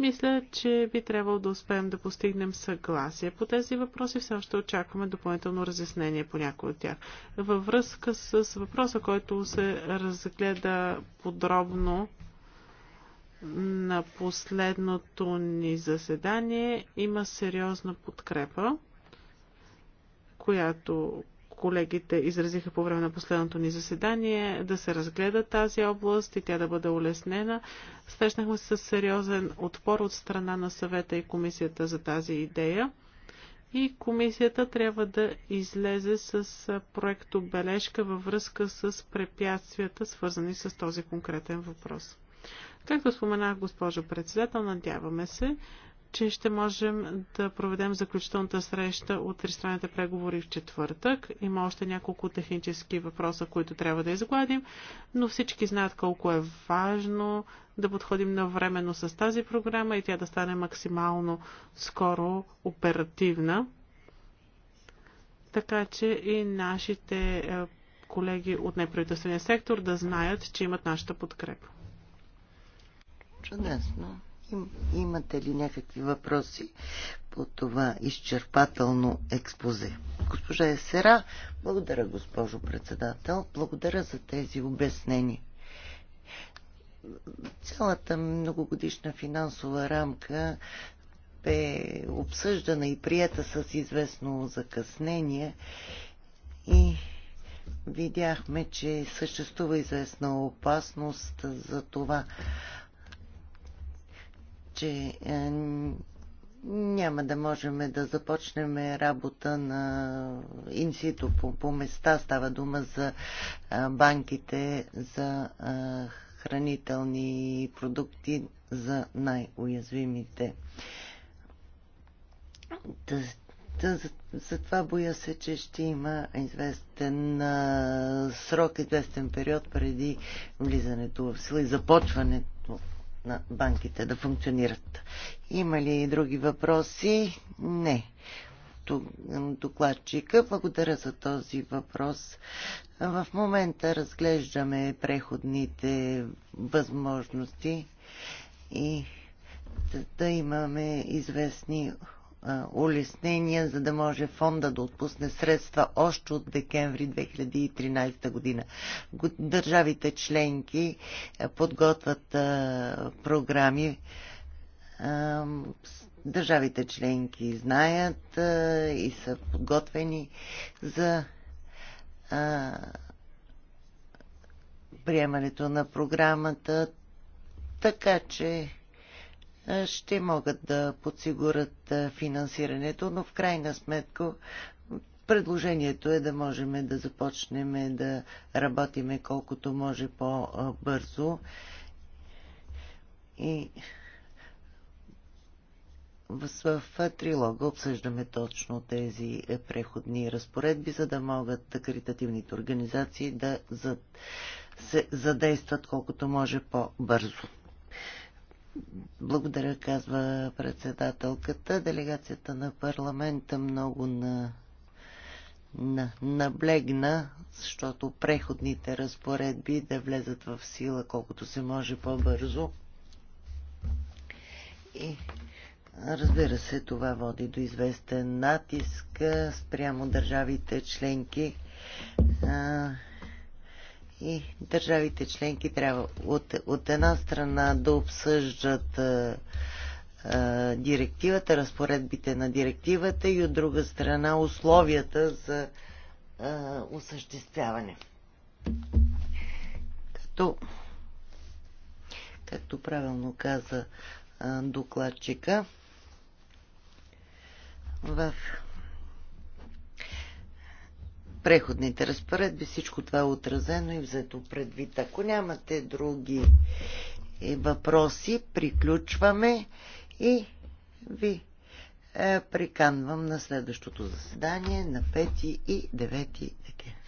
Мисля, че би трябвало да успеем да постигнем съгласие по тези въпроси. Все още очакваме допълнително разяснение по някои от тях. Във връзка с въпроса, който се разгледа подробно на последното ни заседание, има сериозна подкрепа, която колегите изразиха по време на последното ни заседание, да се разгледа тази област и тя да бъде улеснена. Срещнахме се с сериозен отпор от страна на съвета и комисията за тази идея. И комисията трябва да излезе с проекто бележка във връзка с препятствията, свързани с този конкретен въпрос. Както споменах, госпожо председател, надяваме се, че ще можем да проведем заключителната среща от тристранните преговори в четвъртък. Има още няколко технически въпроса, които трябва да изгладим, но всички знаят колко е важно да подходим навременно с тази програма и тя да стане максимално скоро оперативна. Така че и нашите е, колеги от неправителствения сектор да знаят, че имат нашата подкрепа. Чудесно. Им, имате ли някакви въпроси по това изчерпателно експозе? Госпожа Есера, благодаря, госпожо председател. Благодаря за тези обяснения. Цялата многогодишна финансова рамка бе обсъждана и приета с известно закъснение и видяхме, че съществува известна опасност за това че е, няма да можем да започнем работа на инсито по, по места. Става дума за е, банките, за е, хранителни продукти за най-уязвимите. Затова боя се, че ще има известен а, срок, известен период преди влизането в сила и започването на банките да функционират. Има ли други въпроси? Не. Докладчика, благодаря за този въпрос. В момента разглеждаме преходните възможности и да имаме известни улеснения, за да може фонда да отпусне средства още от декември 2013 година. Държавите членки подготвят програми. Държавите членки знаят и са подготвени за приемането на програмата, така че е, ще могат да подсигурят е, финансирането, но в крайна сметка предложението е да можем да започнем да работиме колкото може по-бързо и в, трилога обсъждаме точно тези е, преходни разпоредби, за да могат каритативните организации да задействат колкото може по-бързо. Благодаря, казва председателката. Делегацията на парламента много на, на, наблегна, защото преходните разпоредби да влезат в сила колкото се може по-бързо. И разбира се, това води до известен натиск спрямо държавите членки и държавите членки трябва от, от една страна да обсъждат а, а, директивата, разпоредбите на директивата и от друга страна условията за а, осъществяване. Като, както правилно каза а, докладчика, в преходните разпоредби. Всичко това е отразено и взето предвид. Ако нямате други е, въпроси, приключваме и ви е, приканвам на следващото заседание на 5 и 9 декември.